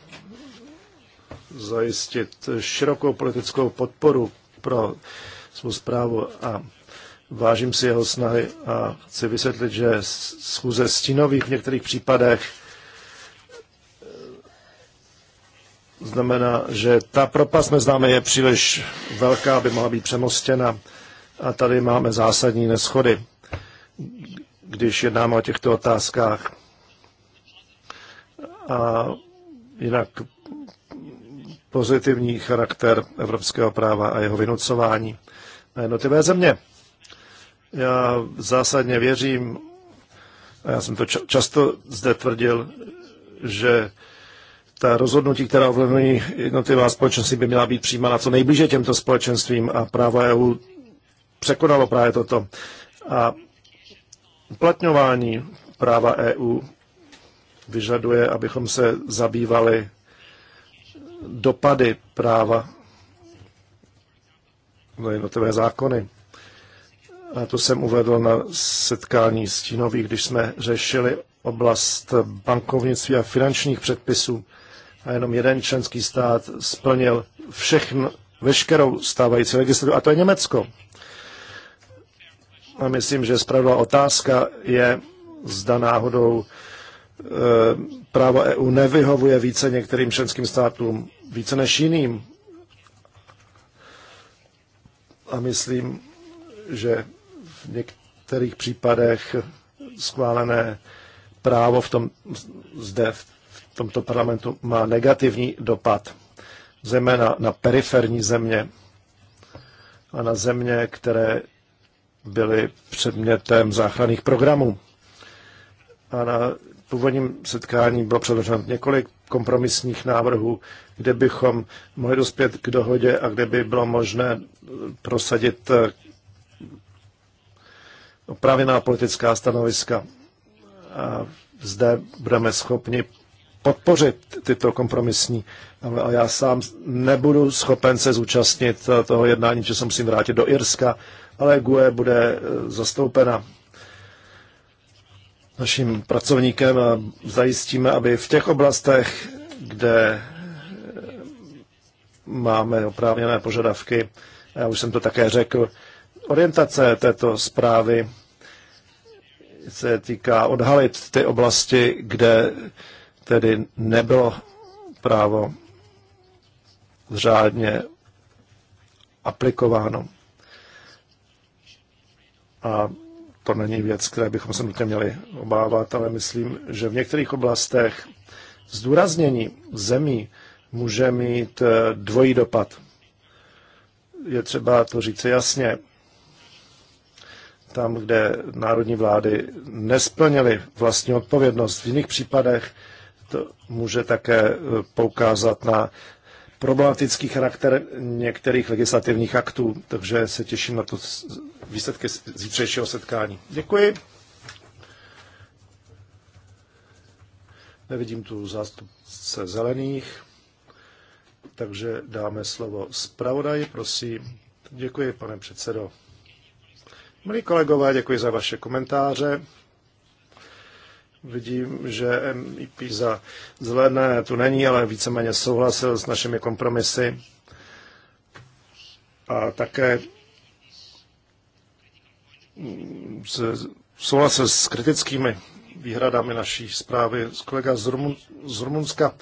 zajistit širokou politickou podporu pro svou zprávu a vážím si jeho snahy a chci vysvětlit, že schůze stínových v některých případech znamená, že ta propast mezi námi je příliš velká, aby mohla být přemostěna a tady máme zásadní neschody, když jednáme o těchto otázkách a jinak pozitivní charakter evropského práva a jeho vynucování na jednotlivé země. Já zásadně věřím, a já jsem to často zde tvrdil, že ta rozhodnutí, která ovlivňují jednotlivá společenství, by měla být přijímána co nejblíže těmto společenstvím a právo EU překonalo právě toto. A uplatňování práva EU vyžaduje, abychom se zabývali dopady práva na jednotlivé zákony. A to jsem uvedl na setkání stínových, když jsme řešili oblast bankovnictví a finančních předpisů a jenom jeden členský stát splnil všechn, veškerou stávající legislativu, a to je Německo. A myslím, že spravedlivá otázka je, zda náhodou Eh, právo EU nevyhovuje více některým členským státům, více než jiným. A myslím, že v některých případech schválené právo v tom, zde v tomto parlamentu má negativní dopad, zejména na periferní země a na země, které byly předmětem záchranných programů a na původním setkání bylo předloženo několik kompromisních návrhů, kde bychom mohli dospět k dohodě a kde by bylo možné prosadit eh, opravěná politická stanoviska. A zde budeme schopni podpořit tyto kompromisní. Ale já sám nebudu schopen se zúčastnit eh, toho jednání, že se musím vrátit do Irska, ale GUE bude eh, zastoupena naším pracovníkem a zajistíme, aby v těch oblastech, kde eh, máme oprávněné požadavky, já už jsem to také řekl, orientace této zprávy se týká odhalit ty oblasti, kde tedy nebylo právo řádně aplikováno. A to není věc, které bychom se nutně měli obávat, ale myslím, že v některých oblastech zdůraznění zemí může mít eh, dvojí dopad. Je třeba to říct jasně. Tam, kde národní vlády nesplnily vlastní odpovědnost, v jiných případech to může také eh, poukázat na problematický charakter některých legislativních aktů, takže se těším na to, výsledky zítřejšího setkání. Děkuji. Nevidím tu zástupce zelených, takže dáme slovo zpravodaji, prosím. Děkuji, pane předsedo. Milí kolegové, děkuji za vaše komentáře. Vidím, že MIP za zelené tu není, ale víceméně souhlasil s našimi kompromisy. A také souhlasil s kritickými výhradami naší zprávy. S kolega z, Rumun, z Rumunska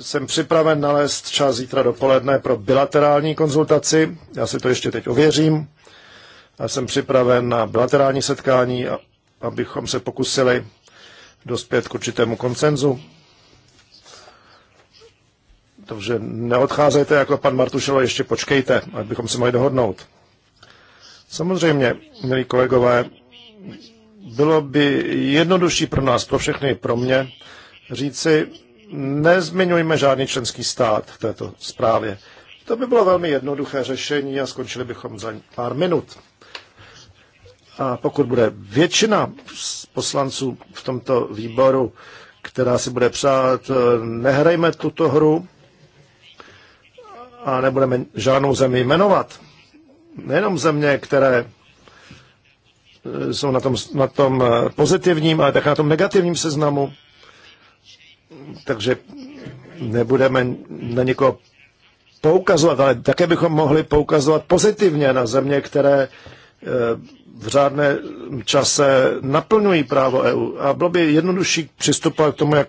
jsem připraven nalézt čas zítra dopoledne pro bilaterální konzultaci. Já si to ještě teď ověřím. A jsem připraven na bilaterální setkání, abychom se pokusili dospět k určitému koncenzu. Takže neodcházejte jako pan Martušelo, ještě počkejte, abychom se mohli dohodnout. Samozřejmě, milí kolegové, bylo by jednodušší pro nás, pro všechny, pro mě, říci, nezmiňujme žádný členský stát v této zprávě. To by bylo velmi jednoduché řešení a skončili bychom za pár minut. A pokud bude většina poslanců v tomto výboru, která si bude přát, nehrajme tuto hru a nebudeme žádnou zemi jmenovat, nejenom země, které eh, jsou na tom, na tom eh, pozitivním, ale také na tom negativním seznamu. Takže nebudeme na někoho poukazovat, ale také bychom mohli poukazovat pozitivně na země, které eh, v řádném čase naplňují právo EU. A bylo by jednodušší přistupovat k tomu, jak,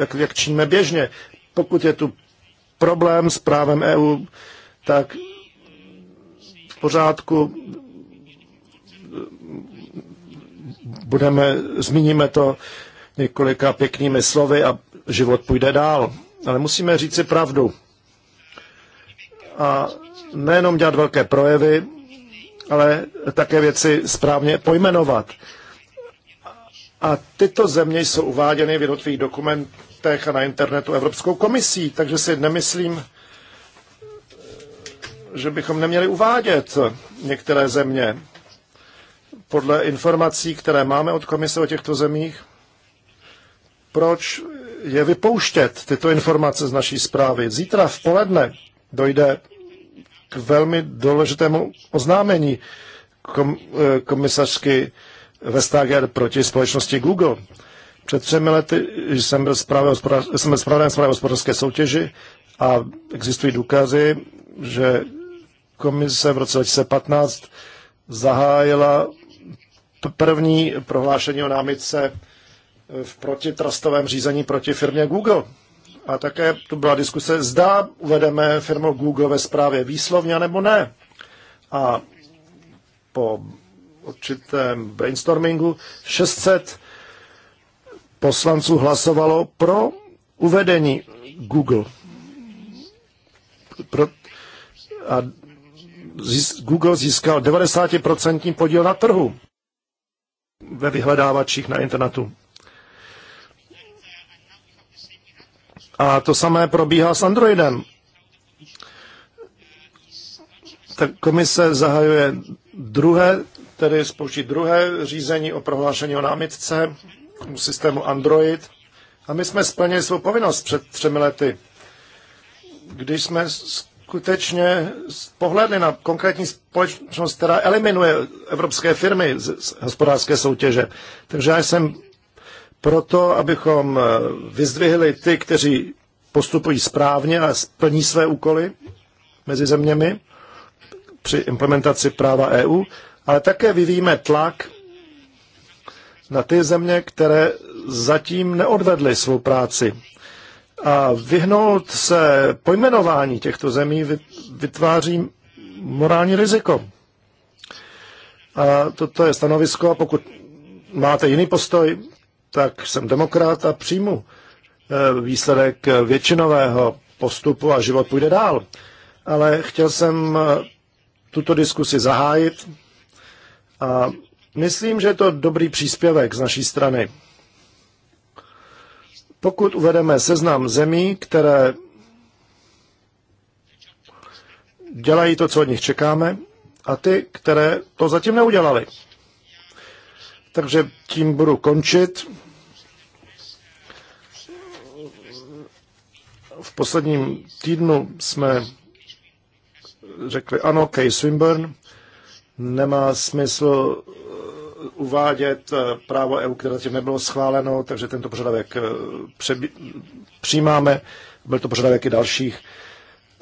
jak, jak činíme běžně. Pokud je tu problém s právem EU, tak pořádku, budeme, zmíníme to několika pěknými slovy a život půjde dál. Ale musíme říct si pravdu. A nejenom dělat velké projevy, ale také věci správně pojmenovat. A tyto země jsou uváděny v jednotlivých dokumentech a na internetu Evropskou komisí, takže si nemyslím, že bychom neměli uvádět některé země. Podle informací, které máme od komise o těchto zemích, proč je vypouštět tyto informace z naší zprávy. Zítra v poledne dojde k velmi důležitému oznámení kom, eh, komisařky Vestager proti společnosti Google. Před třemi lety jsem byl zprávě hospodářské soutěži a existují důkazy, že komise v roce 2015 zahájila první prohlášení o námitce eh, v protitrastovém řízení proti firmě Google. A také tu byla diskuse, zda uvedeme firmu Google ve zprávě výslovně nebo ne. A po určitém brainstormingu 600 poslanců hlasovalo pro uvedení Google. Pro, a Google získal 90% podíl na trhu ve vyhledávačích na internetu. A to samé probíhá s Androidem. Tak komise zahajuje druhé, tedy spouští druhé řízení o prohlášení o námitce u systému Android. A my jsme splnili svou povinnost před třemi lety, když jsme skutečně pohledli na konkrétní společnost, která eliminuje evropské firmy z hospodářské soutěže. Takže já jsem proto, abychom eh, vyzdvihli ty, kteří postupují správně a splní své úkoly mezi zeměmi při implementaci práva EU, ale také vyvíjíme tlak na ty země, které zatím neodvedly svou práci a vyhnout se pojmenování těchto zemí vytváří morální riziko. A toto je stanovisko a pokud máte jiný postoj, tak jsem demokrat a přijmu eh, výsledek většinového postupu a život půjde dál. Ale chtěl jsem eh, tuto diskusi zahájit a myslím, že je to dobrý příspěvek z naší strany. Pokud uvedeme seznam zemí, které dělají to, co od nich čekáme, a ty, které to zatím neudělali. Takže tím budu končit. V posledním týdnu jsme řekli ano, Kay Swinburne, nemá smysl uvádět eh, právo EU, které zatím nebylo schváleno, takže tento požadavek eh, přijímáme. Byl to požadavek i dalších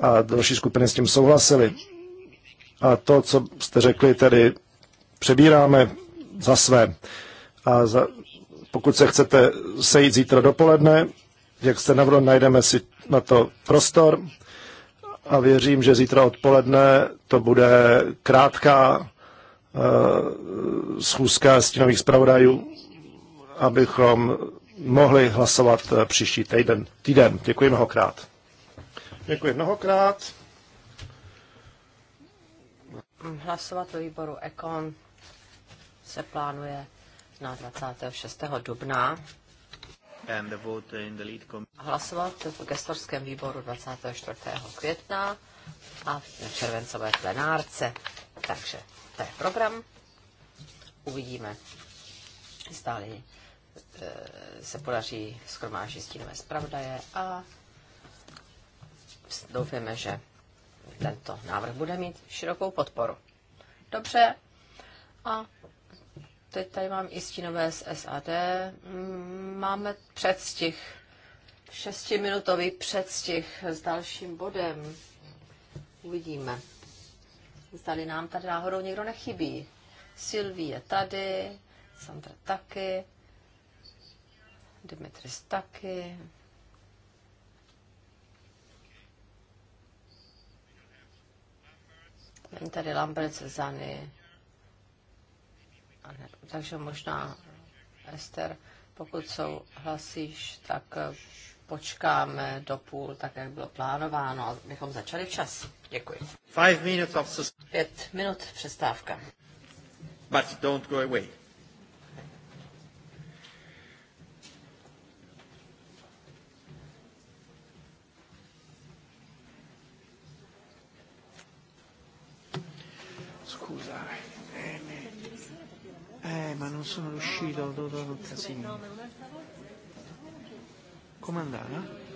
a další skupiny s tím souhlasily. A to, co jste řekli, tedy přebíráme za své. A za, pokud se chcete sejít zítra dopoledne, jak jste navrhl, najdeme si na to prostor a věřím, že zítra odpoledne to bude krátká Eh, schůzka stínových zpravodajů, abychom mohli hlasovat eh, příští týden. týden. Děkuji mnohokrát. Děkuji mnohokrát. Hlasovat o výboru Ekon se plánuje na 26. dubna. And the vote in the lead Hlasovat v gestorském výboru 24. května a v červencové plenárce. Takže je program, uvidíme, zdali eh, se podaří skromážit stínové zpravodaje a doufáme, že tento návrh bude mít širokou podporu. Dobře. A teď tady mám i stínové z SAD. Mm, máme předstih. Šestiminutový předstih s dalším bodem. Uvidíme zdali nám tady náhodou někdo nechybí. Sylvie je tady, Sandra taky, Dimitris taky. Není tady Lambert Zany. takže možná Ester, pokud hlasíš, tak počkáme do půl, tak jak bylo plánováno, abychom začali včas. Děkuji. Five minutes of Pět minut přestávka. But don't go away. Eh, eh, ma non sono riuscito, ho dovuto un casino. Com'è andata?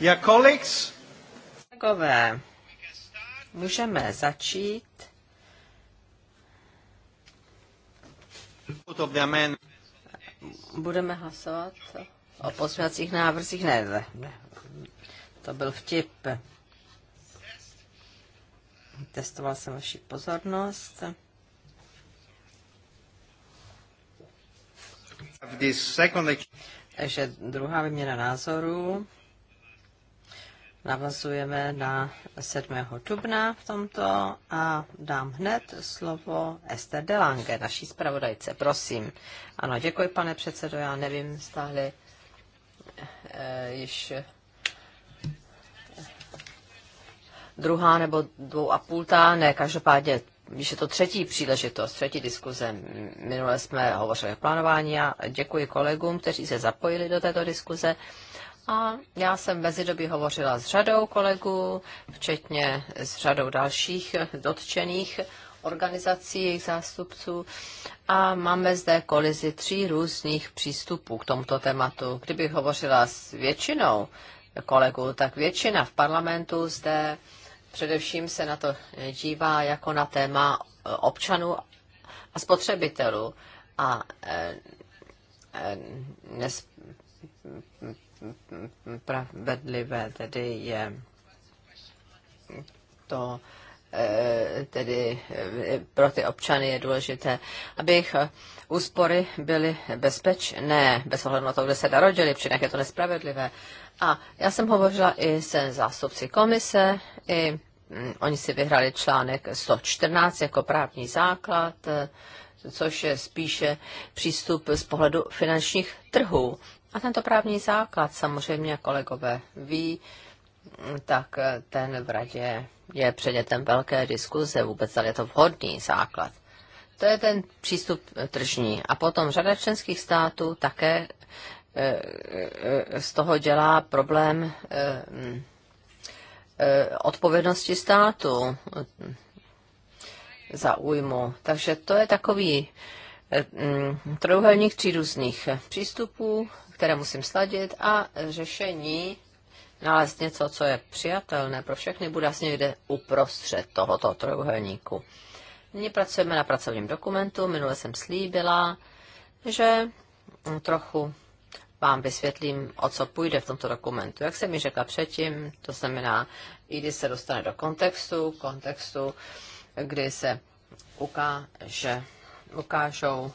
Yeah, Kolegové, můžeme začít. Budeme hlasovat o pozměňovacích návrzích? Ne, ne, to byl vtip. Testoval jsem vaši pozornost. Takže druhá vyměna názorů Navazujeme na 7. dubna v tomto a dám hned slovo Esther Delange, naší zpravodajce. Prosím. Ano, děkuji, pane předsedo. Já nevím, stále eh, již eh, druhá nebo dvou a půl tá, ne, každopádně když je to třetí příležitost, třetí diskuze. Minule jsme hovořili o plánování a děkuji kolegům, kteří se zapojili do této diskuze a já jsem v doby hovořila s řadou kolegů, včetně s řadou dalších dotčených organizací, jejich zástupců a máme zde kolizi tří různých přístupů k tomuto tématu. Kdybych hovořila s většinou kolegů, tak většina v parlamentu zde především se na to dívá jako na téma občanů a spotřebitelů a e, e, nes, pravedlivé, tedy je to, eh, tedy eh, pro ty občany je důležité, aby jejich úspory byly bezpečné, bez ohledu na to, kde se narodili, protože jinak je to nespravedlivé. A já jsem hovořila i se zástupci komise, i mm, oni si vyhrali článek 114 jako právní základ, eh, což je spíše přístup z pohledu finančních trhů. A tento právní základ samozřejmě kolegové ví, tak ten v radě je předmětem velké diskuze vůbec, ale je to vhodný základ. To je ten přístup tržní. A potom řada členských států také eh, eh, z toho dělá problém eh, odpovědnosti státu za újmu. Takže to je takový mm, trojuhelník tří různých přístupů, které musím sladit a řešení nalézt něco, co je přijatelné pro všechny, bude asi někde uprostřed tohoto trojuhelníku. Nyní pracujeme na pracovním dokumentu. Minule jsem slíbila, že trochu vám vysvětlím, o co půjde v tomto dokumentu. Jak jsem mi řekla předtím, to znamená, když se dostane do kontextu, kontextu, kdy se ukáže, ukážou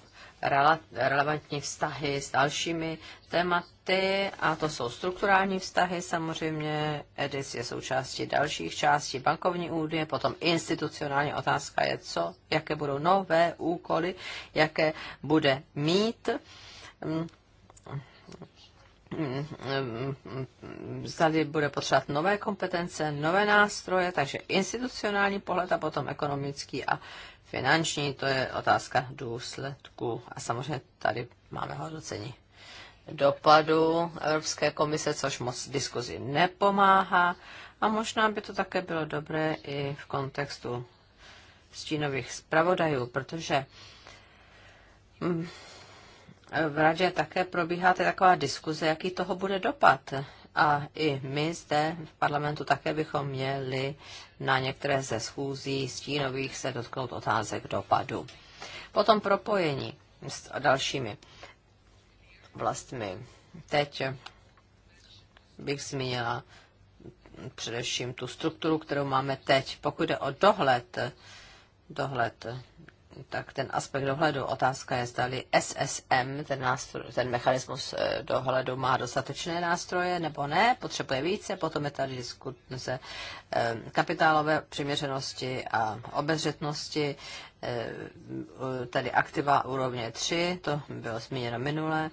relevantní vztahy s dalšími tématy, a to jsou strukturální vztahy samozřejmě, EDIS je součástí dalších částí bankovní údie, potom institucionální otázka je co, jaké budou nové úkoly, jaké bude mít mm, mm, mm, zdali bude potřebovat nové kompetence, nové nástroje, takže institucionální pohled a potom ekonomický a finanční, to je otázka důsledku. A samozřejmě tady máme hodnocení dopadu Evropské komise, což moc diskuzi nepomáhá. A možná by to také bylo dobré i v kontextu stínových zpravodajů, protože mm, v radě také probíhá taková diskuze, jaký toho bude dopad, a i my zde v parlamentu také bychom měli na některé ze schůzí stínových se dotknout otázek dopadu. Potom propojení s dalšími vlastmi. Teď bych zmínila především tu strukturu, kterou máme teď. Pokud jde o dohled, dohled tak ten aspekt dohledu, otázka je, zda SSM, ten, nástroj, ten mechanismus eh, dohledu má dostatečné nástroje nebo ne, potřebuje více, potom je tady diskuse eh, kapitálové přiměřenosti a obezřetnosti, eh, tady aktiva úrovně 3, to bylo zmíněno minule,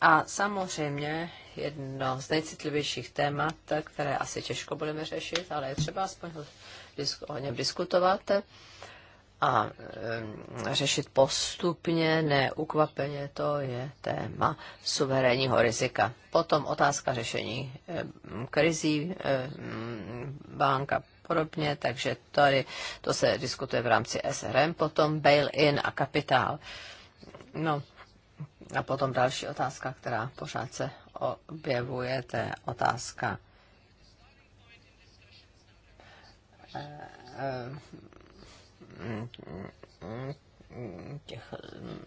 a samozřejmě jedno z nejcitlivějších témat, které asi těžko budeme řešit, ale je třeba aspoň o něm diskutovat, a e, řešit postupně, neukvapeně, to je téma suverénního rizika. Potom otázka řešení e, krizí, e, banka podobně, takže tady to se diskutuje v rámci SRM, potom bail-in a kapitál. No, a potom další otázka, která pořád se objevuje, to je otázka těch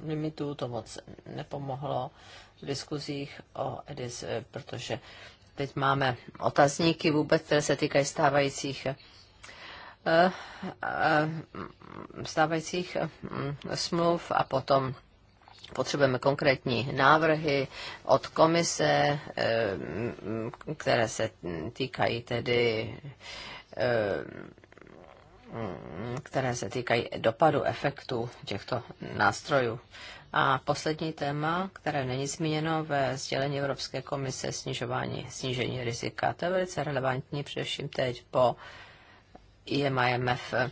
limitů to moc nepomohlo v diskuzích o EDIS, eh, protože teď máme otazníky vůbec, které se týkají stávajících eh, eh, stávajících mm, smluv a potom potřebujeme konkrétní návrhy od komise, které se týkají tedy Mm, které se týkají dopadu efektu těchto nástrojů. A poslední téma, které není zmíněno ve sdělení Evropské komise snižování, snížení rizika, to je velice relevantní především teď po IMF e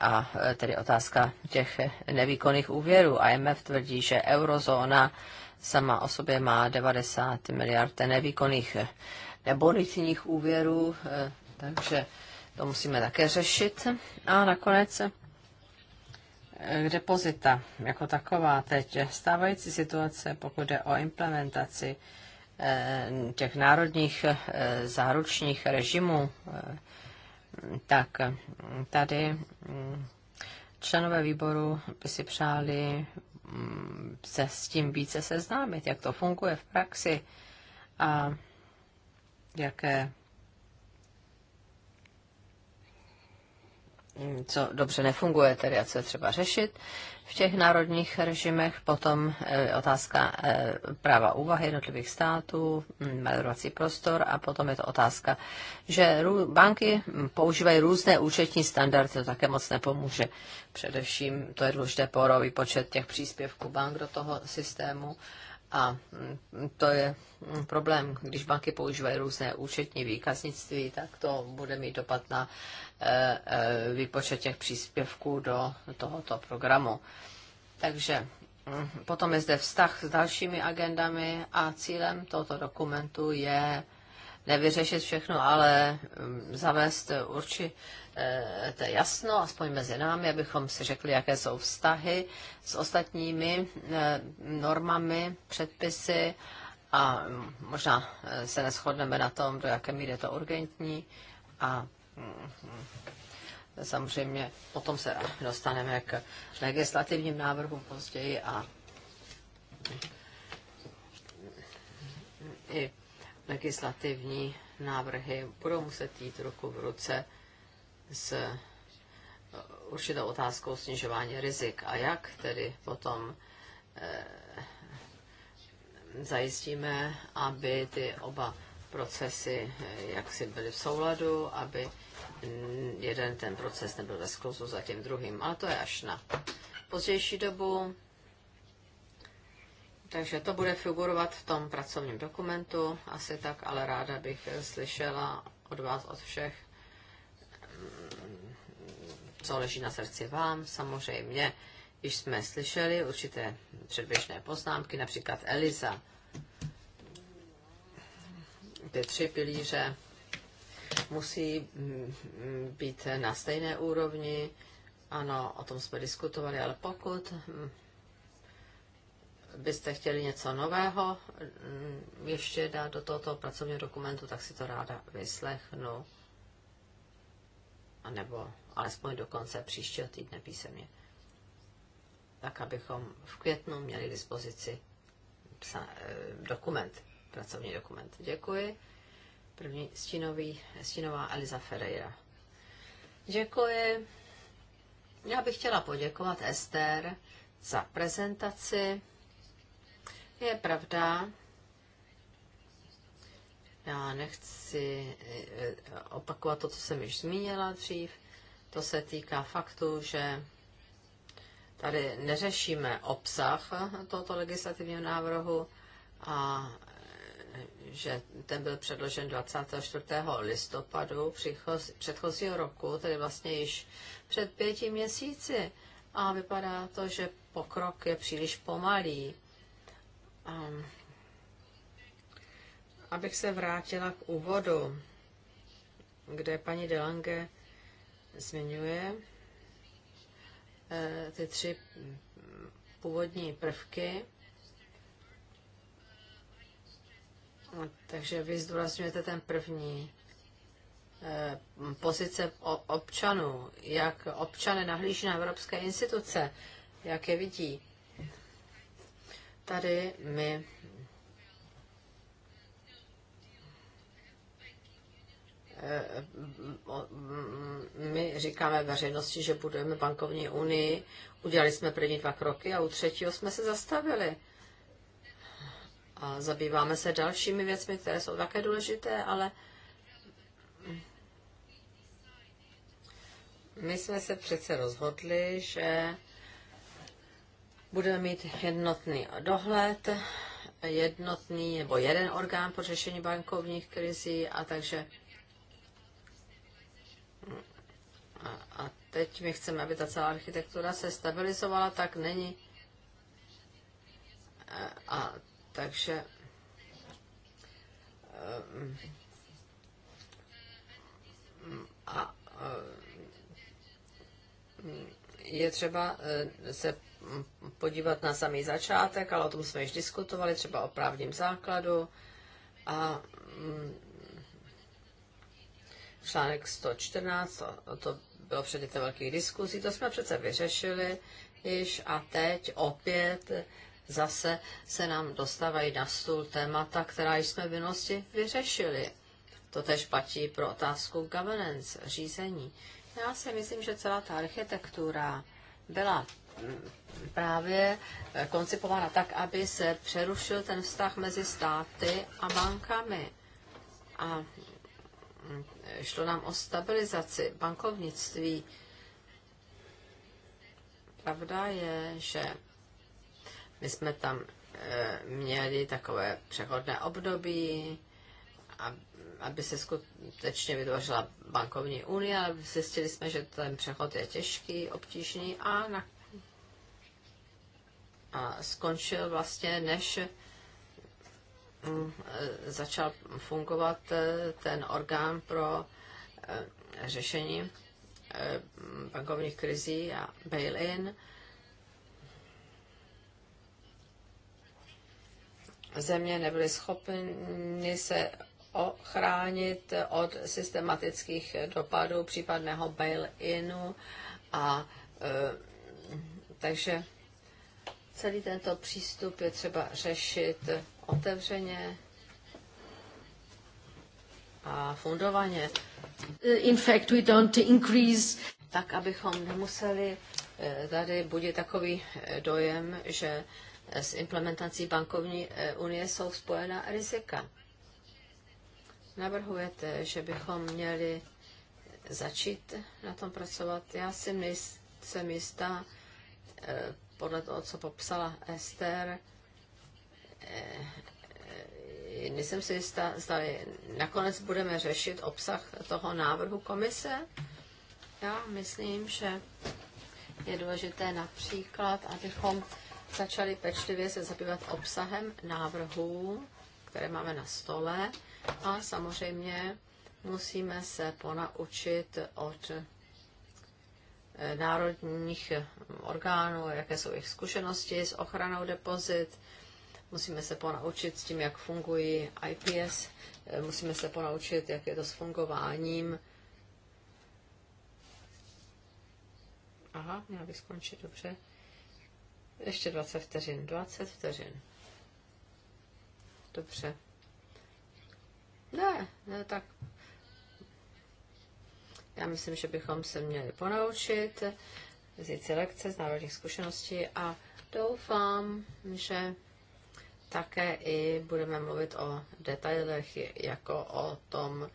a tedy otázka těch nevýkonných úvěrů. IMF tvrdí, že eurozóna sama o sobě má 90 miliard nevýkonných nebonitních úvěrů, takže to musíme také řešit. A nakonec k eh, depozita jako taková teď. Stávající situace, pokud jde o implementaci eh, těch národních eh, záručních režimů, tak tady mm, členové výboru by si přáli mm, se s tím více seznámit, jak to funguje v praxi a jaké Mm, co dobře nefunguje, tedy a co je třeba řešit v těch národních režimech, potom eh, otázka eh, práva úvahy jednotlivých států, mm, manévrovací prostor a potom je to otázka, že banky mm, používají různé účetní standardy, to také moc nepomůže. Především to je důležité porový počet těch příspěvků bank do toho systému. A to je problém, když banky používají různé účetní výkaznictví, tak to bude mít dopad na Eh, eh, výpočet těch příspěvků do tohoto programu. Takže mm, potom je zde vztah s dalšími agendami a cílem tohoto dokumentu je nevyřešit všechno, ale mm, zavést určitě jasno, aspoň mezi námi, abychom si řekli, jaké jsou vztahy s ostatními eh, normami, předpisy a mm, možná se neschodneme na tom, do jaké míry je to urgentní a Mhm. Samozřejmě potom se dostaneme k legislativním návrhům později a i legislativní návrhy budou muset jít ruku v ruce s eh, určitou otázkou snižování rizik. A jak tedy potom e, zajistíme, aby ty oba procesy eh, jak si byly v souladu, aby jeden ten proces nebyl ve sklozu za tím druhým, ale to je až na pozdější dobu. Takže to bude figurovat v tom pracovním dokumentu, asi tak, ale ráda bych slyšela od vás, od všech, mm, co leží na srdci vám. Samozřejmě, když jsme slyšeli určité předběžné poznámky, například Eliza ty tři pilíře musí mm, být na stejné úrovni. Ano, o tom jsme diskutovali, ale pokud mm, byste chtěli něco nového mm, ještě dát do tohoto pracovního dokumentu, tak si to ráda vyslechnu. A nebo alespoň do konce příštího týdne písemně. Tak, abychom v květnu měli dispozici eh, dokument pracovní dokument. Děkuji. První stínový, stínová Eliza Ferreira. Děkuji. Já bych chtěla poděkovat Ester za prezentaci. Je pravda, já nechci eh, opakovat to, co jsem již zmínila dřív. To se týká faktu, že tady neřešíme obsah tohoto legislativního návrhu a že ten byl předložen 24. listopadu předchozího roku, tedy vlastně již před pěti měsíci. A vypadá to, že pokrok je příliš pomalý. Um, abych se vrátila k úvodu, kde paní Delange zmiňuje eh, ty tři původní prvky No, takže vy zdůrazňujete ten první eh, pozice občanů, jak občané nahlíží na evropské instituce, jak je vidí. Tady my eh, my říkáme veřejnosti, že budujeme bankovní unii, udělali jsme první dva kroky a u třetího jsme se zastavili a zabýváme se dalšími věcmi, které jsou také důležité, ale my jsme se přece rozhodli, že budeme mít jednotný dohled, jednotný nebo jeden orgán pro řešení bankovních krizí a takže a, a teď my chceme, aby ta celá architektura se stabilizovala, tak není a takže eh, a eh, je třeba eh, se podívat na samý začátek, ale o tom jsme již diskutovali, třeba o právním základu a mm, článek 114, to bylo předmětem velkých diskuzí, to jsme přece vyřešili již a teď opět zase se nám dostávají na stůl témata, která jsme v minulosti vyřešili. To tež platí pro otázku governance, řízení. Já si myslím, že celá ta architektura byla mm, právě eh, koncipována tak, aby se přerušil ten vztah mezi státy a bankami. A mm, šlo nám o stabilizaci bankovnictví. Pravda je, že my jsme tam eh, měli takové přechodné období, aby se skutečně vytvořila bankovní unie, ale zjistili jsme, že ten přechod je těžký, obtížný a, na, a skončil vlastně, než mm, eh, začal fungovat eh, ten orgán pro řešení bankovních krizí a bail-in země nebyly schopny se ochránit od systematických dopadů případného bail-inu a e, takže celý tento přístup je třeba řešit otevřeně a fundovaně. In fact, we don't increase. Tak, abychom nemuseli e, tady budit takový e, dojem, že s implementací bankovní eh, unie jsou spojená rizika. Navrhujete, že bychom měli začít na tom pracovat. Já si jsem jistá, eh, podle toho, co popsala Ester, eh, nejsem si jistá, zda nakonec budeme řešit obsah toho návrhu komise. Já myslím, že je důležité například, abychom začali pečlivě se zabývat obsahem návrhů, které máme na stole a samozřejmě musíme se ponaučit od eh, národních orgánů, jaké jsou jejich zkušenosti s ochranou depozit, musíme se ponaučit s tím, jak fungují IPS, eh, musíme se ponaučit, jak je to s fungováním. Aha, měla bych skončit, dobře. Ještě 20 vteřin, 20 vteřin. Dobře. Ne, ne, tak. Já myslím, že bychom se měli ponaučit, vzít si lekce z národních zkušeností a doufám, že také i budeme mluvit o detailech, jako o tom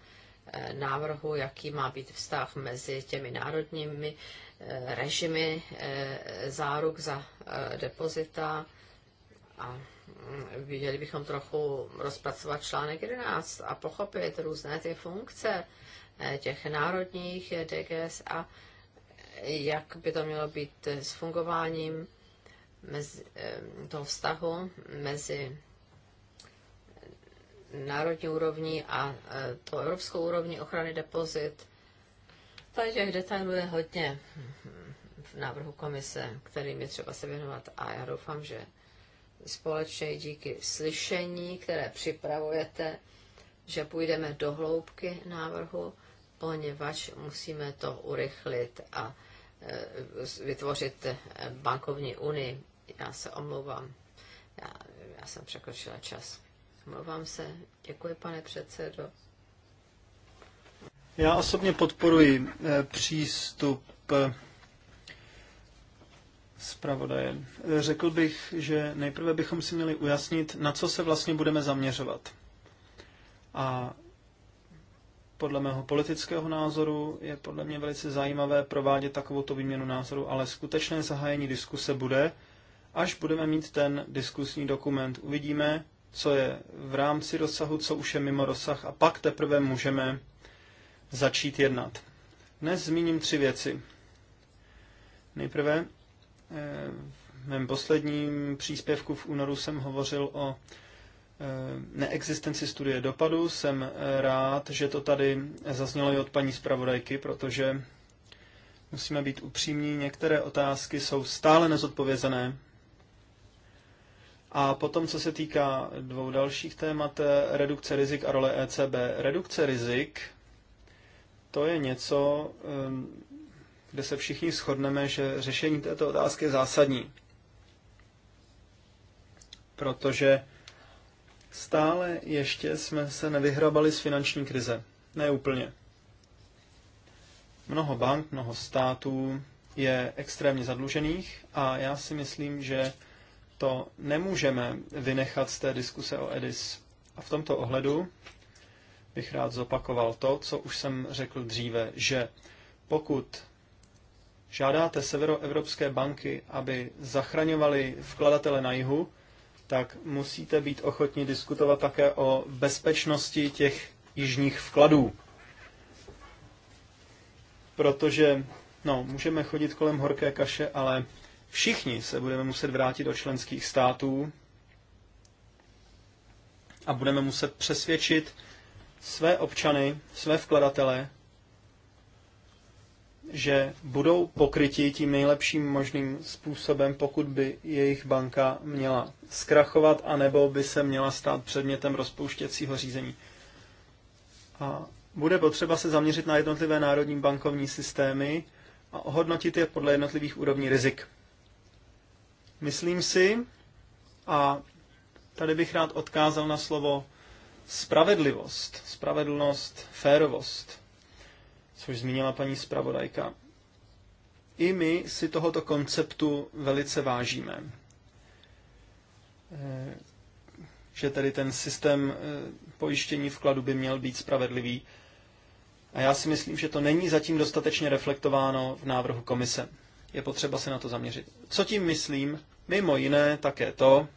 eh, návrhu, jaký má být vztah mezi těmi národními režimy eh, záruk za eh, depozita a mm, viděli bychom trochu rozpracovat článek 11 a pochopit různé ty funkce eh, těch národních DGS a jak by to mělo být s fungováním mezi, toho vztahu mezi národní úrovní a to evropskou úrovní ochrany depozit takže jich detailů je hodně v návrhu komise, kterým je třeba se věnovat a já doufám, že společně díky slyšení, které připravujete, že půjdeme do hloubky návrhu, poněvadž musíme to urychlit a e, vytvořit bankovní unii. Já se omlouvám, já, já jsem překročila čas. Omlouvám se, děkuji pane předsedo. Já osobně podporuji eh, přístup eh, zpravodaje. Řekl bych, že nejprve bychom si měli ujasnit, na co se vlastně budeme zaměřovat. A podle mého politického názoru je podle mě velice zajímavé provádět takovouto výměnu názoru, ale skutečné zahájení diskuse bude, až budeme mít ten diskusní dokument. Uvidíme, co je v rámci rozsahu, co už je mimo rozsah a pak teprve můžeme začít jednat. Dnes zmíním tři věci. Nejprve eh, v mém posledním příspěvku v únoru jsem hovořil o eh, neexistenci studie dopadu. Jsem eh, rád, že to tady zaznělo i od paní zpravodajky, protože musíme být upřímní, některé otázky jsou stále nezodpovězené. A potom, co se týká dvou dalších témat, redukce rizik a role ECB. Redukce rizik to je něco, kde se všichni shodneme, že řešení této otázky je zásadní. Protože stále ještě jsme se nevyhrabali z finanční krize. Ne úplně. Mnoho bank, mnoho států je extrémně zadlužených a já si myslím, že to nemůžeme vynechat z té diskuse o EDIS. A v tomto ohledu bych rád zopakoval to, co už jsem řekl dříve, že pokud žádáte severoevropské banky, aby zachraňovali vkladatele na jihu, tak musíte být ochotni diskutovat také o bezpečnosti těch jižních vkladů. Protože, no, můžeme chodit kolem horké kaše, ale všichni se budeme muset vrátit do členských států a budeme muset přesvědčit své občany, své vkladatele, že budou pokryti tím nejlepším možným způsobem, pokud by jejich banka měla zkrachovat, anebo by se měla stát předmětem rozpouštěcího řízení. A bude potřeba se zaměřit na jednotlivé národní bankovní systémy a ohodnotit je podle jednotlivých úrovní rizik. Myslím si, a tady bych rád odkázal na slovo spravedlivost, spravedlnost, férovost, což zmínila paní zpravodajka. I my si tohoto konceptu velice vážíme. Eh, že tedy ten systém eh, pojištění vkladu by měl být spravedlivý. A já si myslím, že to není zatím dostatečně reflektováno v návrhu komise. Je potřeba se na to zaměřit. Co tím myslím? Mimo jiné také to,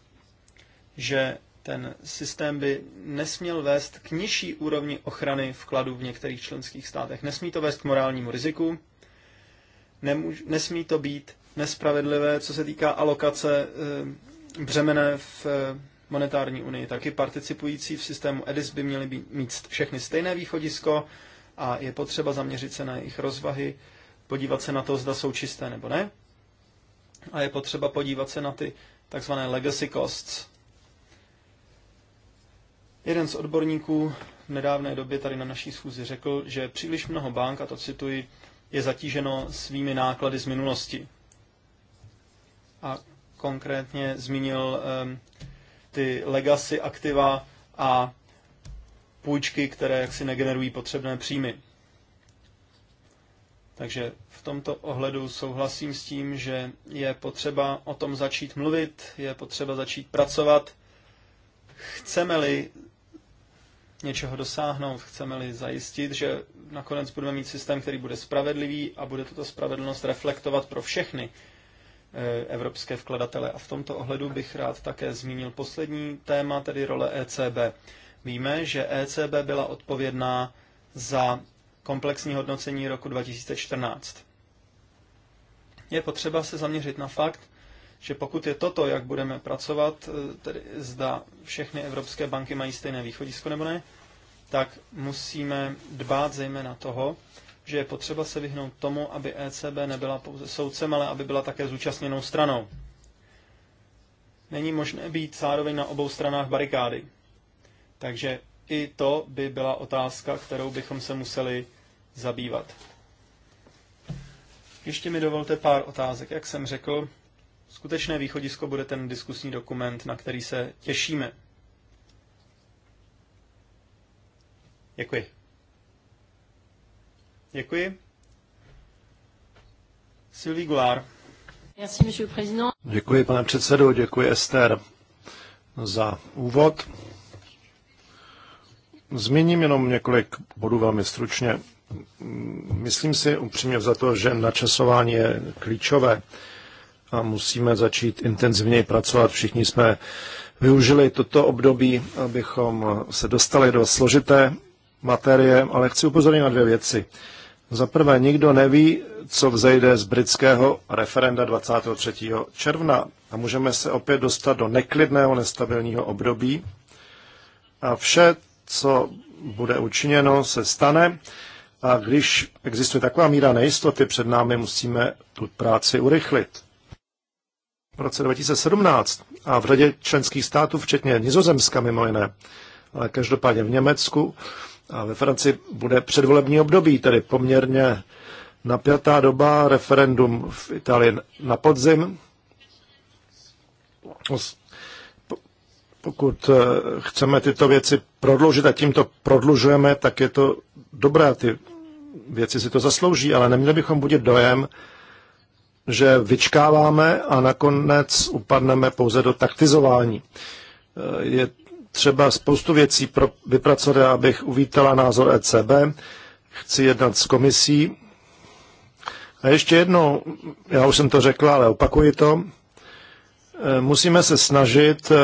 že ten systém by nesměl vést k nižší úrovni ochrany vkladů v některých členských státech. Nesmí to vést k morálnímu riziku, nemůž, nesmí to být nespravedlivé, co se týká alokace e, břemene v e, monetární unii. Taky participující v systému EDIS by měly být, mít všechny stejné východisko a je potřeba zaměřit se na jejich rozvahy, podívat se na to, zda jsou čisté nebo ne. A je potřeba podívat se na ty takzvané legacy costs, Jeden z odborníků v nedávné době tady na naší schůzi řekl, že příliš mnoho bank, a to cituji, je zatíženo svými náklady z minulosti. A konkrétně zmínil um, ty legacy aktiva a půjčky, které jaksi negenerují potřebné příjmy. Takže v tomto ohledu souhlasím s tím, že je potřeba o tom začít mluvit, je potřeba začít pracovat. Chceme-li něčeho dosáhnout, chceme-li zajistit, že nakonec budeme mít systém, který bude spravedlivý a bude tuto spravedlnost reflektovat pro všechny eh, evropské vkladatele. A v tomto ohledu bych rád také zmínil poslední téma, tedy role ECB. Víme, že ECB byla odpovědná za komplexní hodnocení roku 2014. Je potřeba se zaměřit na fakt, že pokud je toto, jak budeme pracovat, e, tedy zda všechny evropské banky mají stejné východisko nebo ne, tak musíme dbát zejména toho, že je potřeba se vyhnout tomu, aby ECB nebyla pouze soudcem, ale aby byla také zúčastněnou stranou. Není možné být zároveň na obou stranách barikády. Takže i to by byla otázka, kterou bychom se museli zabývat. Ještě mi dovolte pár otázek. Jak jsem řekl, Skutečné východisko bude ten diskusní dokument, na který se těšíme. Děkuji. Děkuji. Sylvie Goulart. Děkuji, pane předsedo, děkuji Ester za úvod. Zmíním jenom několik bodů velmi stručně. Myslím si upřímně za to, že načasování je klíčové a musíme začít intenzivněji pracovat. Všichni jsme využili toto období, abychom se dostali do složité materie, ale chci upozornit na dvě věci. Za prvé, nikdo neví, co vzejde z britského referenda 23. června a můžeme se opět dostat do neklidného, nestabilního období a vše, co bude učiněno, se stane. A když existuje taková míra nejistoty před námi, musíme tu práci urychlit v roce 2017 a v řadě členských států, včetně Nizozemska mimo jiné, ale každopádně v Německu a ve Francii bude předvolební období, tedy poměrně napjatá doba, referendum v Itálii na podzim. Pokud eh, chceme tyto věci prodloužit a tím to prodlužujeme, tak je to dobré, ty věci si to zaslouží, ale neměli bychom budit dojem, že vyčkáváme a nakonec upadneme pouze do taktizování. Eh, je třeba spoustu věcí pro vypracovat, abych uvítala názor ECB. Chci jednat s komisí. A ještě jednou, já už jsem to řekla, ale opakuji to, eh, musíme se snažit eh,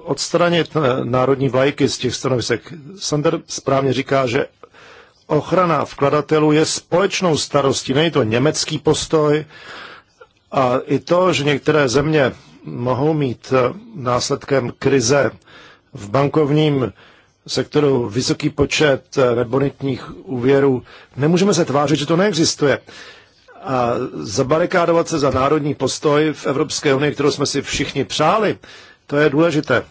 odstranit národní vlajky z těch stanovisek. Sander správně říká, že ochrana vkladatelů je společnou starostí. Není to německý postoj a i to, že některé země mohou mít eh, následkem krize v bankovním sektoru vysoký počet eh, nebonitních úvěrů, nemůžeme se tvářit, že to neexistuje. A zabarikádovat se za národní postoj v Evropské unii, kterou jsme si všichni přáli, to je důležité.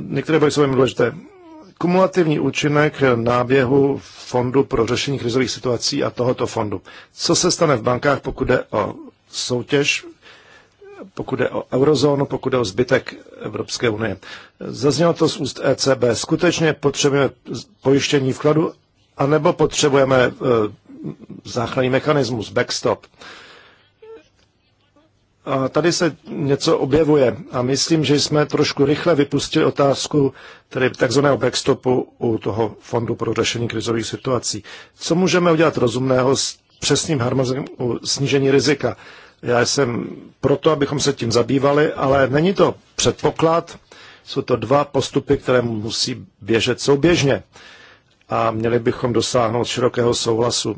Některé body jsou velmi důležité kumulativní účinek náběhu Fondu pro řešení krizových situací a tohoto fondu. Co se stane v bankách, pokud jde o soutěž, pokud jde o eurozónu, pokud jde o zbytek Evropské unie. Zaznělo to z úst ECB. Skutečně potřebujeme pojištění vkladu, anebo potřebujeme eh, záchranný mechanismus, backstop. A tady se něco objevuje a myslím, že jsme trošku rychle vypustili otázku tedy takzvaného backstopu u toho fondu pro řešení krizových situací. Co můžeme udělat rozumného s přesným harmonizem u snížení rizika? Já jsem proto, abychom se tím zabývali, ale není to předpoklad, jsou to dva postupy, které musí běžet souběžně a měli bychom dosáhnout širokého souhlasu.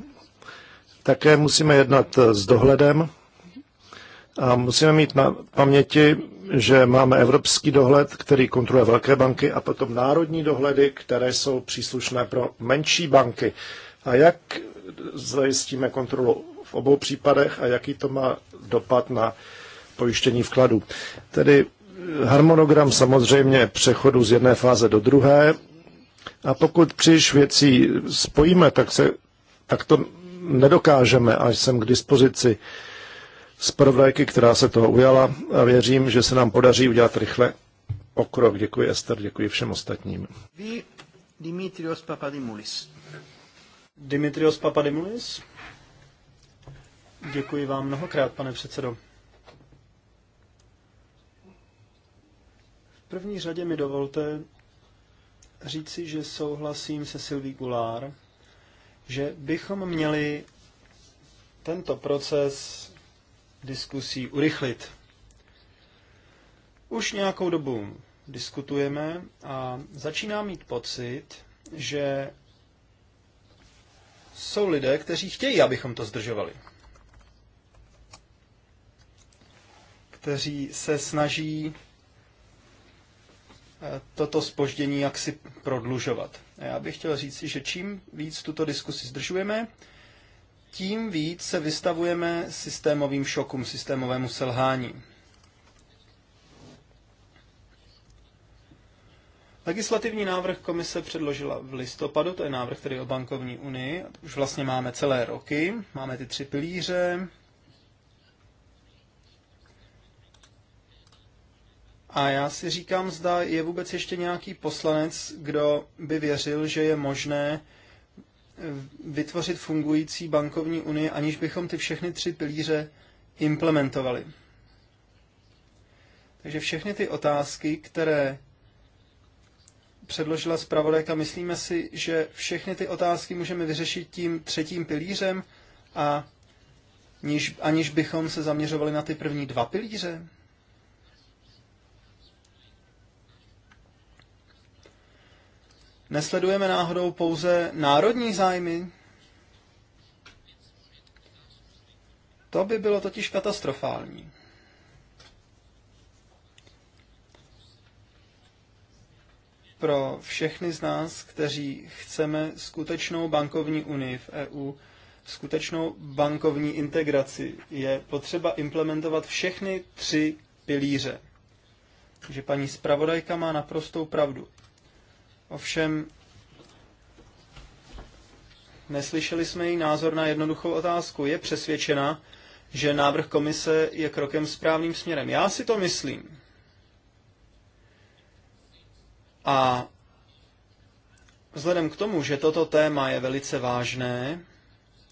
Také musíme jednat s dohledem, a musíme mít na paměti, že máme evropský dohled, který kontroluje velké banky, a potom národní dohledy, které jsou příslušné pro menší banky. A jak zajistíme kontrolu v obou případech a jaký to má dopad na pojištění vkladů. Tedy harmonogram samozřejmě přechodu z jedné fáze do druhé. A pokud příliš věcí spojíme, tak, se, tak to nedokážeme, až jsem k dispozici prvéky, která se toho ujala a věřím, že se nám podaří udělat rychle pokrok. Děkuji Ester, děkuji všem ostatním. Vy, Dimitrios Papadimulis. Dimitrios Papadimulis. Děkuji vám mnohokrát, pane předsedo. V první řadě mi dovolte říci, že souhlasím se Silví Gulár, že bychom měli tento proces diskusí urychlit. Už nějakou dobu diskutujeme a začínám mít pocit, že jsou lidé, kteří chtějí, abychom to zdržovali. Kteří se snaží eh, toto spoždění jaksi prodlužovat. A já bych chtěl říct, že čím víc tuto diskusi zdržujeme, tím víc se vystavujeme systémovým šokům, systémovému selhání. Legislativní návrh komise předložila v listopadu, to je návrh tedy o bankovní unii. Už vlastně máme celé roky, máme ty tři pilíře. A já si říkám, zda je vůbec ještě nějaký poslanec, kdo by věřil, že je možné vytvořit fungující bankovní unii, aniž bychom ty všechny tři pilíře implementovali. Takže všechny ty otázky, které předložila zpravodajka, myslíme si, že všechny ty otázky můžeme vyřešit tím třetím pilířem a aniž bychom se zaměřovali na ty první dva pilíře? Nesledujeme náhodou pouze národní zájmy? To by bylo totiž katastrofální. Pro všechny z nás, kteří chceme skutečnou bankovní unii v EU, skutečnou bankovní integraci, je potřeba implementovat všechny tři pilíře. Takže paní zpravodajka má naprostou pravdu. Ovšem, neslyšeli jsme její názor na jednoduchou otázku. Je přesvědčena, že návrh komise je krokem správným směrem. Já si to myslím. A vzhledem k tomu, že toto téma je velice vážné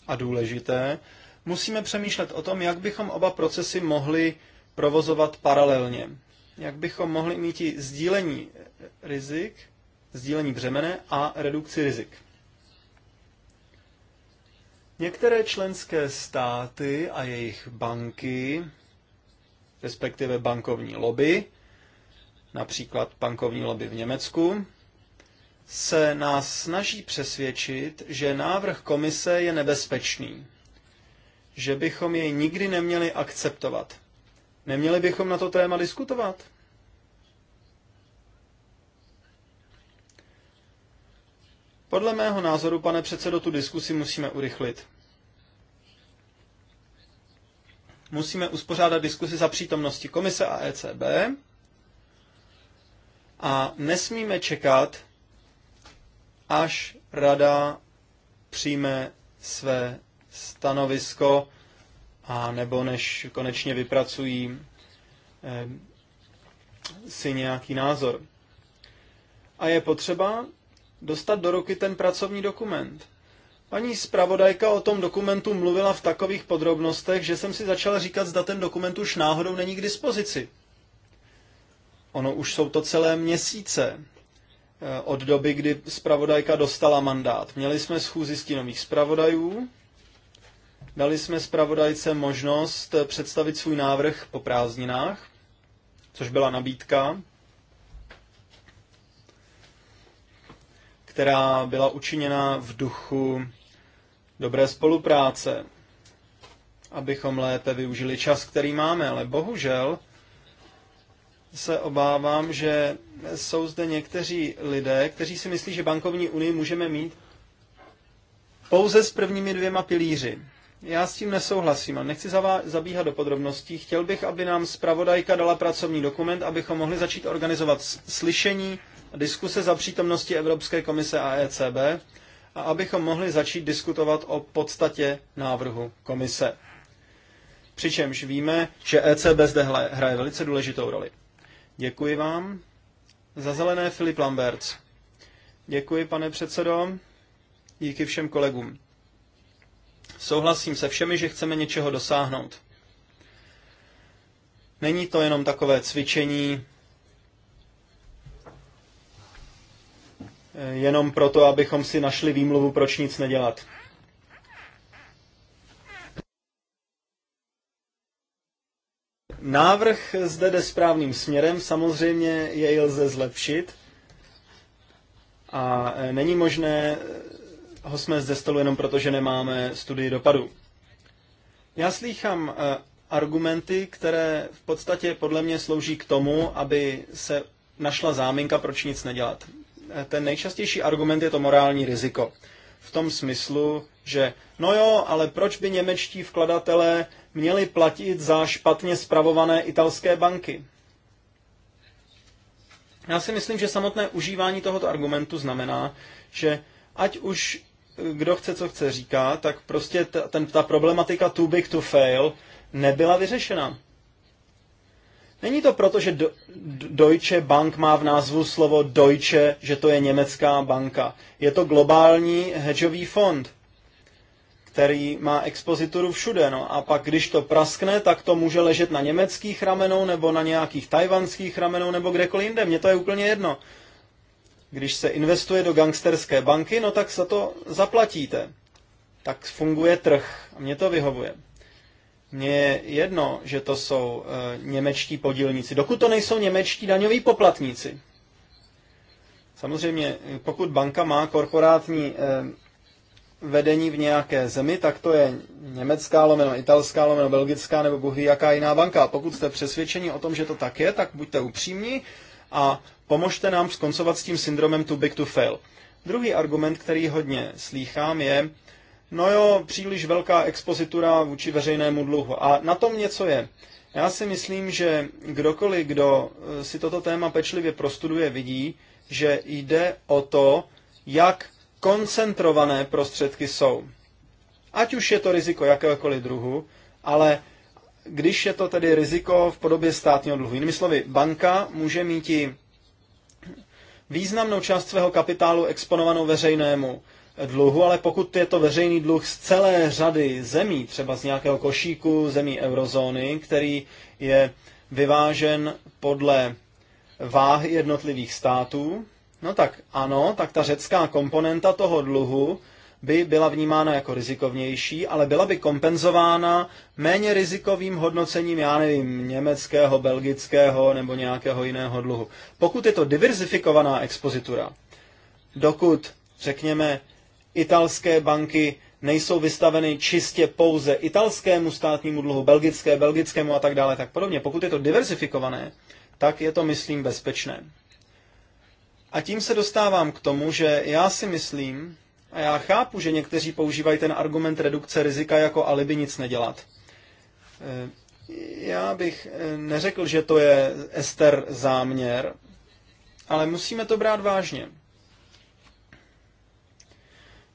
a důležité, musíme přemýšlet o tom, jak bychom oba procesy mohli provozovat paralelně. Jak bychom mohli mít i sdílení rizik sdílení břemene a redukci rizik. Některé členské státy a jejich banky, respektive bankovní lobby, například bankovní lobby v Německu, se nás snaží přesvědčit, že návrh komise je nebezpečný, že bychom jej nikdy neměli akceptovat. Neměli bychom na to téma diskutovat? Podle mého názoru, pane předsedo, tu diskusi musíme urychlit. Musíme uspořádat diskusi za přítomnosti komise a ECB a nesmíme čekat, až rada přijme své stanovisko a nebo než konečně vypracují eh, si nějaký názor. A je potřeba, dostat do ruky ten pracovní dokument. Paní zpravodajka o tom dokumentu mluvila v takových podrobnostech, že jsem si začal říkat, zda ten dokument už náhodou není k dispozici. Ono už jsou to celé měsíce eh, od doby, kdy zpravodajka dostala mandát. Měli jsme schůzi stínových zpravodajů, dali jsme zpravodajce možnost eh, představit svůj návrh po prázdninách, což byla nabídka, která byla učiněna v duchu dobré spolupráce, abychom lépe využili čas, který máme, ale bohužel se obávám, že jsou zde někteří lidé, kteří si myslí, že bankovní unii můžeme mít pouze s prvními dvěma pilíři. Já s tím nesouhlasím a nechci zabíhat do podrobností. Chtěl bych, aby nám zpravodajka dala pracovní dokument, abychom mohli začít organizovat slyšení, diskuse za přítomnosti Evropské komise a ECB a abychom mohli začít diskutovat o podstatě návrhu komise. Přičemž víme, že ECB zde hraje velice důležitou roli. Děkuji vám. Za zelené Filip Lambert. Děkuji, pane předsedo. Díky všem kolegům. Souhlasím se všemi, že chceme něčeho dosáhnout. Není to jenom takové cvičení Eh, jenom proto, abychom si našli výmluvu, proč nic nedělat. Návrh zde jde správným směrem, samozřejmě jej lze zlepšit a eh, není možné eh, ho jsme ze stolu jenom proto, že nemáme studii dopadu. Já slýchám argumenty, které v podstatě podle mě slouží k tomu, aby se našla záminka, proč nic nedělat. Eh, ten nejčastější argument je to morální riziko. V tom smyslu, že no jo, ale proč by němečtí vkladatelé měli platit za špatně spravované italské banky? Já si myslím, že samotné užívání tohoto argumentu znamená, že ať už eh, kdo chce, co chce říká, tak prostě ta, ten, ta problematika too big to fail nebyla vyřešena. Není to proto, že do, Deutsche Bank má v názvu slovo Deutsche, že to je německá banka. Je to globální hedžový fond, který má expozituru všude. No a pak, když to praskne, tak to může ležet na německých ramenou nebo na nějakých tajvanských ramenou nebo kdekoliv jinde. Mně to je úplně jedno. Když se investuje do gangsterské banky, no tak za to zaplatíte. Tak funguje trh a mě to vyhovuje. Mně je jedno, že to jsou e, němečtí podílníci, dokud to nejsou němečtí daňoví poplatníci. Samozřejmě, eh, pokud banka má korporátní e, vedení v nějaké zemi, tak to je německá, lomeno italská, lomeno belgická nebo bohu jaká jiná banka. A pokud jste přesvědčeni o tom, že to tak je, tak buďte upřímní a pomožte nám skoncovat s tím syndromem too big to fail. Druhý argument, který hodně slýchám, je, no jo, příliš velká expozitura vůči veřejnému dluhu. A na tom něco je. Já si myslím, že kdokoliv, kdo eh, si toto téma pečlivě prostuduje, vidí, že jde o to, jak koncentrované prostředky jsou. Ať už je to riziko jakéhokoliv druhu, ale když je to tedy riziko v podobě státního dluhu. Jinými slovy, banka může mít i významnou část svého kapitálu exponovanou veřejnému dluhu, ale pokud je to veřejný dluh z celé řady zemí, třeba z nějakého košíku zemí eurozóny, který je vyvážen podle váhy jednotlivých států, no tak ano, tak ta řecká komponenta toho dluhu by byla vnímána jako rizikovnější, ale byla by kompenzována méně rizikovým hodnocením, já nevím, německého, belgického nebo nějakého jiného dluhu. Pokud je to diverzifikovaná expozitura, dokud, řekněme, italské banky nejsou vystaveny čistě pouze italskému státnímu dluhu, belgické, belgickému a tak dále, tak podobně. Pokud je to diversifikované, tak je to, myslím, bezpečné. A tím se dostávám k tomu, že já si myslím, a já chápu, že někteří používají ten argument redukce rizika jako alibi nic nedělat. Eh, já bych eh, neřekl, že to je Ester záměr, ale musíme to brát vážně.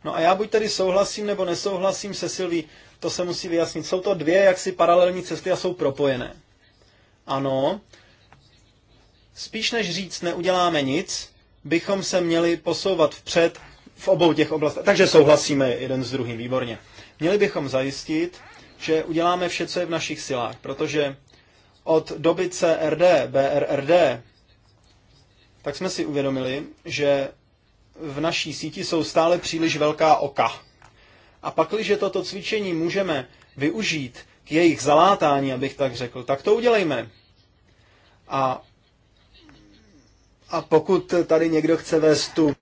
No a já buď tedy souhlasím nebo nesouhlasím se Silví, to se musí vyjasnit. Jsou to dvě jaksi paralelní cesty a jsou propojené. Ano, spíš než říct neuděláme nic, bychom se měli posouvat vpřed v obou těch oblastech. Takže souhlasíme jeden s druhým, výborně. Měli bychom zajistit, že uděláme vše, co je v našich silách, protože od doby CRD, BRRD, tak jsme si uvědomili, že v naší síti jsou stále příliš velká oka. A pakliže toto cvičení můžeme využít k jejich zalátání, abych tak řekl, tak to udělejme. A, a pokud tady někdo chce vést tu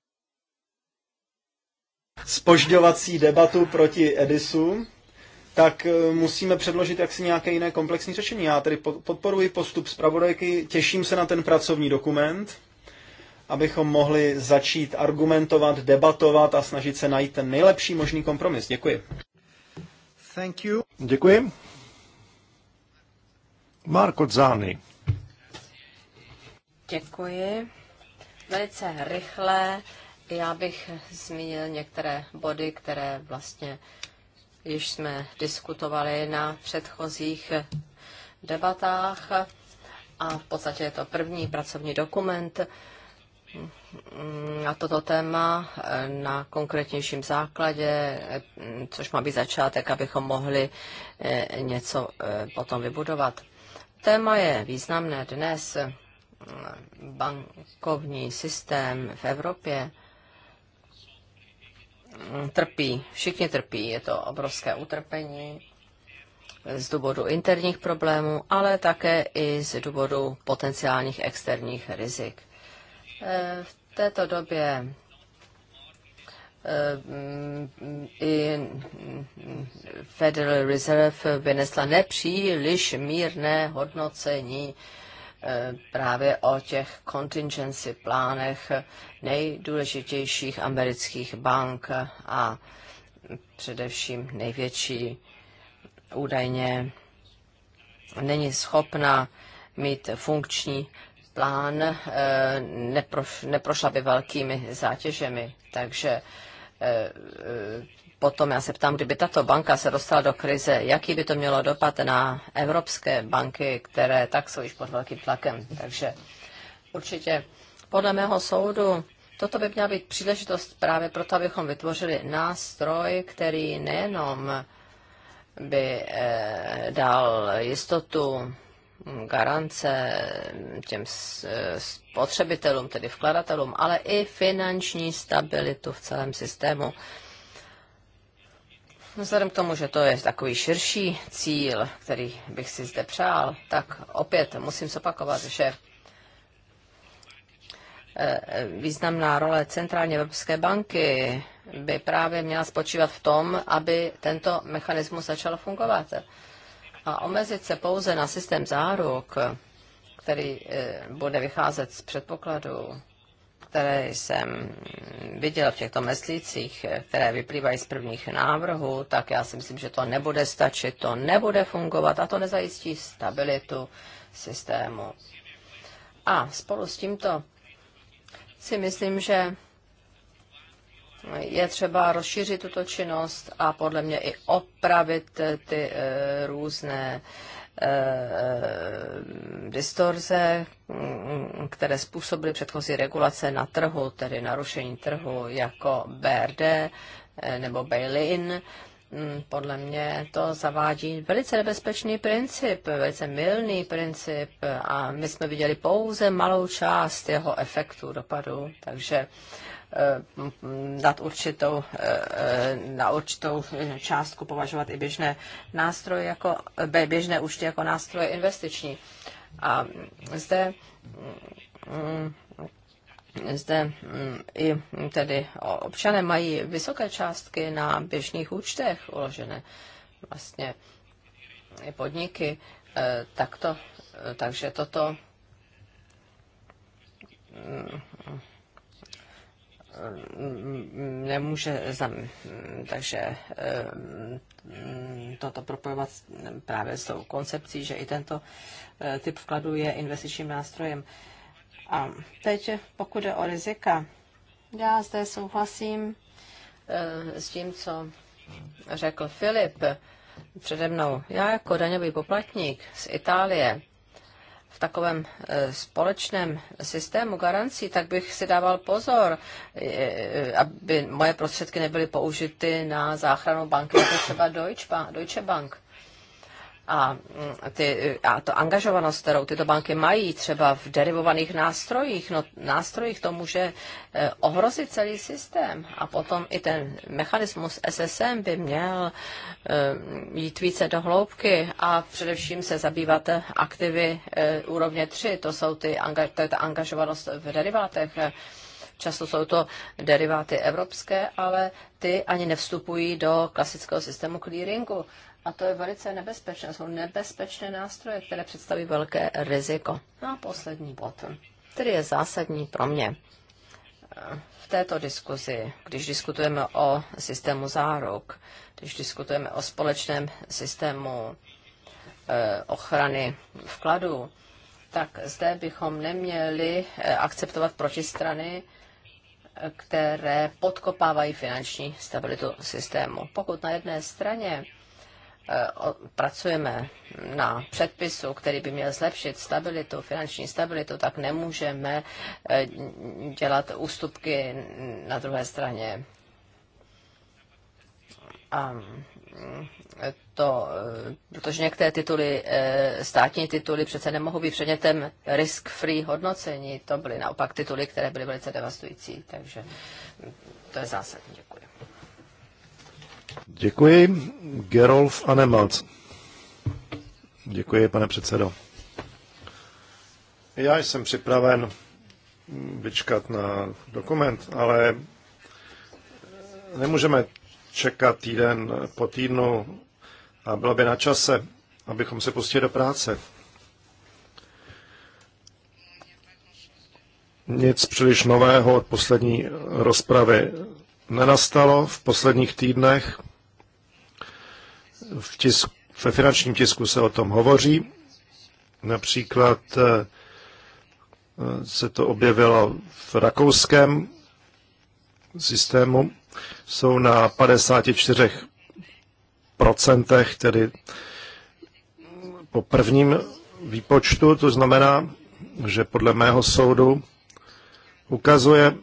spožďovací debatu proti Edisu, tak e, musíme předložit jaksi nějaké jiné komplexní řešení. Já tedy podporuji postup zpravodajky, těším se na ten pracovní dokument abychom mohli začít argumentovat, debatovat a snažit se najít ten nejlepší možný kompromis. Děkuji. Thank you. Děkuji. Marko Zány. Děkuji. Velice rychle. Já bych zmínil některé body, které vlastně již jsme diskutovali na předchozích debatách. A v podstatě je to první pracovní dokument, na toto téma eh, na konkrétnějším základě, eh, což má být začátek, abychom mohli eh, něco potom vybudovat. Téma je významné dnes. Bankovní systém v Evropě trpí, všichni trpí, je to obrovské utrpení z důvodu interních problémů, ale také i z důvodu potenciálních externích rizik. Eh, v této době eh, i mm, Federal Reserve vynesla nepříliš mírné hodnocení eh, právě o těch contingency plánech nejdůležitějších amerických bank a především největší údajně není schopna mít funkční plán eh, neproš, neprošla by velkými zátěžemi. Takže eh, eh, potom já se ptám, kdyby tato banka se dostala do krize, jaký by to mělo dopad na evropské banky, které tak jsou již pod velkým tlakem. Takže určitě podle mého soudu toto by měla být příležitost právě proto, abychom vytvořili nástroj, který nejenom by dal jistotu garance těm spotřebitelům, tedy vkladatelům, ale i finanční stabilitu v celém systému. Vzhledem k tomu, že to je takový širší cíl, který bych si zde přál, tak opět musím zopakovat, že eh, významná role Centrální Evropské banky by právě měla spočívat v tom, aby tento mechanismus začal fungovat. A omezit se pouze na systém záruk, který eh, bude vycházet z předpokladů, které jsem viděl v těchto meslících, které vyplývají z prvních návrhů, tak já si myslím, že to nebude stačit, to nebude fungovat a to nezajistí stabilitu systému. A spolu s tímto si myslím, že je třeba rozšířit tuto činnost a podle mě i opravit ty eh, různé eh, distorze, mm, které způsobily předchozí regulace na trhu, tedy narušení trhu jako BRD eh, nebo bail-in. Mm, podle mě to zavádí velice nebezpečný princip, velice milný princip a my jsme viděli pouze malou část jeho efektu, dopadu, takže Eh, dát určitou, eh, na určitou částku považovat i běžné nástroje jako, běžné účty jako nástroje investiční. A zde mm, zde mm, i tedy občané mají vysoké částky na běžných účtech uložené vlastně i podniky, eh, takto, takže toto mm, nemůže, zam, takže eh, toto propojovat právě s tou koncepcí, že i tento eh, typ vkladu je investičním nástrojem. A teď, pokud jde o rizika, já zde souhlasím eh, s tím, co řekl Filip přede mnou. Já jako daňový poplatník z Itálie v takovém e, společném systému garancí, tak bych si dával pozor, e, e, aby moje prostředky nebyly použity na záchranu banky, jako třeba Deutsche Bank. Deutsche Bank a, mm, ty, a to angažovanost, kterou tyto banky mají třeba v derivovaných nástrojích, no, nástrojích to může eh, ohrozit celý systém. A potom i ten mechanismus SSM by měl eh, jít více do hloubky a především se zabývat aktivy eh, úrovně 3, to jsou ty, to je ta angažovanost v derivátech. Často jsou to deriváty evropské, ale ty ani nevstupují do klasického systému clearingu. A to je velice nebezpečné. Jsou nebezpečné nástroje, které představí velké riziko. No a poslední bod, který je zásadní pro mě eh, v této diskuzi, když diskutujeme o systému záruk, když diskutujeme o společném systému eh, ochrany vkladů, tak zde bychom neměli eh, akceptovat protistrany, které podkopávají finanční stabilitu systému. Pokud na jedné straně Eh, pracujeme na předpisu, který by měl zlepšit stabilitu, finanční stabilitu, tak nemůžeme eh, dělat ústupky na druhé straně. A mm, to, eh, protože některé tituly, státní tituly přece nemohou být předmětem risk-free hodnocení. To byly naopak tituly, které byly velice devastující, takže mm, to je zásadní. Děkuji. Děkuji. Gerolf Anemalc. Děkuji, pane předsedo. Já jsem připraven vyčkat na dokument, ale nemůžeme čekat týden po týdnu a bylo by na čase, abychom se pustili do práce. Nic příliš nového od poslední rozpravy nenastalo v posledních týdnech v tisku, ve finančním tisku se o tom hovoří. Například eh, se to objevilo v rakouském systému. Jsou na 54 procentech, tedy po prvním výpočtu, to znamená, že podle mého soudu ukazuje,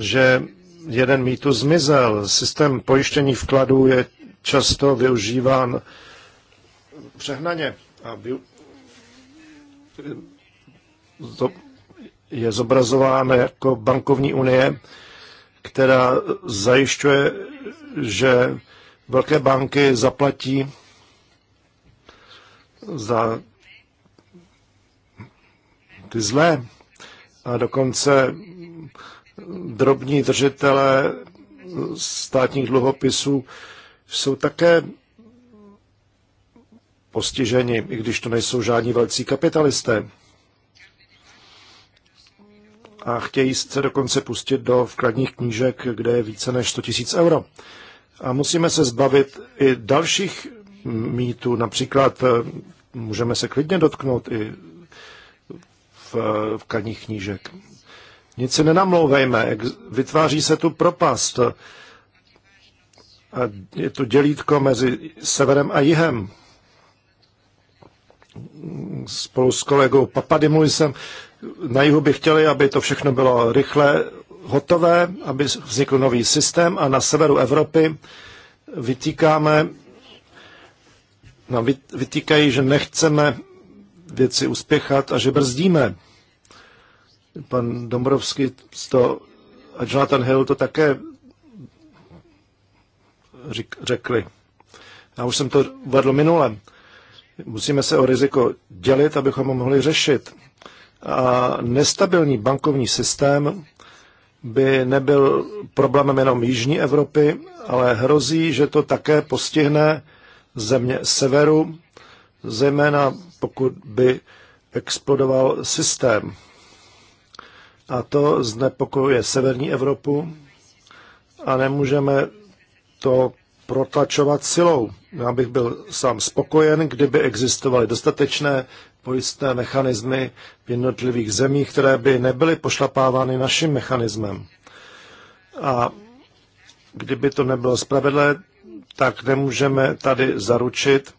že jeden mýtus zmizel. Systém pojištění vkladů je často využíván přehnaně a by... je zobrazována jako bankovní unie, která zajišťuje, že velké banky zaplatí za ty zlé a dokonce drobní držitelé státních dluhopisů jsou také postiženi, i když to nejsou žádní velcí kapitalisté. A chtějí se dokonce pustit do vkladních knížek, kde je více než 100 000 euro. A musíme se zbavit i dalších mýtů. Například eh, můžeme se klidně dotknout i v eh, vkladních knížek. Nic si nenamlouvejme, vytváří se tu propast. A je tu dělítko mezi severem a jihem. Spolu s kolegou Papadimu jsem na jihu by chtěli, aby to všechno bylo rychle hotové, aby vznikl nový systém a na severu Evropy vytýkáme, no, vytýkají, že nechceme věci uspěchat a že brzdíme. Pan Dombrovský to a Jonathan Hill to také řekli. Já už jsem to uvedl minule. Musíme se o riziko dělit, abychom ho mohli řešit. A nestabilní bankovní systém by nebyl problémem jenom Jižní Evropy, ale hrozí, že to také postihne země severu, zejména pokud by explodoval systém a to znepokojuje severní Evropu a nemůžeme to protlačovat silou. Já bych byl sám spokojen, kdyby existovaly dostatečné pojistné mechanismy v jednotlivých zemích, které by nebyly pošlapávány naším mechanismem. A kdyby to nebylo spravedlé, tak nemůžeme tady zaručit,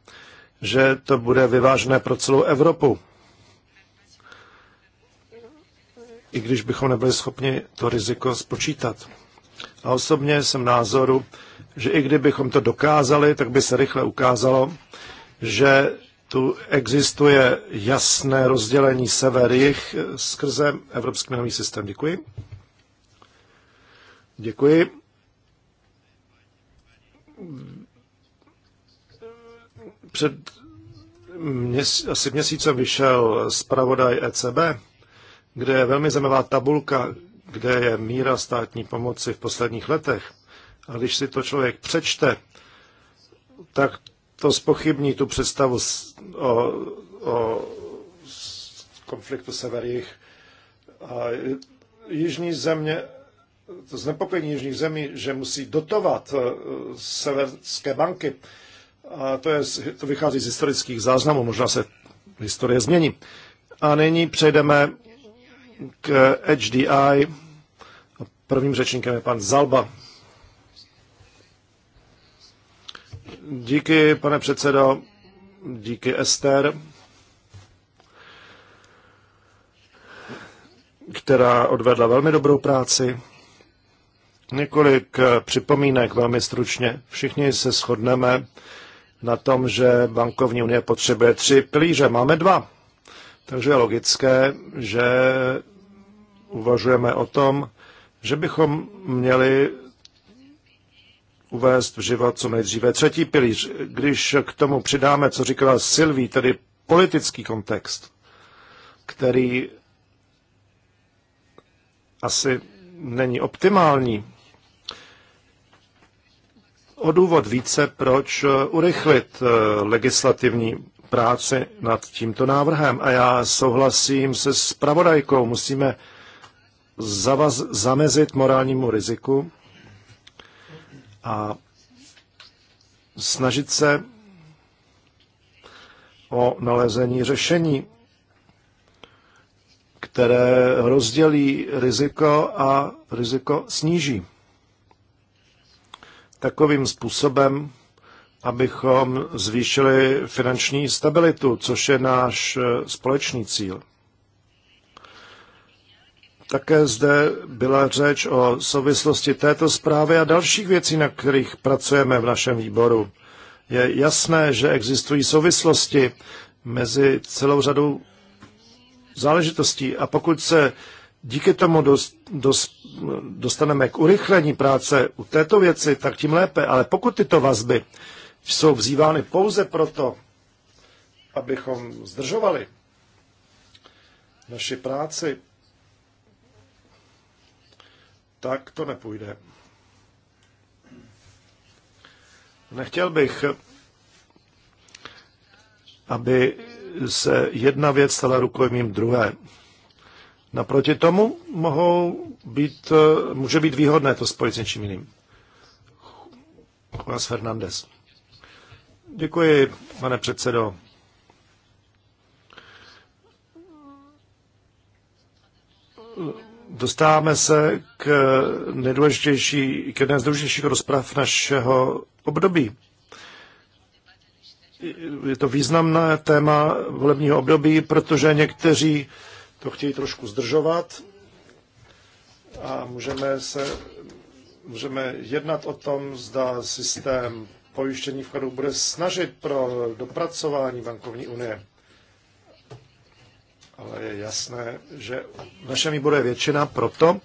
že to bude vyvážené pro celou Evropu. i když bychom nebyli schopni to riziko spočítat. A osobně jsem názoru, že i kdybychom to dokázali, tak by se rychle ukázalo, že tu existuje jasné rozdělení sever-jih skrze Evropský měnový systém. Děkuji. Děkuji. Před měs- asi měsícem vyšel zpravodaj ECB kde je velmi zajímavá tabulka, kde je míra státní pomoci v posledních letech. A když si to člověk přečte, tak to spochybní tu představu o, o konfliktu severích a jižní země, to znepokojení jižních zemí, že musí dotovat e, severské banky. A to, je, to vychází z historických záznamů, možná se historie změní. A nyní přejdeme k HDI. Prvním řečníkem je pan Zalba. Díky, pane předsedo, díky Ester, která odvedla velmi dobrou práci. Několik připomínek velmi stručně. Všichni se shodneme na tom, že bankovní unie potřebuje tři pilíře. Máme dva. Takže je logické, že uvažujeme o tom, že bychom měli uvést v život co nejdříve. Třetí pilíř, když k tomu přidáme, co říkala Silví, tedy politický kontext, který asi není optimální, o důvod více, proč urychlit eh, legislativní práci nad tímto návrhem. A já souhlasím se spravodajkou, musíme zavaz, zamezit morálnímu riziku a snažit se o nalezení řešení, které rozdělí riziko a riziko sníží. Takovým způsobem, abychom zvýšili finanční stabilitu, což je náš eh, společný cíl. Také zde byla řeč o souvislosti této zprávy a dalších věcí, na kterých pracujeme v našem výboru. Je jasné, že existují souvislosti mezi celou řadou záležitostí a pokud se díky tomu dost, dost, dostaneme k urychlení práce u této věci, tak tím lépe. Ale pokud tyto vazby jsou vzývány pouze proto, abychom zdržovali naši práci, tak to nepůjde. Nechtěl bych, aby se jedna věc stala rukojmím druhé. Naproti tomu mohou být, může být výhodné to spojit s něčím jiným. Juan Fernandez. Děkuji, pane předsedo. Dostáváme se k, nejdůležitější, k jedné z důležitějších rozprav našeho období. Je to významné téma volebního období, protože někteří to chtějí trošku zdržovat a můžeme, se, můžeme jednat o tom, zda systém pojištění vkladů bude snažit pro dopracování bankovní unie ale je jasné, že v našem výboru je většina proto,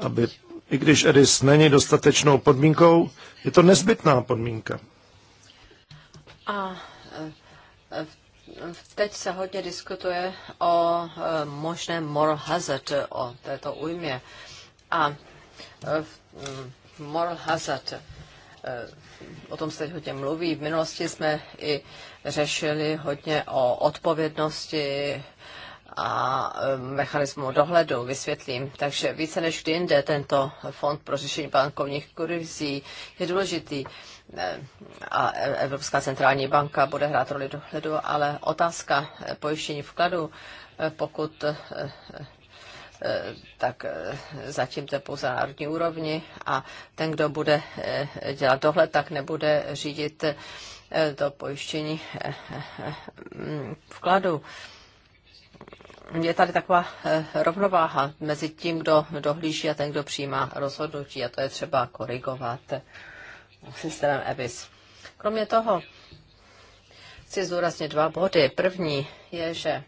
aby, i když EDIS není dostatečnou podmínkou, je to nezbytná podmínka. A e, teď se hodně diskutuje o e, možném moral hazard, o této újmě. A e, mm, moral hazard, o tom se teď hodně mluví. V minulosti jsme i řešili hodně o odpovědnosti a um, mechanismu dohledu, vysvětlím. Takže více než kdy jinde tento fond pro řešení bankovních krizí je důležitý eh, a Evropská centrální banka bude hrát roli dohledu, ale otázka pojištění vkladu, eh, pokud eh, tak zatím to je pouze na národní úrovni a ten, kdo bude dělat dohled, tak nebude řídit Eh, to pojištění eh, eh, vkladu. Je tady taková rovnováha mezi tím, kdo dohlíží a ten, kdo přijímá rozhodnutí a to je třeba korigovat systémem EBIS. Kromě toho chci zúraznit dva body. První je, že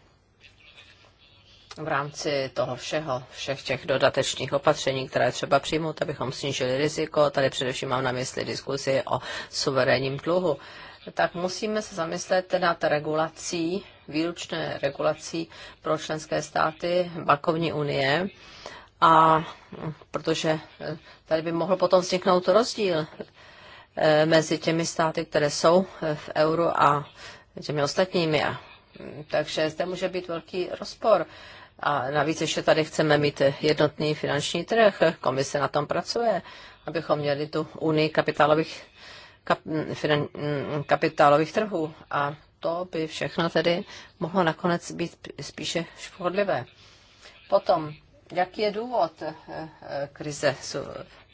v rámci toho všeho, všech těch dodatečných opatření, které třeba přijmout, abychom snížili riziko. Tady především mám na mysli diskuzi o suverénním dluhu tak musíme se zamyslet nad regulací, výlučné regulací pro členské státy bankovní unie. A protože eh, tady by mohl potom vzniknout rozdíl eh, mezi těmi státy, které jsou eh, v euro a těmi ostatními. Mm, takže zde může být velký rozpor. A navíc ještě tady chceme mít jednotný finanční trh. Komise na tom pracuje, abychom měli tu unii kapitálových Mm, kapitálových trhů. A to by všechno tedy mohlo nakonec být spíše škodlivé. Potom, jaký je důvod eh, eh, krize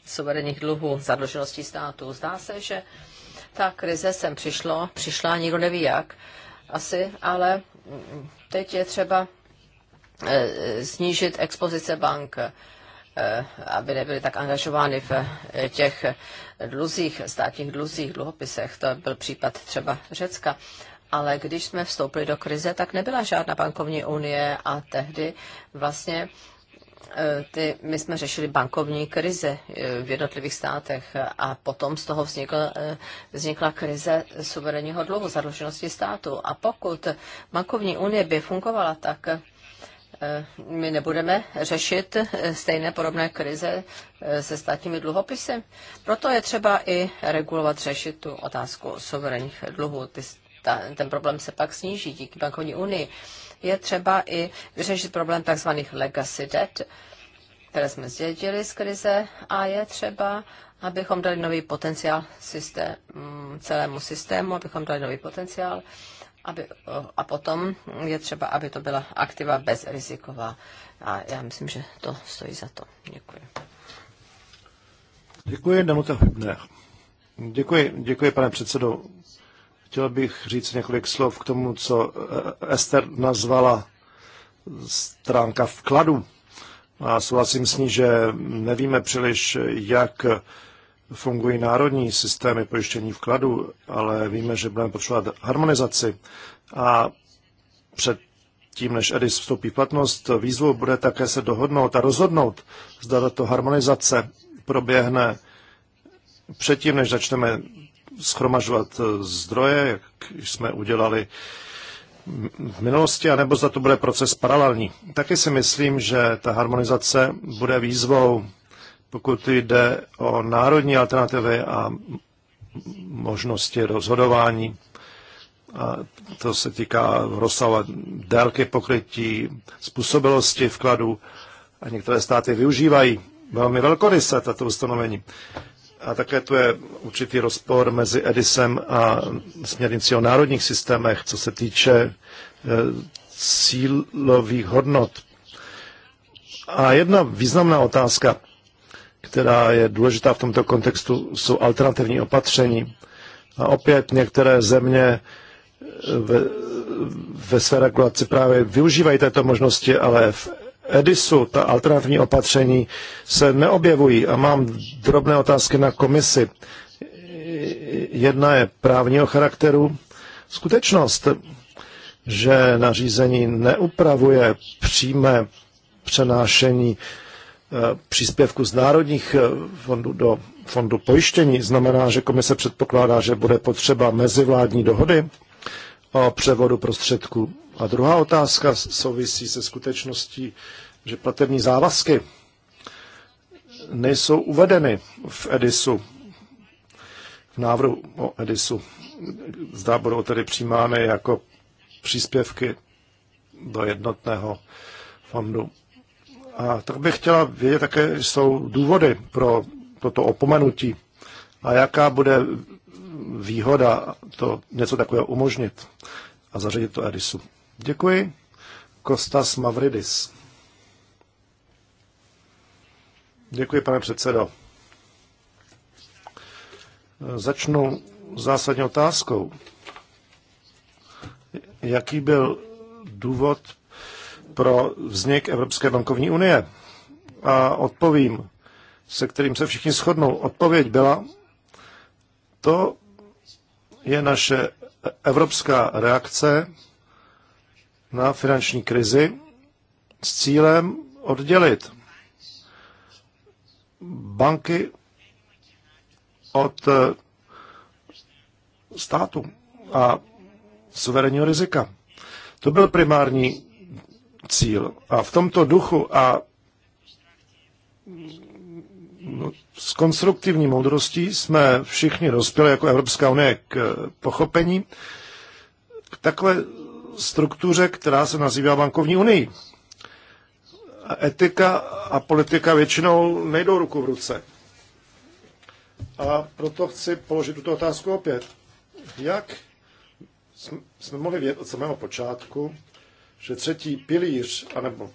suverénních dluhů, zadlužilostí států? Zdá se, že ta krize sem přišlo, přišla, nikdo neví jak asi, ale mm, teď je třeba eh, snížit expozice bank Eh, aby nebyly tak angažovány v eh, těch dluzích, státních dluzích, dluhopisech. To byl případ třeba Řecka. Ale když jsme vstoupili do krize, tak nebyla žádná bankovní unie a tehdy vlastně eh, ty, my jsme řešili bankovní krize v jednotlivých státech a potom z toho vznikla, vznikla krize suverénního dluhu, zadluženosti státu. A pokud bankovní unie by fungovala, tak Eh, my nebudeme řešit eh, stejné podobné krize eh, se státními dluhopisy. Proto je třeba i regulovat, řešit tu otázku suverénních dluhů. ten problém se pak sníží díky bankovní unii. Je třeba i vyřešit problém tzv. legacy debt, které jsme zdědili z krize a je třeba, abychom dali nový potenciál systém, celému systému, abychom dali nový potenciál aby, a potom je třeba, aby to byla aktiva bezriziková. A já myslím, že to stojí za to. Děkuji. Děkuji, Danuta Hübner. Děkuji, děkuji, pane předsedo. Chtěl bych říct několik slov k tomu, co eh, Ester nazvala stránka vkladu. A souhlasím s ní, že nevíme příliš, jak fungují národní systémy pojištění vkladu, ale víme, že budeme potřebovat harmonizaci a před tím, než EDIS vstoupí v platnost, výzvou bude také se dohodnout a rozhodnout, zda tato harmonizace proběhne předtím, než začneme schromažovat zdroje, jak jsme udělali v minulosti, anebo zda to bude proces paralelní. Taky si myslím, že ta harmonizace bude výzvou pokud jde o národní alternativy a možnosti rozhodování, a to se týká rozsahu délky pokrytí, způsobilosti vkladů, a některé státy využívají velmi velkoryse tato ustanovení. A také tu je určitý rozpor mezi Edisem a směrnicí o národních systémech, co se týče e, cílových hodnot. A jedna významná otázka která je důležitá v tomto kontextu, jsou alternativní opatření. A opět některé země eh, ve, ve své regulaci právě využívají této možnosti, ale v Edisu ta alternativní opatření se neobjevují. A mám drobné otázky na komisi. Jedna je právního charakteru. Skutečnost, že nařízení neupravuje přímé přenášení Eh, příspěvku z národních eh, fondů do fondu pojištění, znamená, že komise předpokládá, že bude potřeba mezivládní dohody o převodu prostředků. A druhá otázka souvisí se skutečností, že platební závazky nejsou uvedeny v Edisu, v návrhu o Edisu. Zdá budou tedy přijímány jako příspěvky do jednotného fondu a tak bych chtěla vědět, jaké jsou důvody pro toto opomenutí a jaká bude výhoda to něco takového umožnit a zařadit to Edisu. Děkuji. Kostas Mavridis. Děkuji, pane předsedo. Začnu zásadní otázkou. Jaký byl důvod pro vznik Evropské bankovní unie. A odpovím, se kterým se všichni shodnou. Odpověď byla, to je naše evropská reakce na finanční krizi s cílem oddělit banky od státu a suverénního rizika. To byl primární cíl. A v tomto duchu a no, s konstruktivní moudrostí jsme všichni dospěli jako Evropská unie k pochopení k takové struktuře, která se nazývá bankovní unii. A etika a politika většinou nejdou ruku v ruce. A proto chci položit tuto otázku opět. Jak jsme mohli vědět od samého počátku, že třetí pilíř, anebo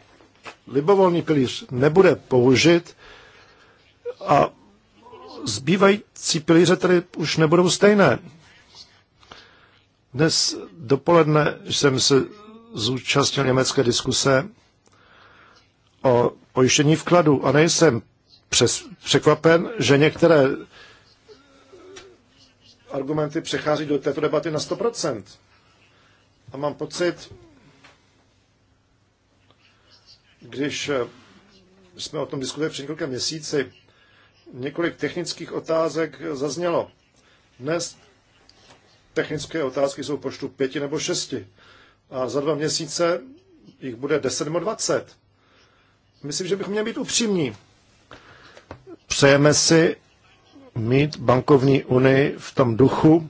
libovolný pilíř nebude použit a zbývající pilíře tedy už nebudou stejné. Dnes dopoledne jsem se zúčastnil německé diskuse o pojištění vkladu a nejsem přes, překvapen, že některé argumenty přechází do této debaty na 100%. A mám pocit, když eh, jsme o tom diskutovali před několika měsíci, několik technických otázek zaznělo. Dnes technické otázky jsou počtu pěti nebo šesti. A za dva měsíce jich bude deset nebo dvacet. Myslím, že bychom měli být upřímní. Přejeme si mít bankovní unii v tom duchu,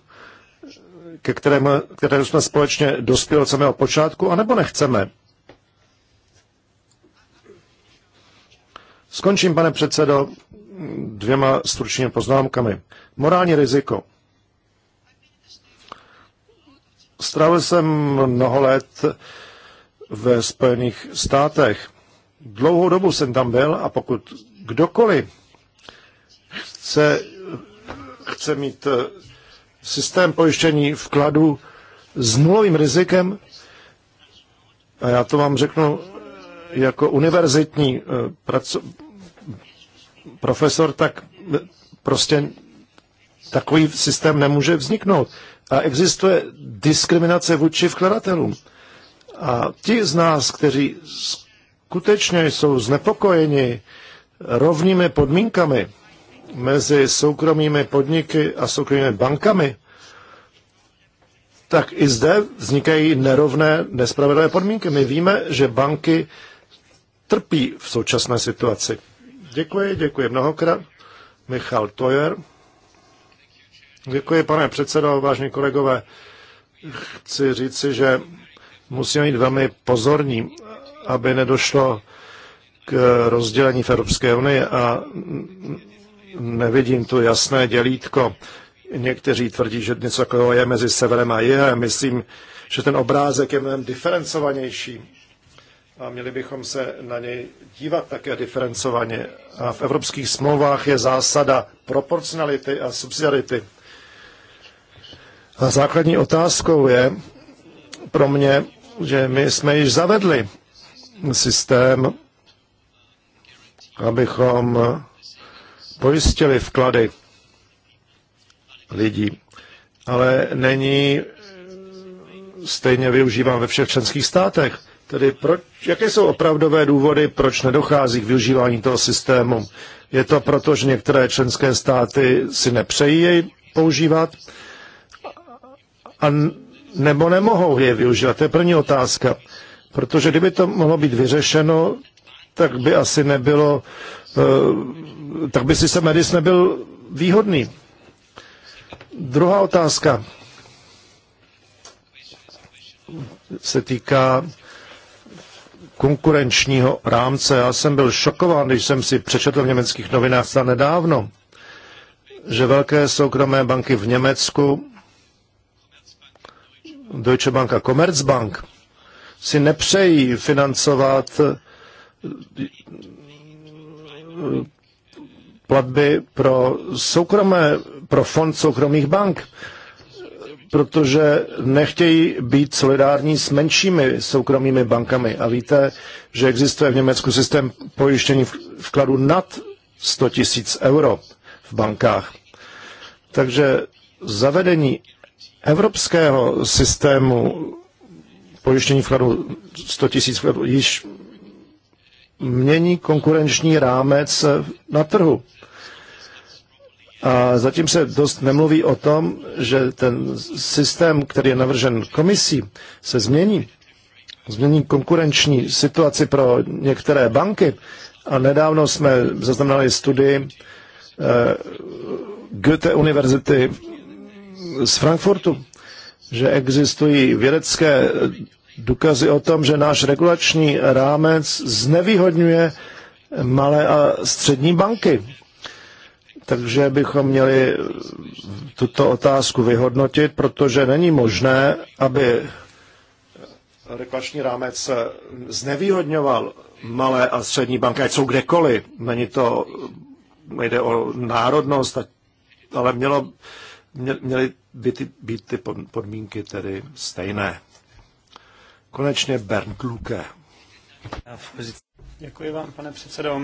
ke kterému, kterému jsme společně dospěli od samého počátku, anebo nechceme. Skončím, pane předsedo, dvěma stručnými poznámkami. Morální riziko. Strávil jsem mnoho let ve Spojených státech. Dlouhou dobu jsem tam byl a pokud kdokoliv chce, chce mít eh, systém pojištění vkladu s nulovým rizikem, a já to vám řeknu jako univerzitní eh, praco- profesor, tak eh, prostě takový systém nemůže vzniknout. A existuje diskriminace vůči vkladatelům. A ti z nás, kteří skutečně jsou znepokojeni rovnými podmínkami mezi soukromými podniky a soukromými bankami, tak i zde vznikají nerovné, nespravedlivé podmínky. My víme, že banky trpí v současné situaci. Děkuji, děkuji mnohokrát. Michal Tojer. Děkuji, pane předsedo, vážní kolegové. Chci říci, že musíme být velmi pozorní, aby nedošlo k rozdělení v Evropské unii a nevidím tu jasné dělítko. Někteří tvrdí, že něco takového je mezi severem a jihem. Myslím, že ten obrázek je mnohem diferencovanější a měli bychom se na něj dívat také diferencovaně. A v evropských smlouvách je zásada proporcionality a subsidiarity. A základní otázkou je pro mě, že my jsme již zavedli systém, abychom pojistili vklady lidí, ale není stejně využíván ve všech členských státech. Tedy proč, jaké jsou opravdové důvody, proč nedochází k využívání toho systému? Je to proto, že některé členské státy si nepřejí jej používat a nebo nemohou je využívat? To je první otázka. Protože kdyby to mohlo být vyřešeno, tak by asi nebylo, eh, tak by si se Medis nebyl výhodný. Druhá otázka se týká konkurenčního rámce. Já jsem byl šokován, když jsem si přečetl v německých novinách za nedávno, že velké soukromé banky v Německu, Deutsche Bank a Commerzbank, si nepřejí financovat eh, platby pro soukromé, pro fond soukromých bank protože nechtějí být solidární s menšími soukromými bankami. A víte, že existuje v Německu systém pojištění vkladu nad 100 tisíc euro v bankách. Takže zavedení evropského systému pojištění vkladu 100 tisíc euro již mění konkurenční rámec na trhu. A zatím se dost nemluví o tom, že ten systém, který je navržen komisí, se změní. Změní konkurenční situaci pro některé banky. A nedávno jsme zaznamenali studii eh, Goethe univerzity z Frankfurtu, že existují vědecké důkazy o tom, že náš regulační rámec znevýhodňuje malé a střední banky takže bychom měli tuto otázku vyhodnotit, protože není možné, aby reklační rámec znevýhodňoval malé a střední banky, ať jsou kdekoliv. Není to, nejde o národnost, ale mělo, měly by ty, být ty podmínky tedy stejné. Konečně Bernd Luke. Děkuji vám, pane předsedo.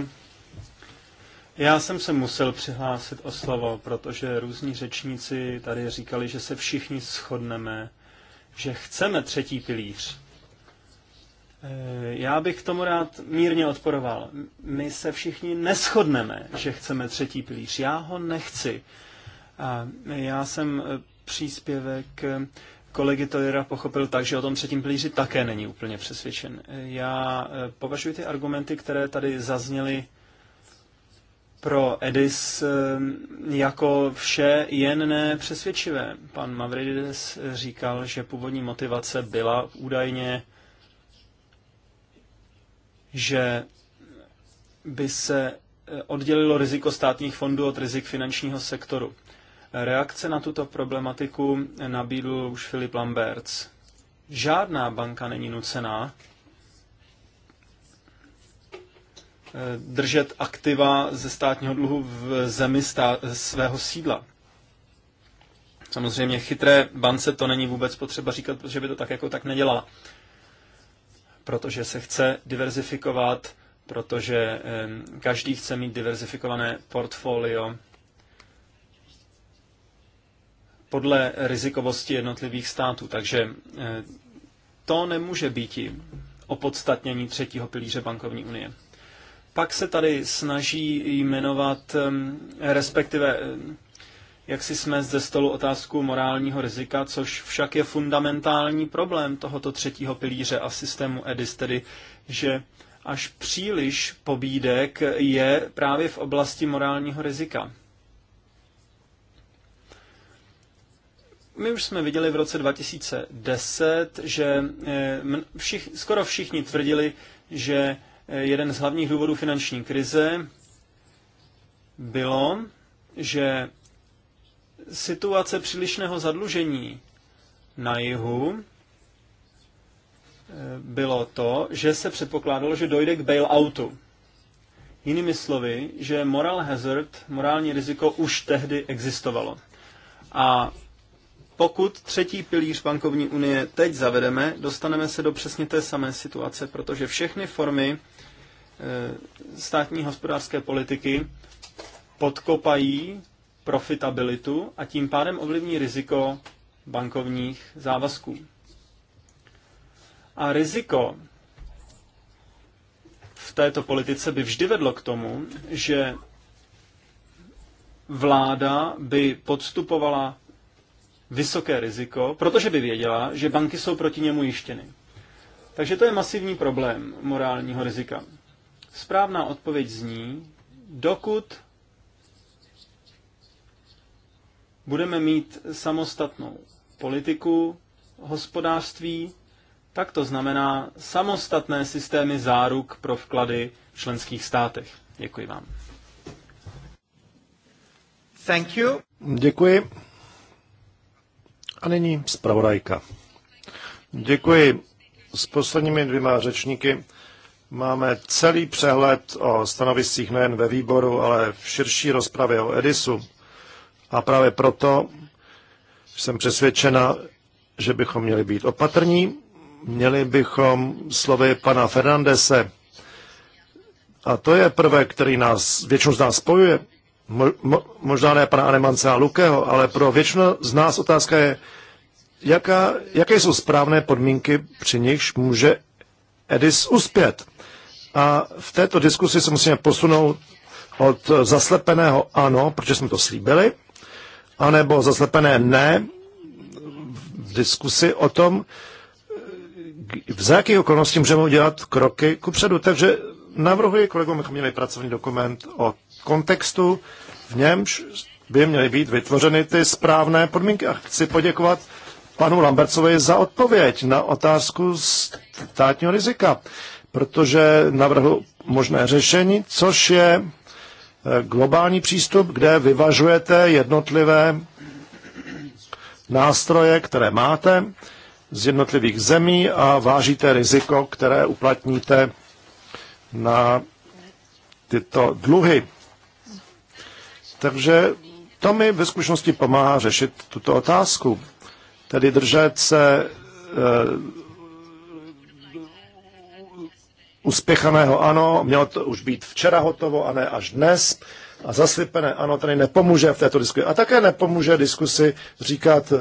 Já jsem se musel přihlásit o slovo, protože různí řečníci tady říkali, že se všichni shodneme, že chceme třetí pilíř. Eh, já bych tomu rád mírně odporoval. My se všichni neschodneme, že chceme třetí pilíř. Já ho nechci. A já jsem eh, příspěvek eh, kolegy Tojera pochopil tak, že o tom třetím pilíři také není úplně přesvědčen. Já považuji ty argumenty, které tady zazněly pro Edis eh, jako vše jen nepřesvědčivé. Pan Mavridis říkal, že původní motivace byla údajně, že by se eh, oddělilo riziko státních fondů od rizik finančního sektoru. Reakce na tuto problematiku nabídl už Filip Lamberts. Žádná banka není nucená držet aktiva ze státního dluhu v zemi svého sídla. Samozřejmě chytré bance to není vůbec potřeba říkat, že by to tak jako tak nedělala. Protože se chce diverzifikovat, protože každý chce mít diverzifikované portfolio podle rizikovosti jednotlivých států. Takže to nemůže být opodstatnění třetího pilíře bankovní unie. Pak se tady snaží jmenovat, respektive jak si jsme ze stolu otázku morálního rizika, což však je fundamentální problém tohoto třetího pilíře a systému EDIS, tedy že až příliš pobídek je právě v oblasti morálního rizika. My už jsme viděli v roce 2010, že všich, skoro všichni tvrdili, že Eh, jeden z hlavních důvodů finanční krize bylo, že situace přílišného zadlužení na jihu eh, bylo to, že se předpokládalo, že dojde k bailoutu. Jinými slovy, že moral hazard, morální riziko, už tehdy existovalo. A pokud třetí pilíř bankovní unie teď zavedeme, dostaneme se do přesně té samé situace, protože všechny formy Eh, státní hospodářské politiky podkopají profitabilitu a tím pádem ovlivní riziko bankovních závazků. A riziko v této politice by vždy vedlo k tomu, že vláda by podstupovala vysoké riziko, protože by věděla, že banky jsou proti němu jištěny. Takže to je masivní problém morálního rizika. Správná odpověď zní, dokud budeme mít samostatnou politiku hospodářství, tak to znamená samostatné systémy záruk pro vklady v členských státech. Děkuji vám. Thank you. Děkuji. A nyní zpravodajka. Děkuji. S posledními dvěma řečníky Máme celý přehled o stanoviscích nejen ve výboru, ale v širší rozpravě o Edisu. A právě proto jsem přesvědčena, že bychom měli být opatrní, měli bychom slovy pana Fernandese. A to je prvek, který nás, většinu z nás spojuje. Mo, mo, možná ne pana Anemance a Lukého, ale pro většinu z nás otázka je, jaká, jaké jsou správné podmínky, při nichž může Edis uspět. A v této diskusi se musíme posunout od zaslepeného ano, protože jsme to slíbili, anebo zaslepené ne v diskusi o tom, v jakých okolností můžeme udělat kroky kupředu. Takže navrhuji kolegům, abychom měli pracovní dokument o kontextu, v němž by měly být vytvořeny ty správné podmínky. A chci poděkovat panu Lambercovi za odpověď na otázku státního rizika protože navrhl možné řešení, což je eh, globální přístup, kde vyvažujete jednotlivé nástroje, které máte z jednotlivých zemí a vážíte riziko, které uplatníte na tyto dluhy. Takže to mi ve skutečnosti pomáhá řešit tuto otázku, tedy držet se eh, uspěchaného ano, mělo to už být včera hotovo a ne až dnes. A zaslipené ano, tady nepomůže v této diskusi. A také nepomůže diskusi říkat,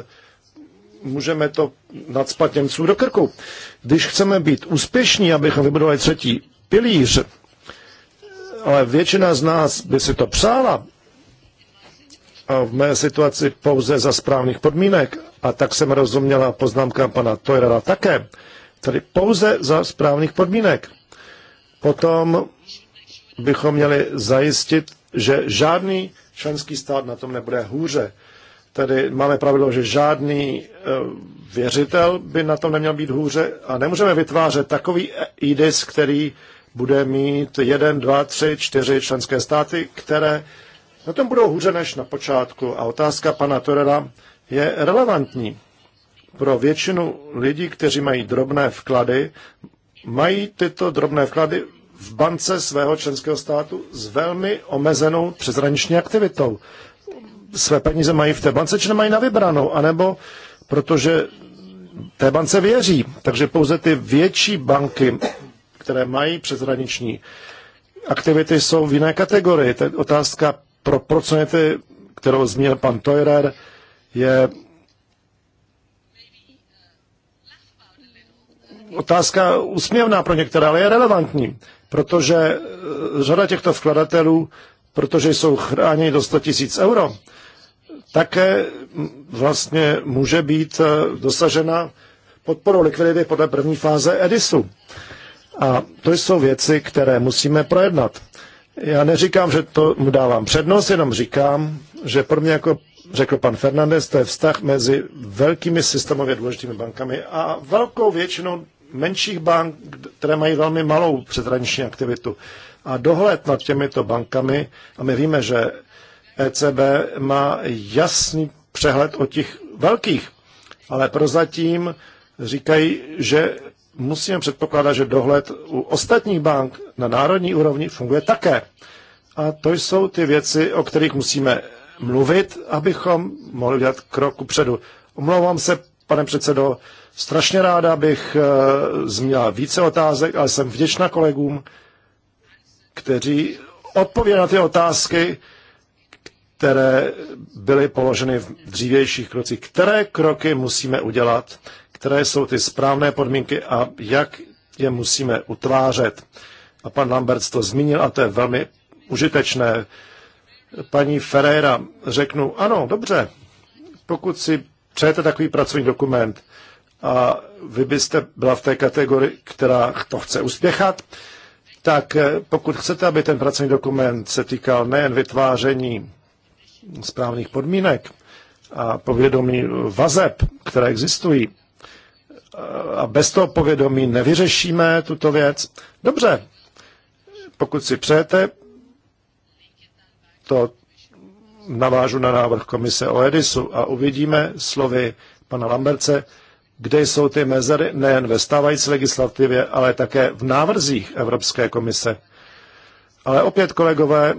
můžeme to nadspat Němců do krku. Když chceme být úspěšní, abychom vybudovali třetí pilíř, ale většina z nás by si to přála, a v mé situaci pouze za správných podmínek, a tak jsem rozuměla poznámka pana Tojrada také, tedy pouze za správných podmínek. Potom bychom měli zajistit, že žádný členský stát na tom nebude hůře. Tedy máme pravidlo, že žádný e, věřitel by na tom neměl být hůře a nemůžeme vytvářet takový IDIS, který bude mít jeden, dva, tři, čtyři členské státy, které na tom budou hůře než na počátku. A otázka pana Torera je relevantní. Pro většinu lidí, kteří mají drobné vklady, mají tyto drobné vklady v bance svého členského státu s velmi omezenou přezraniční aktivitou. Své peníze mají v té bance, či nemají na vybranou, anebo protože té bance věří. Takže pouze ty větší banky, které mají přezraniční aktivity, jsou v jiné kategorii. To otázka pro procenty, kterou zmínil pan Teurer, je otázka úsměvná pro některé, ale je relevantní protože eh, řada těchto vkladatelů, protože jsou chráněni do 100 000 euro, také vlastně může být eh, dosažena podporou likvidity podle první fáze Edisu. A to jsou věci, které musíme projednat. Já neříkám, že to mu dávám přednost, jenom říkám, že pro mě, jako řekl pan Fernandez, to je vztah mezi velkými systémově důležitými bankami a velkou většinou menších bank, které mají velmi malou přeshraniční aktivitu. A dohled nad těmito bankami, a my víme, že ECB má jasný přehled o těch velkých, ale prozatím říkají, že musíme předpokládat, že dohled u ostatních bank na národní úrovni funguje také. A to jsou ty věci, o kterých musíme mluvit, abychom mohli dělat krok upředu. Omlouvám se, pane předsedo, Strašně ráda bych eh, zmínila více otázek, ale jsem vděčná kolegům, kteří odpověděli na ty otázky, které byly položeny v dřívějších krocích. Které kroky musíme udělat, které jsou ty správné podmínky a jak je musíme utvářet. A pan Lamberts to zmínil a to je velmi užitečné. Paní Ferreira řeknu, ano, dobře, pokud si přejete takový pracovní dokument, a vy byste byla v té kategorii, která to chce uspěchat, tak eh, pokud chcete, aby ten pracovní dokument se týkal nejen vytváření správných podmínek a povědomí vazeb, které existují, eh, a bez toho povědomí nevyřešíme tuto věc. Dobře, pokud si přejete, to navážu na návrh komise o Edisu a uvidíme slovy pana Lamberce, kde jsou ty mezery nejen ve stávající legislativě, ale také v návrzích Evropské komise. Ale opět, kolegové,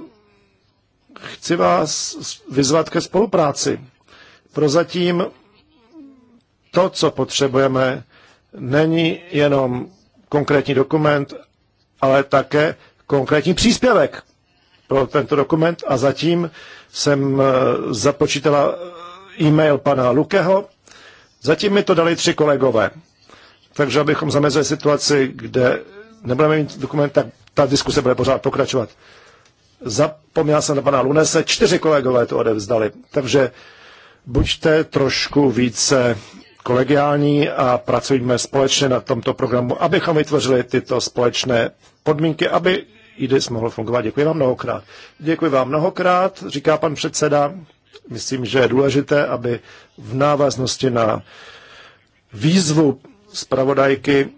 chci vás vyzvat ke spolupráci. Prozatím to, co potřebujeme, není jenom konkrétní dokument, ale také konkrétní příspěvek pro tento dokument a zatím jsem eh, započítala e-mail pana Lukeho, Zatím mi to dali tři kolegové. Takže abychom zamezili situaci, kde nebudeme mít dokument, tak ta diskuse bude pořád pokračovat. Zapomněl jsem na pana Lunese, čtyři kolegové to odevzdali. Takže buďte trošku více kolegiální a pracujeme společně na tomto programu, abychom vytvořili tyto společné podmínky, aby IDIS mohl fungovat. Děkuji vám mnohokrát. Děkuji vám mnohokrát, říká pan předseda. Myslím, že je důležité, aby v návaznosti na výzvu zpravodajky,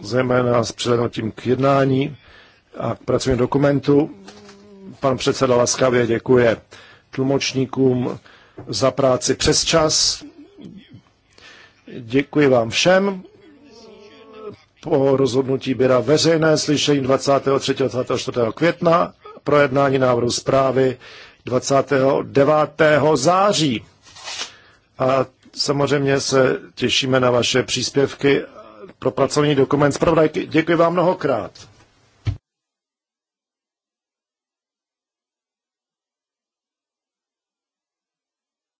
zejména s přilenutím k jednání a k pracovním dokumentu, pan předseda laskavě děkuje tlumočníkům za práci přes čas. Děkuji vám všem. Po rozhodnutí byla veřejné slyšení 23. a 24. května projednání návrhu zprávy 29. září. A samozřejmě se těšíme na vaše příspěvky pro pracovní dokument zpravodajky. Děkuji vám mnohokrát.